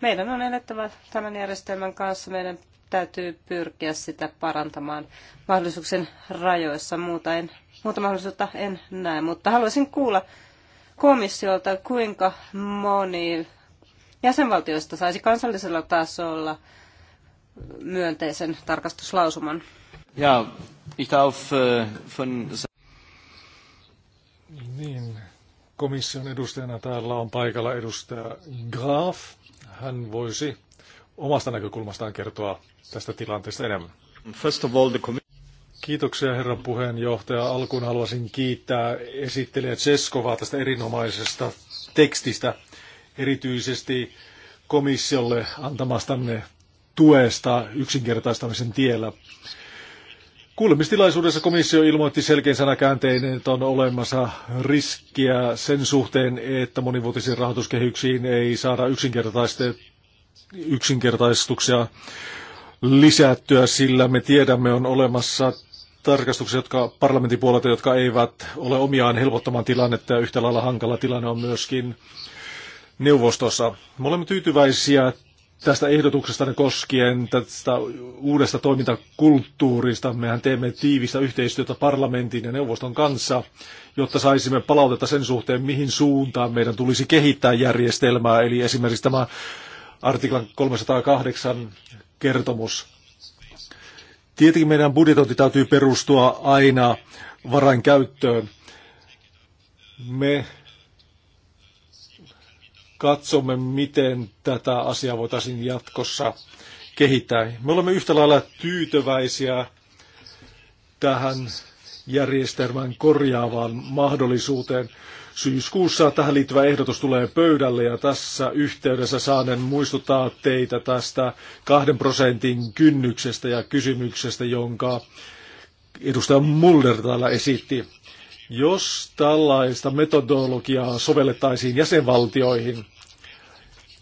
Meidän on elettävä tämän järjestelmän kanssa, meidän täytyy pyrkiä sitä parantamaan mahdollisuuksien rajoissa. Muuta, en, muuta mahdollisuutta en näe, mutta haluaisin kuulla komissiolta, kuinka moni jäsenvaltioista saisi kansallisella tasolla myönteisen tarkastuslausuman. Ja, ich darf äh, von... Niin, komission edustajana täällä on paikalla edustaja Graf. Hän voisi omasta näkökulmastaan kertoa tästä tilanteesta enemmän. First of all, the Kiitoksia herra puheenjohtaja. Alkuun haluaisin kiittää esittelijä Cheskovaa tästä erinomaisesta tekstistä, erityisesti komissiolle antamastanne tuesta yksinkertaistamisen tiellä. Kuulemistilaisuudessa komissio ilmoitti selkein sanakäänteinen, että on olemassa riskiä sen suhteen, että monivuotisiin rahoituskehyksiin ei saada yksinkertaistettua yksinkertaistuksia lisättyä, sillä me tiedämme on olemassa tarkastuksia, jotka parlamentin puolelta, jotka eivät ole omiaan helpottamaan tilannetta ja yhtä lailla hankala tilanne on myöskin neuvostossa. Me olemme tyytyväisiä tästä ehdotuksesta koskien tästä uudesta toimintakulttuurista. Mehän teemme tiivistä yhteistyötä parlamentin ja neuvoston kanssa, jotta saisimme palautetta sen suhteen, mihin suuntaan meidän tulisi kehittää järjestelmää. Eli esimerkiksi tämä artiklan 308 kertomus. Tietenkin meidän budjetointi täytyy perustua aina varainkäyttöön. Me katsomme, miten tätä asiaa voitaisiin jatkossa kehittää. Me olemme yhtä lailla tyytyväisiä tähän järjestelmän korjaavaan mahdollisuuteen. Syyskuussa tähän liittyvä ehdotus tulee pöydälle ja tässä yhteydessä saanen muistuttaa teitä tästä kahden prosentin kynnyksestä ja kysymyksestä, jonka edustaja Mulder täällä esitti. Jos tällaista metodologiaa sovellettaisiin jäsenvaltioihin,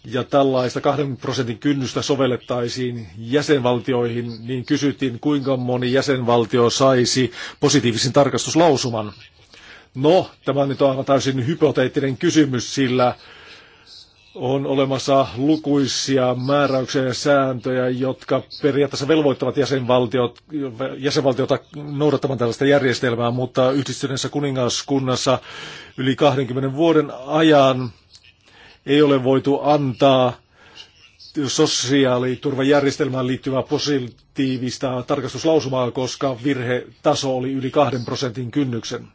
ja tällaista kahden prosentin kynnystä sovellettaisiin jäsenvaltioihin, niin kysyttiin, kuinka moni jäsenvaltio saisi positiivisen tarkastuslausuman. No, tämä nyt on aivan täysin hypoteettinen kysymys, sillä on olemassa lukuisia määräyksiä ja sääntöjä, jotka periaatteessa velvoittavat jäsenvaltiot, jäsenvaltiota noudattamaan tällaista järjestelmää, mutta yhdistyneessä kuningaskunnassa yli 20 vuoden ajan ei ole voitu antaa sosiaaliturvajärjestelmään liittyvää positiivista tarkastuslausumaa, koska virhetaso oli yli 2 prosentin kynnyksen.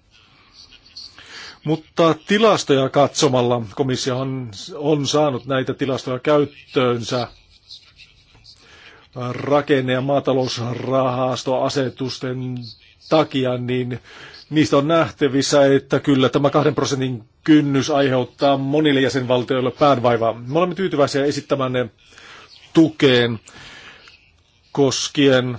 Mutta tilastoja katsomalla, komissio on, on saanut näitä tilastoja käyttöönsä rakenne- ja maatalousrahastoasetusten takia, niin niistä on nähtävissä, että kyllä tämä kahden prosentin kynnys aiheuttaa monille jäsenvaltioille päänvaivaa. Me olemme tyytyväisiä esittämänne tukeen koskien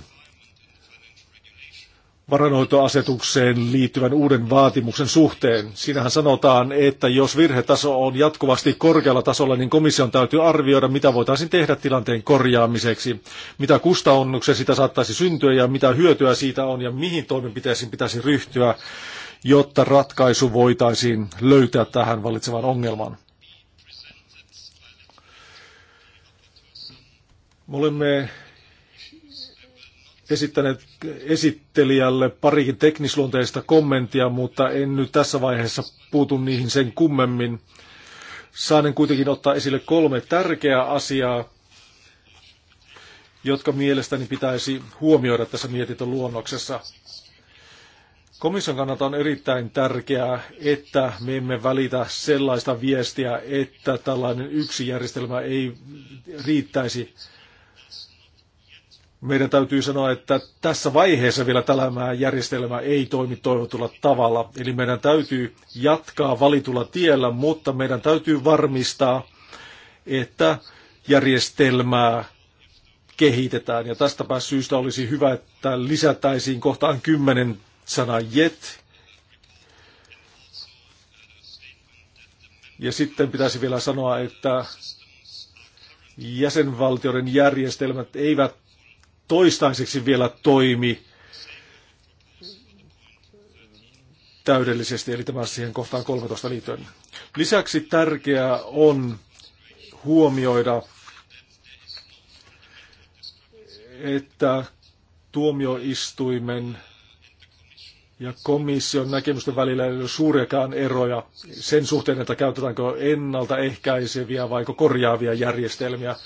varanhoitoasetukseen liittyvän uuden vaatimuksen suhteen. Siinähän sanotaan, että jos virhetaso on jatkuvasti korkealla tasolla, niin komission täytyy arvioida, mitä voitaisiin tehdä tilanteen korjaamiseksi, mitä kustannuksia sitä saattaisi syntyä ja mitä hyötyä siitä on ja mihin toimenpiteisiin pitäisi ryhtyä, jotta ratkaisu voitaisiin löytää tähän valitsevan ongelman. Me olemme esittäneet esittelijälle parikin teknisluonteista kommenttia, mutta en nyt tässä vaiheessa puutu niihin sen kummemmin. Saanen kuitenkin ottaa esille kolme tärkeää asiaa, jotka mielestäni pitäisi huomioida tässä mietintöluonnoksessa. Komission kannalta on erittäin tärkeää, että me emme välitä sellaista viestiä, että tällainen yksi järjestelmä ei riittäisi meidän täytyy sanoa, että tässä vaiheessa vielä tällä järjestelmä ei toimi toivotulla tavalla. Eli meidän täytyy jatkaa valitulla tiellä, mutta meidän täytyy varmistaa, että järjestelmää kehitetään. Ja tästäpä syystä olisi hyvä, että lisätäisiin kohtaan kymmenen sana jet. Ja sitten pitäisi vielä sanoa, että jäsenvaltioiden järjestelmät eivät toistaiseksi vielä toimi täydellisesti, eli tämä siihen kohtaan 13 liittyen. Lisäksi tärkeää on huomioida, että tuomioistuimen ja komission näkemysten välillä ei ole suuriakaan eroja sen suhteen, että käytetäänkö ennaltaehkäiseviä vai korjaavia järjestelmiä.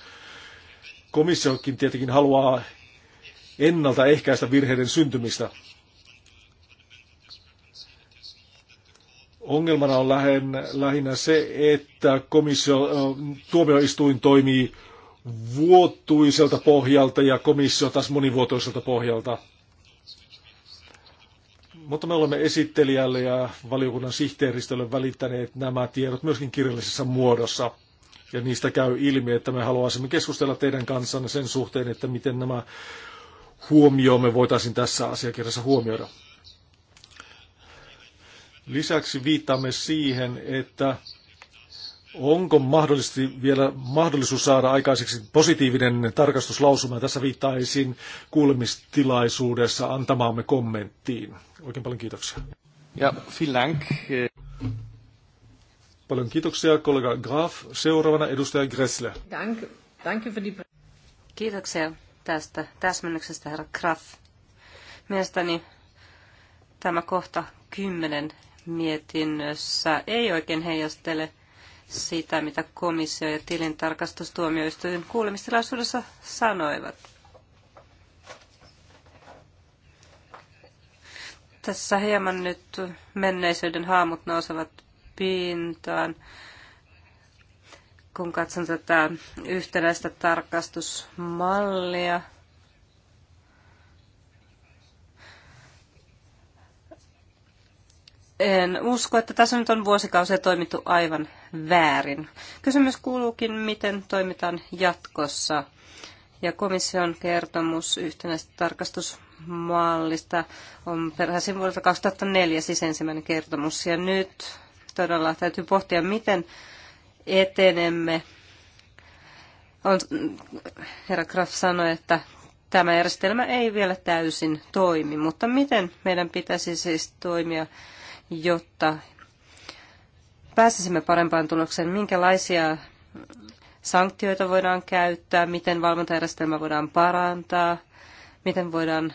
Komissiokin tietenkin haluaa ennaltaehkäistä virheiden syntymistä. Ongelmana on lähen, lähinnä se, että komissio, tuomioistuin toimii vuotuiselta pohjalta ja komissio taas monivuotoiselta pohjalta. Mutta me olemme esittelijälle ja valiokunnan sihteeristölle välittäneet nämä tiedot myöskin kirjallisessa muodossa. Ja niistä käy ilmi, että me haluaisimme keskustella teidän kanssanne sen suhteen, että miten nämä me voitaisiin tässä asiakirjassa huomioida. Lisäksi viittaamme siihen, että onko mahdollisesti vielä mahdollisuus saada aikaiseksi positiivinen tarkastuslausuma. Tässä viittaisin kuulemistilaisuudessa antamaamme kommenttiin. Oikein paljon kiitoksia. Ja, vielen Paljon kiitoksia kollega Graf. Seuraavana edustaja Gressle. Dank, danke für die... Kiitoksia tästä täsmennyksestä, herra Graf. Mielestäni tämä kohta 10 mietinnössä ei oikein heijastele sitä, mitä komissio ja tilintarkastustuomioistuin kuulemistilaisuudessa sanoivat. Tässä hieman nyt menneisyyden haamut nousevat pintaan kun katson tätä yhtenäistä tarkastusmallia, en usko, että tässä nyt on vuosikausia toimittu aivan väärin. Kysymys kuuluukin, miten toimitaan jatkossa. Ja komission kertomus yhtenäistä tarkastusmallista on peräisin vuodelta 2004, siis ensimmäinen kertomus. Ja nyt todella täytyy pohtia, miten etenemme. On, herra Graf sanoi, että tämä järjestelmä ei vielä täysin toimi, mutta miten meidän pitäisi siis toimia, jotta pääsisimme parempaan tulokseen, minkälaisia sanktioita voidaan käyttää, miten valvontajärjestelmä voidaan parantaa, miten voidaan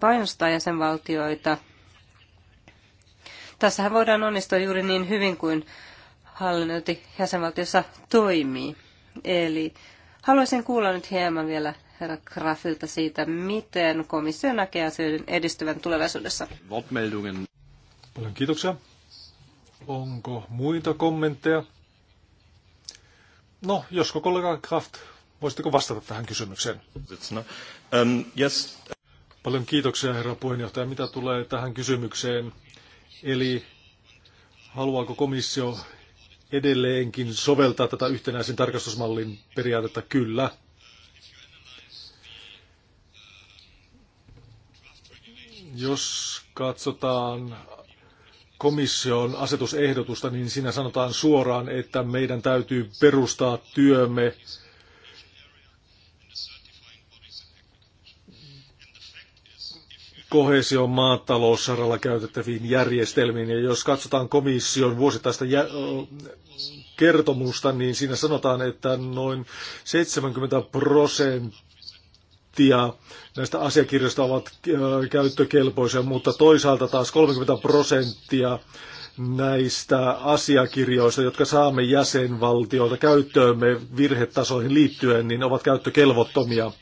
painostaa jäsenvaltioita. Tässähän voidaan onnistua juuri niin hyvin kuin hallinnointi jäsenvaltiossa toimii. Eli haluaisin kuulla nyt hieman vielä herra Grafilta siitä, miten komissio näkee asioiden edistyvän tulevaisuudessa. Paljon kiitoksia. Onko muita kommentteja? No, josko kollega Kraft, voisitteko vastata tähän kysymykseen? No, ähm, yes. Paljon kiitoksia, herra puheenjohtaja. Mitä tulee tähän kysymykseen? Eli haluaako komissio edelleenkin soveltaa tätä yhtenäisen tarkastusmallin periaatetta kyllä. Jos katsotaan komission asetusehdotusta, niin siinä sanotaan suoraan, että meidän täytyy perustaa työmme kohesion maataloussaralla käytettäviin järjestelmiin. Ja jos katsotaan komission vuosittaista kertomusta, niin siinä sanotaan, että noin 70 prosenttia näistä asiakirjoista ovat käyttökelpoisia, mutta toisaalta taas 30 prosenttia näistä asiakirjoista, jotka saamme jäsenvaltioilta käyttöömme virhetasoihin liittyen, niin ovat käyttökelvottomia.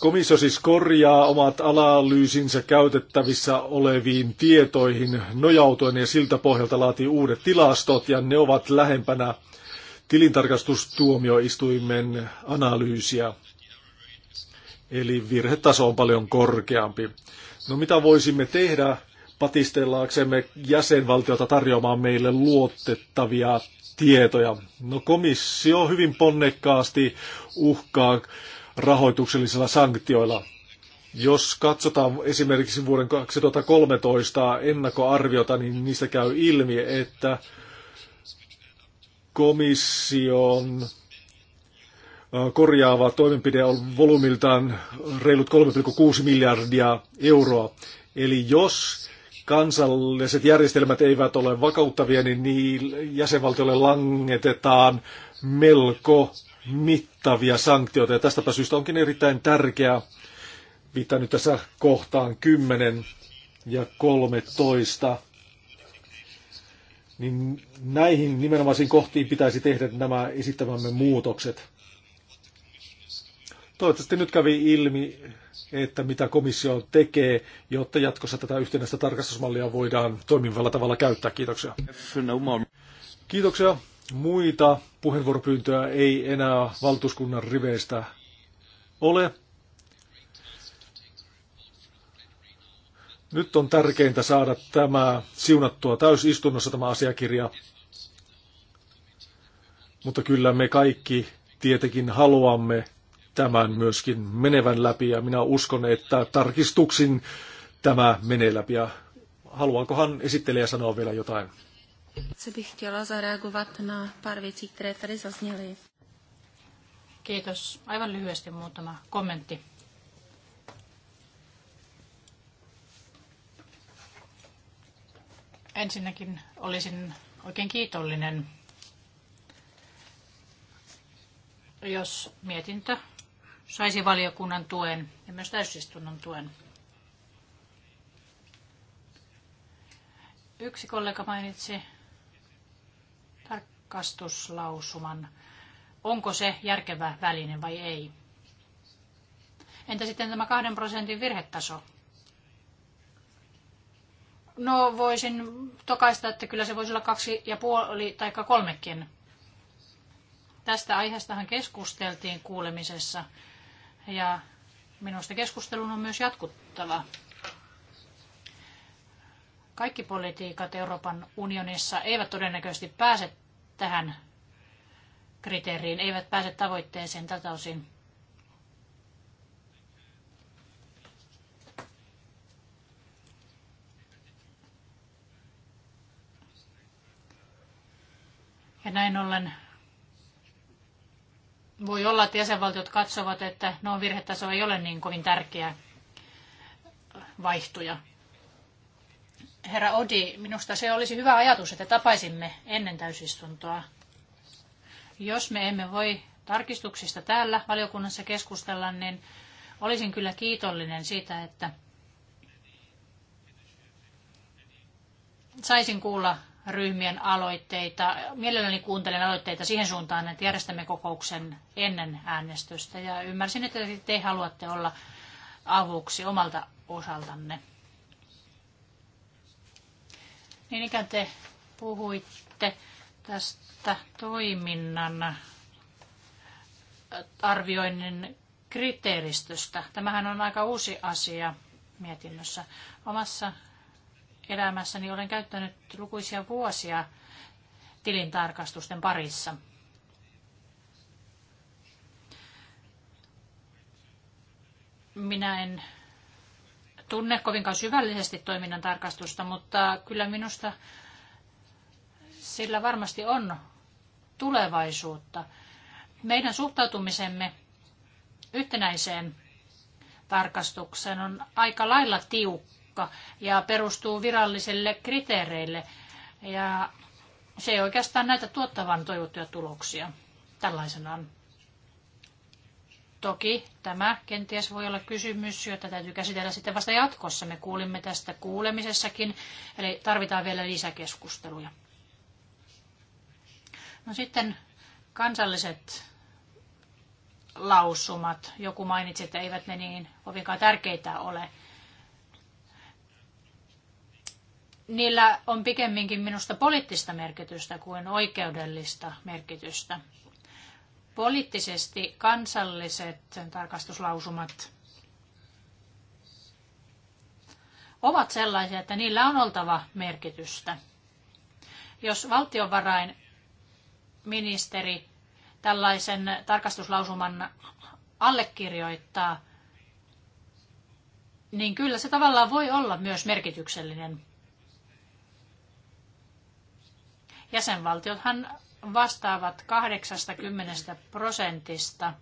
Komissio siis korjaa omat analyysinsä käytettävissä oleviin tietoihin nojautuen ja siltä pohjalta laatii uudet tilastot ja ne ovat lähempänä tilintarkastustuomioistuimen analyysiä. Eli virhetaso on paljon korkeampi. No mitä voisimme tehdä patistellaaksemme jäsenvaltiota tarjoamaan meille luotettavia tietoja? No komissio hyvin ponnekkaasti uhkaa rahoituksellisilla sanktioilla. Jos katsotaan esimerkiksi vuoden 2013 ennakkoarviota, niin niistä käy ilmi, että komission korjaava toimenpide on volyymiltaan reilut 3,6 miljardia euroa. Eli jos kansalliset järjestelmät eivät ole vakauttavia, niin jäsenvaltiolle langetetaan melko mittavia sanktioita. Ja tästäpä syystä onkin erittäin tärkeää, pitää nyt tässä kohtaan 10 ja 13, niin näihin nimenomaisiin kohtiin pitäisi tehdä nämä esittämämme muutokset. Toivottavasti nyt kävi ilmi, että mitä komissio tekee, jotta jatkossa tätä yhtenäistä tarkastusmallia voidaan toimivalla tavalla käyttää. Kiitoksia. No Kiitoksia. Muita puheenvuoropyyntöjä ei enää valtuuskunnan riveistä ole. Nyt on tärkeintä saada tämä siunattua täysistunnossa tämä asiakirja. Mutta kyllä me kaikki tietenkin haluamme tämän myöskin menevän läpi ja minä uskon, että tarkistuksin tämä menee läpi. Ja haluankohan esittelijä sanoa vielä jotain? Se bych chtěla zareagovat na pár věcí, které tady zazněly. Kiitos. Aivan lyhyesti muutama kommentti. Ensinnäkin olisin oikein kiitollinen, jos mietintö saisi valiokunnan tuen ja myös täysistunnon tuen. Yksi kollega mainitsi Kastuslausuman Onko se järkevä väline vai ei? Entä sitten tämä kahden prosentin virhetaso? No voisin tokaista, että kyllä se voisi olla kaksi ja puoli tai kolmekin. Tästä aiheestahan keskusteltiin kuulemisessa ja minusta keskustelun on myös jatkuttava. Kaikki politiikat Euroopan unionissa eivät todennäköisesti pääse tähän kriteeriin, eivät pääse tavoitteeseen tältä osin. Ja näin ollen voi olla, että jäsenvaltiot katsovat, että no virhetaso ei ole niin kovin tärkeä vaihtuja. Herra Odi, minusta se olisi hyvä ajatus, että tapaisimme ennen täysistuntoa. Jos me emme voi tarkistuksista täällä valiokunnassa keskustella, niin olisin kyllä kiitollinen siitä, että saisin kuulla ryhmien aloitteita. Mielelläni kuuntelen aloitteita siihen suuntaan, että järjestämme kokouksen ennen äänestystä. Ja ymmärsin, että te haluatte olla avuksi omalta osaltanne. Niin ikään te puhuitte tästä toiminnan äh, arvioinnin kriteeristöstä. Tämähän on aika uusi asia mietinnössä. Omassa elämässäni olen käyttänyt lukuisia vuosia tilintarkastusten parissa. Minä en tunne kovinkaan syvällisesti toiminnan tarkastusta, mutta kyllä minusta sillä varmasti on tulevaisuutta. Meidän suhtautumisemme yhtenäiseen tarkastukseen on aika lailla tiukka ja perustuu virallisille kriteereille. Ja se ei oikeastaan näitä tuottavan toivottuja tuloksia tällaisenaan. Toki tämä kenties voi olla kysymys, jota täytyy käsitellä sitten vasta jatkossa. Me kuulimme tästä kuulemisessakin, eli tarvitaan vielä lisäkeskusteluja. No sitten kansalliset lausumat. Joku mainitsi, että eivät ne niin kovinkaan tärkeitä ole. Niillä on pikemminkin minusta poliittista merkitystä kuin oikeudellista merkitystä poliittisesti kansalliset tarkastuslausumat ovat sellaisia, että niillä on oltava merkitystä. Jos valtiovarainministeri tällaisen tarkastuslausuman allekirjoittaa, niin kyllä se tavallaan voi olla myös merkityksellinen. Jäsenvaltiothan vastaavat 80 prosentista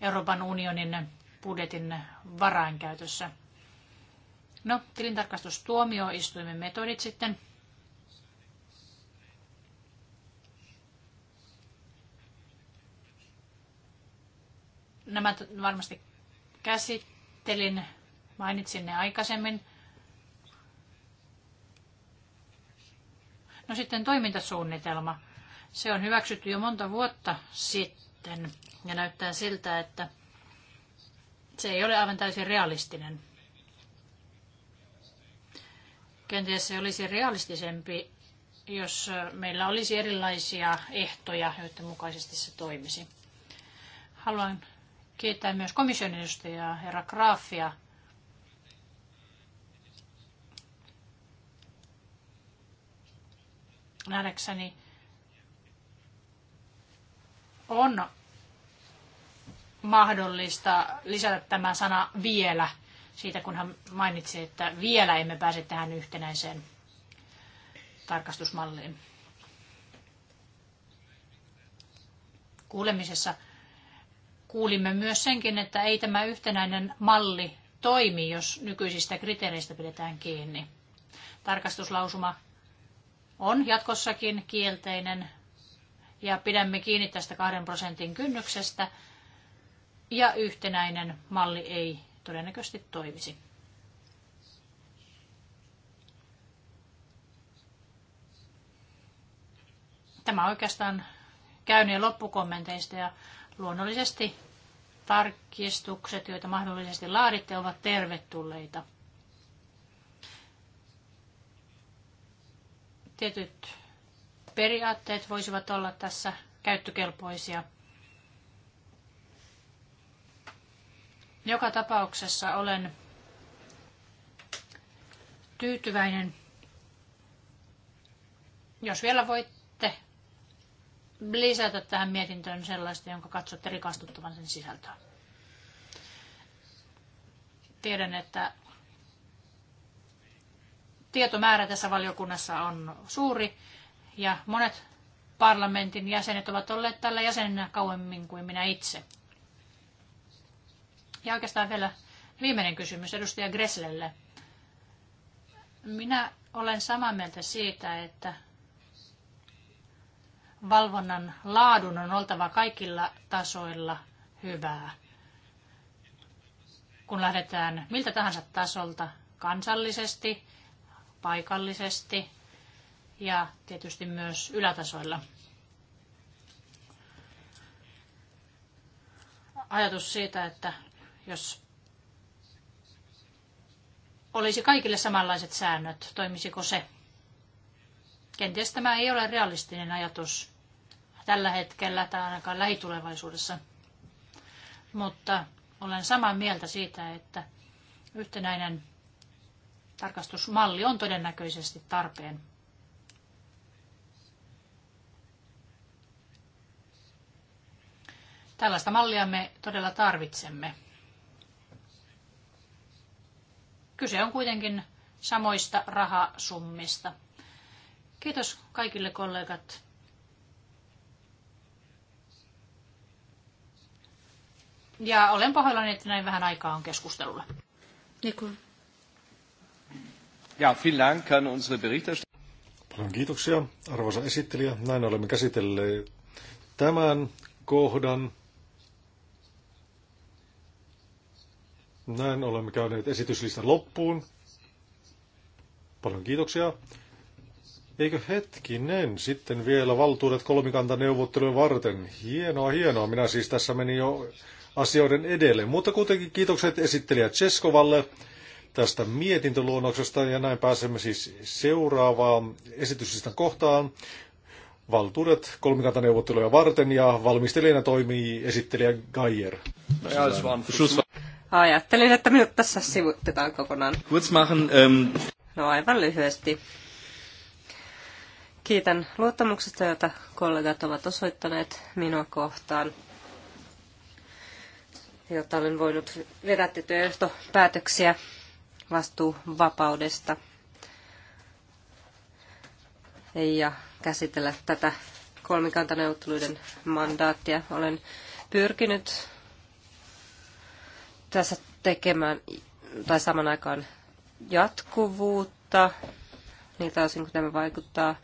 Euroopan unionin budjetin varainkäytössä. No, tilintarkastustuomioistuimen metodit sitten. Nämä varmasti käsittelin, mainitsin ne aikaisemmin. No sitten toimintasuunnitelma. Se on hyväksytty jo monta vuotta sitten ja näyttää siltä, että se ei ole aivan täysin realistinen. Kenties se olisi realistisempi, jos meillä olisi erilaisia ehtoja, joiden mukaisesti se toimisi. Haluan kiittää myös komission edustajaa, herra Graafia, nähdäkseni on mahdollista lisätä tämä sana vielä, siitä kun hän mainitsi, että vielä emme pääse tähän yhtenäiseen tarkastusmalliin. Kuulemisessa kuulimme myös senkin, että ei tämä yhtenäinen malli toimi, jos nykyisistä kriteereistä pidetään kiinni. Tarkastuslausuma on jatkossakin kielteinen, ja pidämme kiinni tästä kahden prosentin kynnyksestä ja yhtenäinen malli ei todennäköisesti toimisi. Tämä oikeastaan käyneen loppukommenteista ja luonnollisesti tarkistukset, joita mahdollisesti laaditte, ovat tervetulleita. Tietyt periaatteet voisivat olla tässä käyttökelpoisia. Joka tapauksessa olen tyytyväinen. Jos vielä voitte lisätä tähän mietintöön sellaista, jonka katsotte rikastuttavan sen sisältöä. Tiedän, että tietomäärä tässä valiokunnassa on suuri ja monet parlamentin jäsenet ovat olleet tällä jäsenenä kauemmin kuin minä itse. Ja oikeastaan vielä viimeinen kysymys edustaja Greslelle. Minä olen samaa mieltä siitä, että valvonnan laadun on oltava kaikilla tasoilla hyvää. Kun lähdetään miltä tahansa tasolta, kansallisesti, paikallisesti, ja tietysti myös ylätasoilla. Ajatus siitä, että jos olisi kaikille samanlaiset säännöt, toimisiko se? Kenties tämä ei ole realistinen ajatus tällä hetkellä tai ainakaan lähitulevaisuudessa. Mutta olen samaa mieltä siitä, että yhtenäinen tarkastusmalli on todennäköisesti tarpeen. Tällaista mallia me todella tarvitsemme. Kyse on kuitenkin samoista rahasummista. Kiitos kaikille kollegat. Ja olen pahoillani, että näin vähän aikaa on keskustelulle. Niku. Ja, vielen Dank an unsere Berichterstatter. Paljon kiitoksia, arvoisa esittelijä. Näin olemme käsitelleet tämän kohdan. Näin olemme käyneet esityslistan loppuun. Paljon kiitoksia. Eikö hetkinen, sitten vielä valtuudet kolmikantaneuvottelujen varten. Hienoa, hienoa. Minä siis tässä meni jo asioiden edelle. Mutta kuitenkin kiitokset esittelijä Cheskovalle tästä mietintöluonnoksesta ja näin pääsemme siis seuraavaan esityslistan kohtaan. Valtuudet kolmikantaneuvotteluja varten ja valmistelijana toimii esittelijä Geier. No, Ajattelin, että minut tässä sivutetaan kokonaan. Kurz machen, ähm, No aivan lyhyesti. Kiitän luottamuksesta, jota kollegat ovat osoittaneet minua kohtaan, jota olen voinut vedä päätöksiä vastuuvapaudesta ja käsitellä tätä kolmikantaneuvotteluiden mandaattia. Olen pyrkinyt tässä tekemään tai saman aikaan jatkuvuutta niin osin, kun tämä vaikuttaa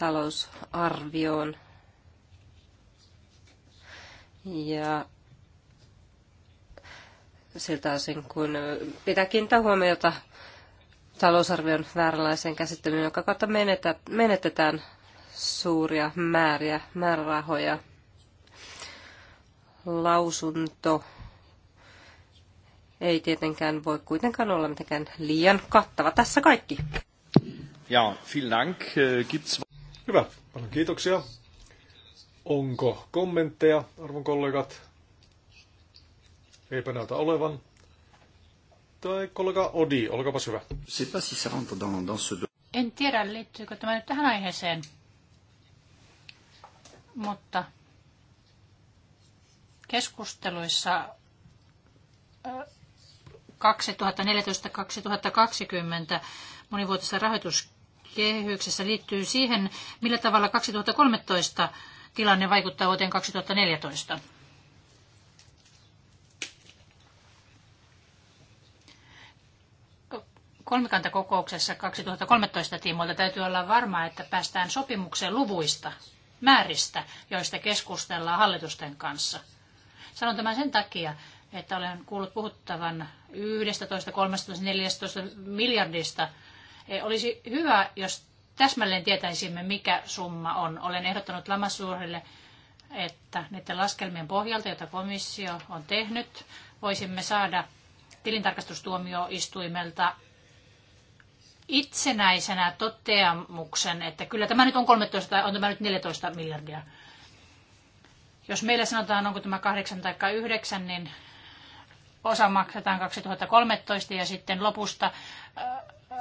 talousarvioon. Ja siltä osin, kun pitää kiinnittää huomiota talousarvion vääränlaiseen käsittelyyn, joka kautta menetetään suuria määriä määrärahoja. Lausunto ei tietenkään voi kuitenkaan olla mitenkään liian kattava. Tässä kaikki. Ja, vielen dank. Äh, gibt's... Hyvä, paljon kiitoksia. Onko kommentteja, arvon kollegat? Eipä näytä olevan. Tai kollega Odi, olkaapa hyvä. En tiedä, liittyykö tämä nyt tähän aiheeseen, mutta keskusteluissa 2014-2020 monivuotisessa rahoituskehyksessä liittyy siihen, millä tavalla 2013 tilanne vaikuttaa vuoteen 2014. kolmikantakokouksessa 2013 tiimoilta täytyy olla varma, että päästään sopimukseen luvuista, määristä, joista keskustellaan hallitusten kanssa. Sanon tämän sen takia, että olen kuullut puhuttavan 11, 13, 14 miljardista. E, olisi hyvä, jos täsmälleen tietäisimme, mikä summa on. Olen ehdottanut Lamassuurille, että niiden laskelmien pohjalta, joita komissio on tehnyt, voisimme saada tilintarkastustuomioistuimelta itsenäisenä toteamuksen, että kyllä tämä nyt on 13 tai on tämä nyt 14 miljardia. Jos meillä sanotaan, onko tämä 8 tai 9, niin osa maksetaan 2013 ja sitten lopusta äh,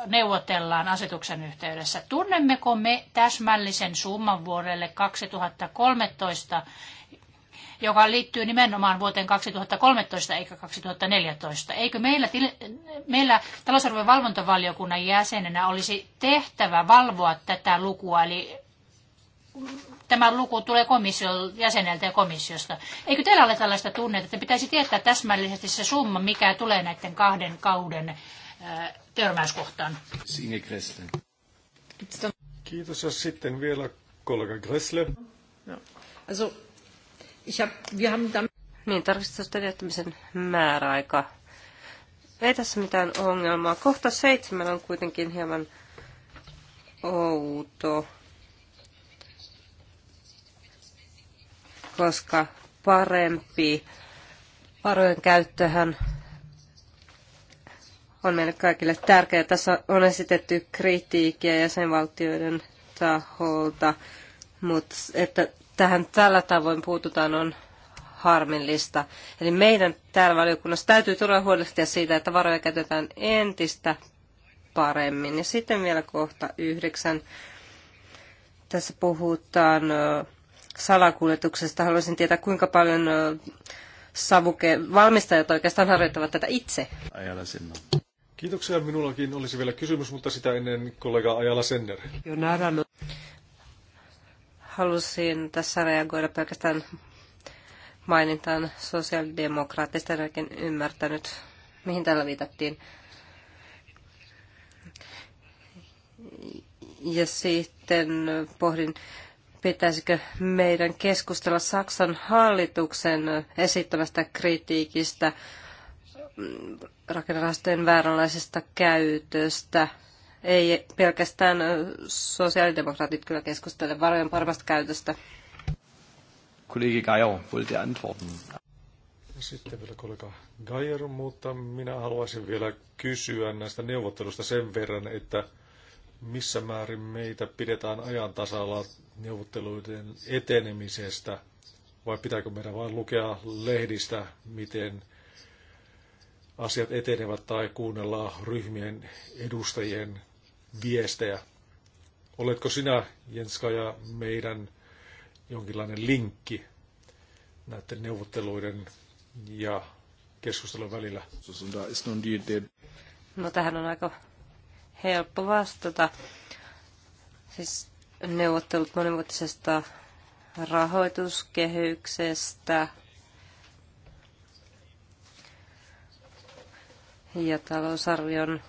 neuvotellaan asetuksen yhteydessä. Tunnemmeko me täsmällisen summan vuodelle 2013, joka liittyy nimenomaan vuoteen 2013 eikä 2014? Eikö meillä, meillä talousarvojen valvontavaliokunnan jäsenenä olisi tehtävä valvoa tätä lukua, eli tämä luku tulee jäseneltä ja komissiosta. Eikö teillä ole tällaista tunnetta, että pitäisi tietää täsmällisesti se summa, mikä tulee näiden kahden kauden äh, törmäyskohtaan? Kiitos. Ja sitten vielä kollega Gressle. No. Niin, tarkistusten määräaika. Ei tässä mitään ongelmaa. Kohta seitsemän on kuitenkin hieman outo. koska parempi varojen käyttöhän on meille kaikille tärkeää. Tässä on esitetty kritiikkiä jäsenvaltioiden taholta, mutta että tähän tällä tavoin puututaan on harmillista. Eli meidän täällä valiokunnassa täytyy todella huolehtia siitä, että varoja käytetään entistä paremmin. Ja sitten vielä kohta yhdeksän. Tässä puhutaan salakuljetuksesta. Haluaisin tietää, kuinka paljon savuke valmistajat oikeastaan harjoittavat tätä itse. Ajala Senner. Kiitoksia. Minullakin olisi vielä kysymys, mutta sitä ennen kollega Ajala Senner. Halusin tässä reagoida pelkästään mainintaan sosiaalidemokraattista, en oikein ymmärtänyt, mihin tällä viitattiin. Ja sitten pohdin, pitäisikö meidän keskustella Saksan hallituksen esittämästä kritiikistä mm, rakennerahastojen vääränlaisesta käytöstä. Ei pelkästään sosiaalidemokraatit kyllä keskustele varojen paremmasta käytöstä. Kollegi Geier voitte antworten. Sitten vielä kollega Geier, mutta minä haluaisin vielä kysyä näistä neuvottelusta sen verran, että missä määrin meitä pidetään ajan tasalla neuvotteluiden etenemisestä, vai pitääkö meidän vain lukea lehdistä, miten asiat etenevät tai kuunnella ryhmien edustajien viestejä. Oletko sinä, Jenska, ja meidän jonkinlainen linkki näiden neuvotteluiden ja keskustelun välillä? No tähän on aika helppo vastata. Siis neuvottelut monivuotisesta rahoituskehyksestä ja talousarvion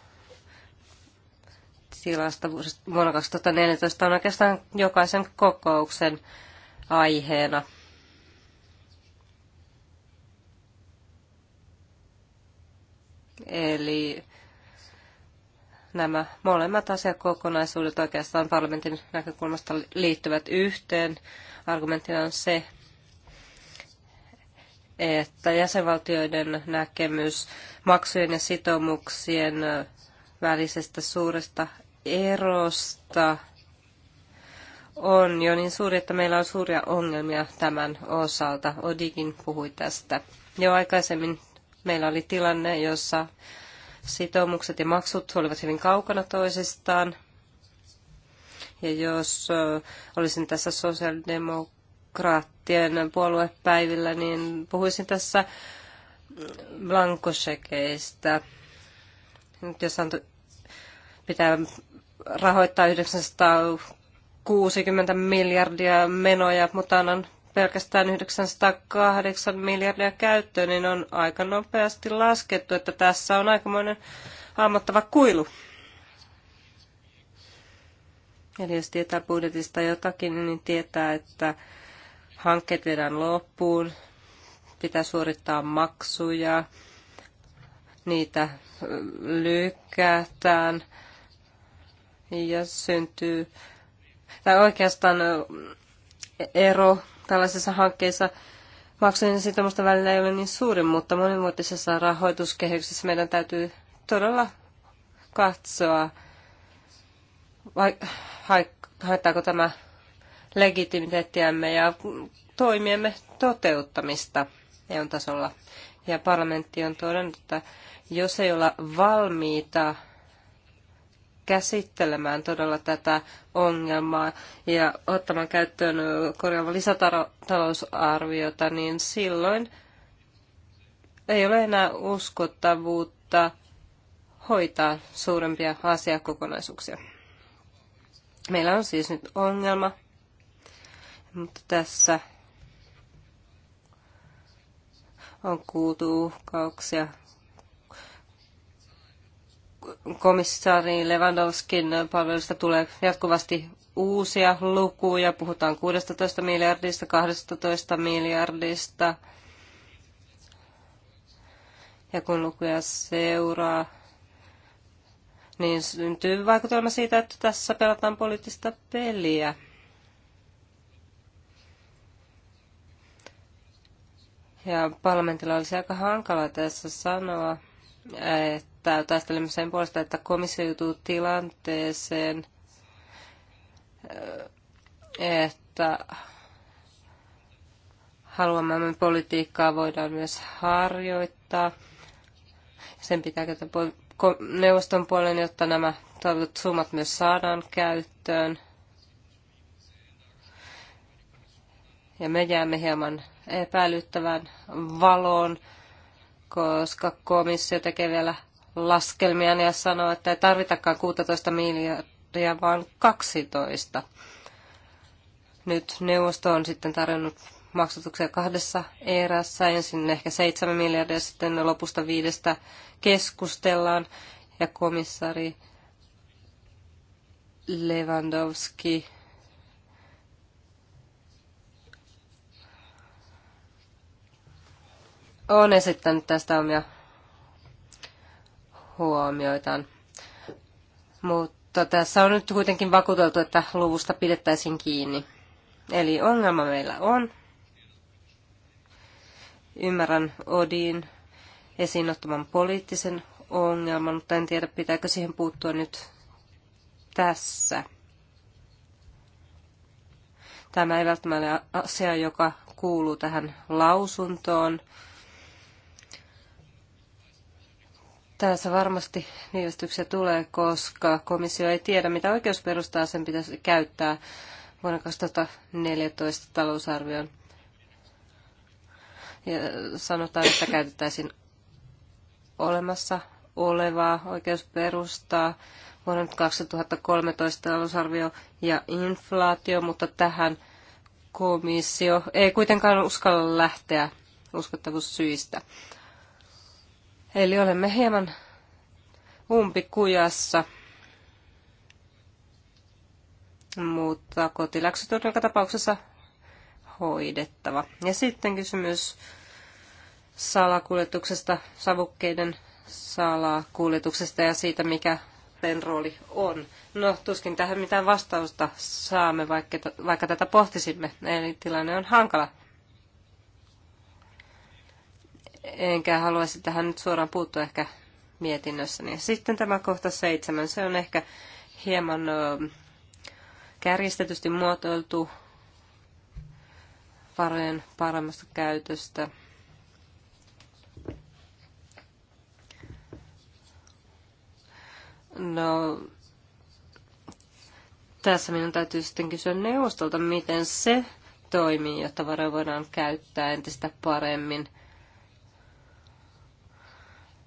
tilasta vuonna 2014 on oikeastaan jokaisen kokouksen aiheena. Eli nämä molemmat asiakokonaisuudet oikeastaan parlamentin näkökulmasta liittyvät yhteen. Argumenttina on se, että jäsenvaltioiden näkemys maksujen ja sitoumuksien välisestä suuresta erosta on jo niin suuri, että meillä on suuria ongelmia tämän osalta. Odikin puhui tästä. Jo aikaisemmin meillä oli tilanne, jossa Sitoumukset ja maksut olivat hyvin kaukana toisistaan. Ja jos olisin tässä sosiaalidemokraattien puoluepäivillä, niin puhuisin tässä blankosekeistä. Nyt jos on, pitää rahoittaa 960 miljardia menoja, mutta annan pelkästään 908 miljardia käyttöön, niin on aika nopeasti laskettu, että tässä on aikamoinen hahmottava kuilu. Eli jos tietää budjetista jotakin, niin tietää, että hankkeet viedään loppuun, pitää suorittaa maksuja, niitä lykätään ja syntyy, tai oikeastaan ero tällaisessa hankkeessa maksujen sitomusta välillä ei ole niin suuri, mutta monimuotoisessa rahoituskehyksessä meidän täytyy todella katsoa, vai, haittaako tämä legitimiteettiämme ja toimiemme toteuttamista EUn tasolla. Ja parlamentti on todennut, että jos ei olla valmiita käsittelemään todella tätä ongelmaa ja ottamaan käyttöön korjaava lisätalousarviota, niin silloin ei ole enää uskottavuutta hoitaa suurempia asiakokonaisuuksia. Meillä on siis nyt ongelma, mutta tässä on kuultu uhkauksia komissaari Lewandowskin palvelusta tulee jatkuvasti uusia lukuja. Puhutaan 16 miljardista, 12 miljardista. Ja kun lukuja seuraa, niin syntyy vaikutelma siitä, että tässä pelataan poliittista peliä. Ja parlamentilla olisi aika hankala tässä sanoa että taistelemme sen puolesta, että komissio joutuu tilanteeseen, että haluamme politiikkaa voidaan myös harjoittaa. Sen pitää käyttää neuvoston puolen, jotta nämä toivotut summat myös saadaan käyttöön. Ja me jäämme hieman epäilyttävän valoon koska komissio tekee vielä laskelmia ja sanoo, että ei tarvitakaan 16 miljardia, vaan 12. Nyt neuvosto on sitten tarjonnut maksatuksia kahdessa erässä. Ensin ehkä 7 miljardia, sitten lopusta viidestä keskustellaan. Ja komissari Lewandowski on esittänyt tästä omia huomioitaan. Mutta tässä on nyt kuitenkin vakuuteltu, että luvusta pidettäisiin kiinni. Eli ongelma meillä on. Ymmärrän Odin esiin ottaman poliittisen ongelman, mutta en tiedä pitääkö siihen puuttua nyt tässä. Tämä ei välttämättä ole asia, joka kuuluu tähän lausuntoon, Tässä varmasti viivästyksiä tulee, koska komissio ei tiedä, mitä oikeusperustaa sen pitäisi käyttää vuonna 2014 talousarvioon. Ja sanotaan, että käytettäisiin olemassa olevaa oikeusperustaa vuonna 2013 talousarvio ja inflaatio, mutta tähän komissio ei kuitenkaan uskalla lähteä uskottavuussyistä. syistä. Eli olemme hieman umpikujassa. Mutta kotiläksyt on joka tapauksessa hoidettava. Ja sitten kysymys salakuljetuksesta, savukkeiden salakuljetuksesta ja siitä, mikä sen rooli on. No, tuskin tähän mitään vastausta saamme, vaikka, vaikka tätä pohtisimme. Eli tilanne on hankala enkä haluaisi tähän nyt suoraan puuttua ehkä mietinnössäni. Sitten tämä kohta seitsemän, se on ehkä hieman kärjistetysti muotoiltu varojen paremmasta käytöstä. No, tässä minun täytyy sitten kysyä neuvostolta, miten se toimii, jotta varoja voidaan käyttää entistä paremmin –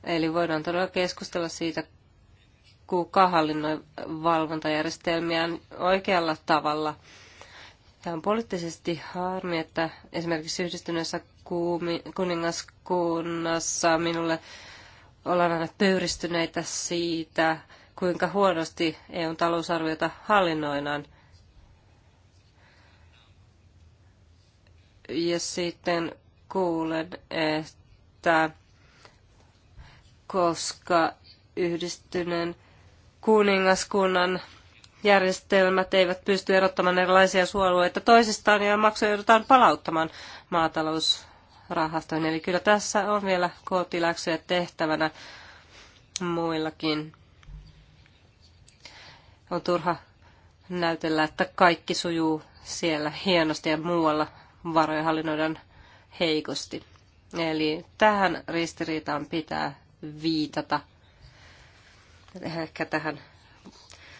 Eli voidaan todella keskustella siitä, kuka hallinnoi valvontajärjestelmiään oikealla tavalla. Tämä on poliittisesti harmi, että esimerkiksi yhdistyneessä kuningaskunnassa minulle ollaan aina pöyristyneitä siitä, kuinka huonosti EUn talousarviota hallinnoinaan. Ja sitten kuulen, että koska yhdistyneen kuningaskunnan järjestelmät eivät pysty erottamaan erilaisia suolueita toisistaan ja maksuja joudutaan palauttamaan maatalousrahastoon. Eli kyllä tässä on vielä kotiläksyjä tehtävänä muillakin. On turha näytellä, että kaikki sujuu siellä hienosti ja muualla varoja hallinnoidaan heikosti. Eli tähän ristiriitaan pitää viitata. Ehkä tähän,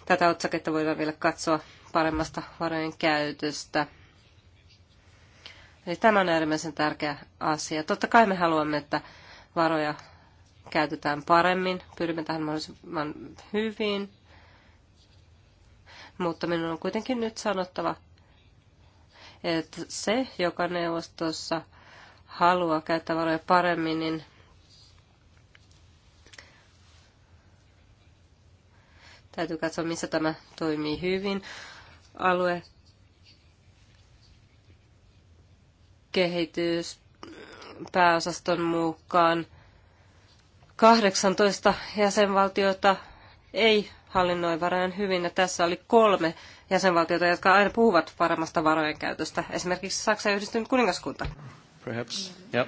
tätä otsaketta voidaan vielä katsoa paremmasta varojen käytöstä. Eli tämä on äärimmäisen tärkeä asia. Totta kai me haluamme, että varoja käytetään paremmin, pyrimme tähän mahdollisimman hyvin. Mutta minun on kuitenkin nyt sanottava, että se, joka neuvostossa haluaa käyttää varoja paremmin, niin Täytyy katsoa, missä tämä toimii hyvin. Alue kehitys pääosaston mukaan 18 jäsenvaltiota ei hallinnoi varojen hyvin, ja tässä oli kolme jäsenvaltiota, jotka aina puhuvat paremmasta varojen käytöstä, esimerkiksi Saksa ja yhdistynyt kuningaskunta. Perhaps. Yep.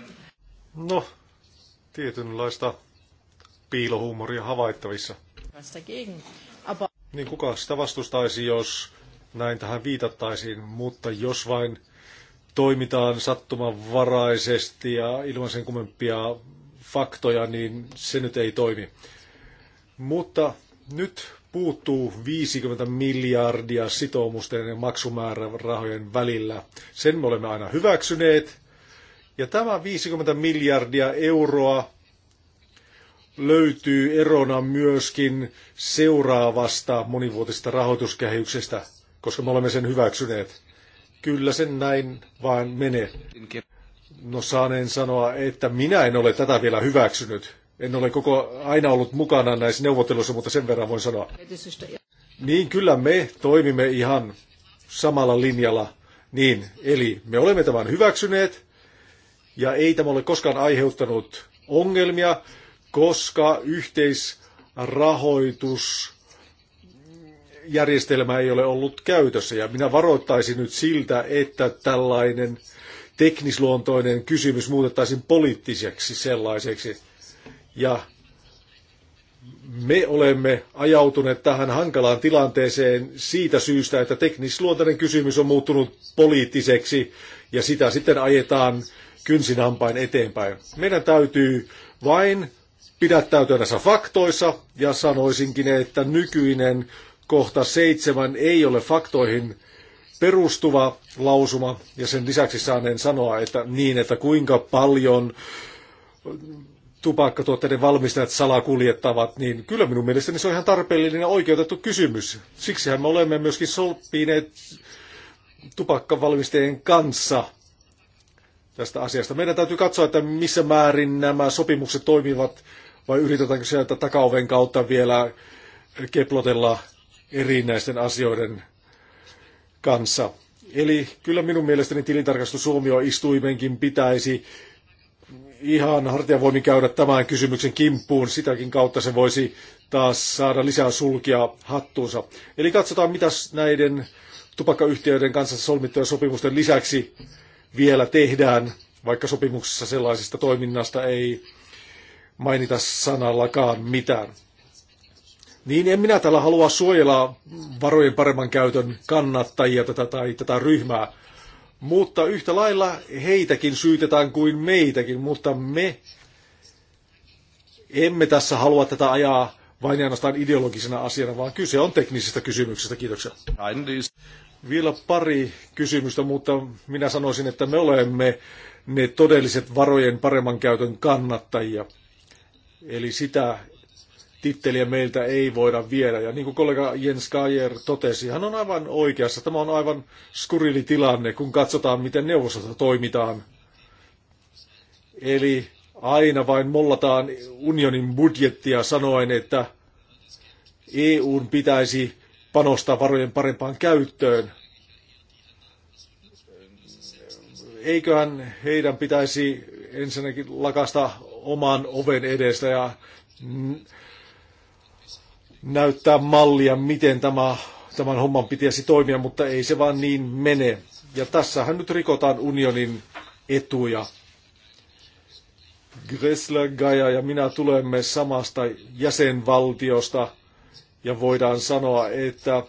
No, tietynlaista piilohuumoria havaittavissa about... Niin kuka sitä vastustaisi, jos näin tähän viitattaisiin, mutta jos vain toimitaan sattumanvaraisesti ja ilman sen kummempia faktoja, niin se nyt ei toimi. Mutta nyt puuttuu 50 miljardia sitoumusten ja maksumäärärahojen välillä. Sen me olemme aina hyväksyneet. Ja tämä 50 miljardia euroa löytyy erona myöskin seuraavasta monivuotisesta rahoituskehyksestä, koska me olemme sen hyväksyneet. Kyllä sen näin vain menee. No saaneen sanoa, että minä en ole tätä vielä hyväksynyt. En ole koko aina ollut mukana näissä neuvotteluissa, mutta sen verran voin sanoa. Niin kyllä me toimimme ihan samalla linjalla. Niin, eli me olemme tämän hyväksyneet ja ei tämä ole koskaan aiheuttanut ongelmia koska yhteisrahoitusjärjestelmä ei ole ollut käytössä. Ja minä varoittaisin nyt siltä, että tällainen teknisluontoinen kysymys muutettaisiin poliittiseksi sellaiseksi. Ja me olemme ajautuneet tähän hankalaan tilanteeseen siitä syystä, että teknisluontainen kysymys on muuttunut poliittiseksi ja sitä sitten ajetaan kynsinampain eteenpäin. Meidän täytyy vain pidättäytyä näissä faktoissa ja sanoisinkin, että nykyinen kohta seitsemän ei ole faktoihin perustuva lausuma ja sen lisäksi saaneen sanoa, että niin, että kuinka paljon tupakkatuotteiden valmistajat salakuljettavat, niin kyllä minun mielestäni se on ihan tarpeellinen ja oikeutettu kysymys. Siksihän me olemme myöskin solpineet tupakkavalmistajien kanssa tästä asiasta. Meidän täytyy katsoa, että missä määrin nämä sopimukset toimivat vai yritetäänkö sieltä takaoven kautta vielä keplotella erinäisten asioiden kanssa. Eli kyllä minun mielestäni tilintarkastus Suomio-istuimenkin pitäisi ihan hartiavoimin käydä tämän kysymyksen kimppuun. Sitäkin kautta se voisi taas saada lisää sulkia hattuunsa. Eli katsotaan, mitä näiden tupakkayhtiöiden kanssa solmittujen sopimusten lisäksi vielä tehdään, vaikka sopimuksessa sellaisesta toiminnasta ei mainita sanallakaan mitään. Niin en minä täällä halua suojella varojen paremman käytön kannattajia tätä, tai tätä ryhmää, mutta yhtä lailla heitäkin syytetään kuin meitäkin, mutta me emme tässä halua tätä ajaa vain ainoastaan ideologisena asiana, vaan kyse on teknisistä kysymyksistä. Kiitoksia. Vielä pari kysymystä, mutta minä sanoisin, että me olemme ne todelliset varojen paremman käytön kannattajia. Eli sitä titteliä meiltä ei voida viedä. Ja niin kuin kollega Jens Kajer totesi, hän on aivan oikeassa. Tämä on aivan skurili tilanne, kun katsotaan, miten neuvostossa toimitaan. Eli aina vain mollataan unionin budjettia sanoen, että EUn pitäisi panostaa varojen parempaan käyttöön. Eiköhän heidän pitäisi ensinnäkin lakasta oman oven edestä ja näyttää mallia, miten tämä, tämän homman pitäisi toimia, mutta ei se vaan niin mene. Ja tässähän nyt rikotaan unionin etuja. Gressler, Gaia ja minä tulemme samasta jäsenvaltiosta ja voidaan sanoa, että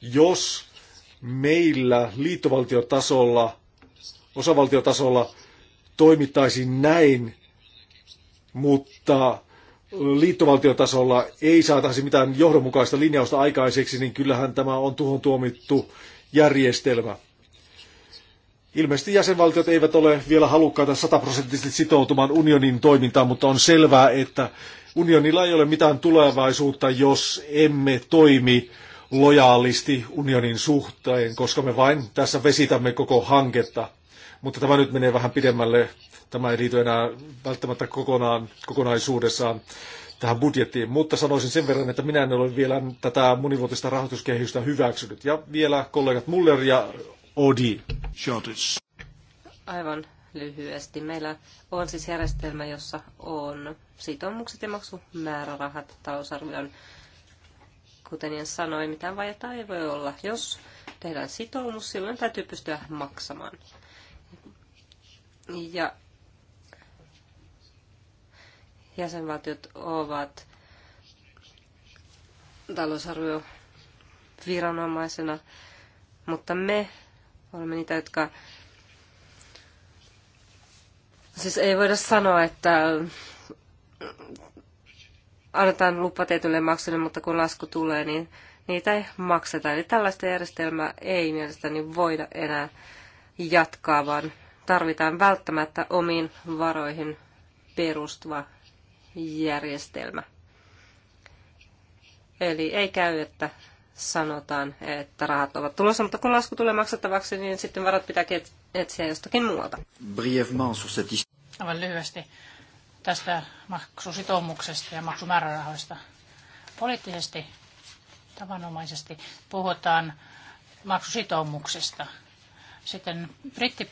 jos meillä liittovaltiotasolla, osavaltiotasolla toimittaisiin näin, mutta liittovaltiotasolla ei saataisi mitään johdonmukaista linjausta aikaiseksi, niin kyllähän tämä on tuhon tuomittu järjestelmä. Ilmeisesti jäsenvaltiot eivät ole vielä halukkaita sataprosenttisesti sitoutumaan unionin toimintaan, mutta on selvää, että unionilla ei ole mitään tulevaisuutta, jos emme toimi lojaalisti unionin suhteen, koska me vain tässä vesitämme koko hanketta. Mutta tämä nyt menee vähän pidemmälle Tämä ei liity enää välttämättä kokonaan, kokonaisuudessaan tähän budjettiin, mutta sanoisin sen verran, että minä en ole vielä tätä monivuotista rahoituskehystä hyväksynyt. Ja vielä kollegat Muller ja Odi. Shortis. Aivan lyhyesti. Meillä on siis järjestelmä, jossa on sitoumukset ja maksumäärärahat talousarvion. Kuten en sanoi, mitään vajata ei voi olla. Jos tehdään sitoumus, silloin täytyy pystyä maksamaan. Ja jäsenvaltiot ovat talousarvioviranomaisena, viranomaisena, mutta me olemme niitä, jotka... Siis ei voida sanoa, että annetaan lupa tietylle maksulle, mutta kun lasku tulee, niin niitä ei makseta. Eli tällaista järjestelmää ei mielestäni voida enää jatkaa, vaan tarvitaan välttämättä omiin varoihin perustuva järjestelmä. Eli ei käy, että sanotaan, että rahat ovat tulossa, mutta kun lasku tulee maksettavaksi, niin sitten varat pitää etsiä jostakin muualta. Aivan lyhyesti tästä maksusitoumuksesta ja maksumäärärahoista. Poliittisesti tavanomaisesti puhutaan maksusitoumuksesta. Sitten britti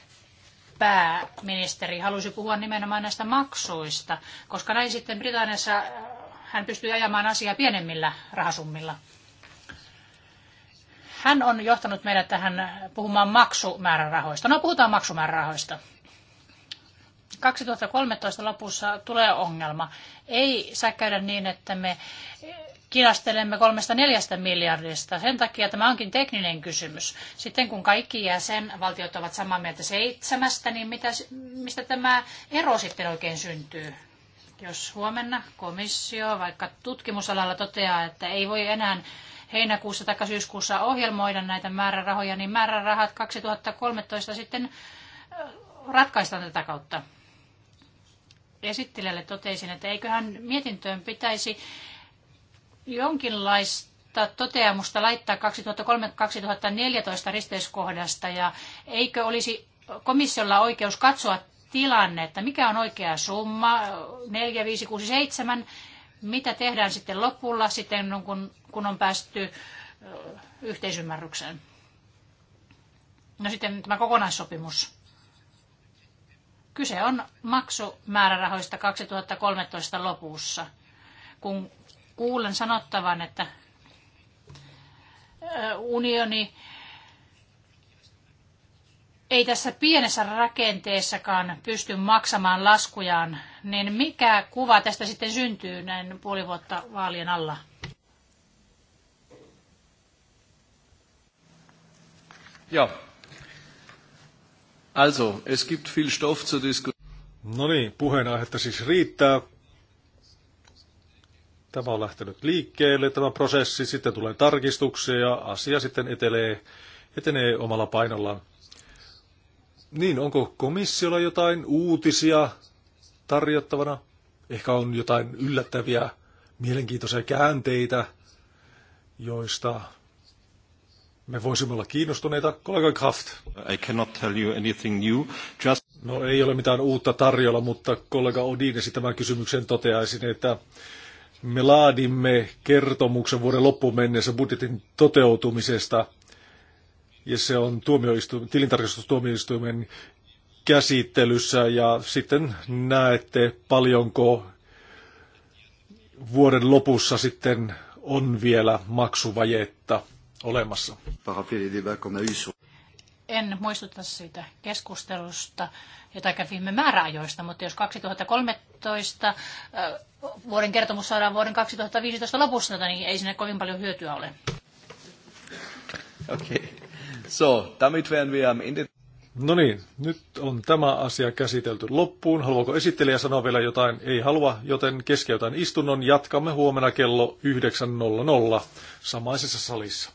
pääministeri halusi puhua nimenomaan näistä maksuista, koska näin sitten Britanniassa äh, hän pystyi ajamaan asiaa pienemmillä rahasummilla. Hän on johtanut meidät tähän puhumaan maksumäärärahoista. No puhutaan maksumäärärahoista. 2013 lopussa tulee ongelma. Ei saa käydä niin, että me kinastelemme kolmesta neljästä miljardista. Sen takia tämä onkin tekninen kysymys. Sitten kun kaikki jäsenvaltiot ovat samaa mieltä seitsemästä, niin mitä, mistä tämä ero sitten oikein syntyy? Jos huomenna komissio vaikka tutkimusalalla toteaa, että ei voi enää heinäkuussa tai syyskuussa ohjelmoida näitä määrärahoja, niin määrärahat 2013 sitten äh, ratkaistaan tätä kautta esittelijälle totesin, että eiköhän mietintöön pitäisi jonkinlaista toteamusta laittaa 2003-2014 risteyskohdasta ja eikö olisi komissiolla oikeus katsoa tilannetta, mikä on oikea summa, 4, 5, 6, 7, mitä tehdään sitten lopulla, sitten kun, kun on päästy yhteisymmärrykseen. No sitten tämä kokonaissopimus. Kyse on maksumäärärahoista 2013 lopussa, kun kuulen sanottavan, että unioni ei tässä pienessä rakenteessakaan pysty maksamaan laskujaan, niin mikä kuva tästä sitten syntyy näin puoli vuotta vaalien alla? Ja. Also, es gibt viel Stoff zur Diskussion. No niin, puheenaihetta siis riittää. Tämä on lähtenyt liikkeelle, tämä prosessi, sitten tulee tarkistuksia ja asia sitten etelee, etenee omalla painollaan. Niin, onko komissiolla jotain uutisia tarjottavana? Ehkä on jotain yllättäviä, mielenkiintoisia käänteitä, joista me voisimme olla kiinnostuneita. Kollega Kraft. I cannot tell you anything new. Just... No ei ole mitään uutta tarjolla, mutta kollega Odinesi tämän kysymyksen toteaisin, että me laadimme kertomuksen vuoden loppuun mennessä budjetin toteutumisesta, ja se on tilintarkastustuomioistuimen käsittelyssä, ja sitten näette paljonko vuoden lopussa sitten on vielä maksuvajetta olemassa en muistuta siitä keskustelusta, jota kävimme määräajoista, mutta jos 2013 äh, vuoden kertomus saadaan vuoden 2015 lopussa, niin ei sinne kovin paljon hyötyä ole. Okei. Okay. So, damit wären wir am Ende. No niin, nyt on tämä asia käsitelty loppuun. Haluaako esittelijä sanoa vielä jotain? Ei halua, joten keskeytän istunnon. Jatkamme huomenna kello 9.00 samaisessa salissa.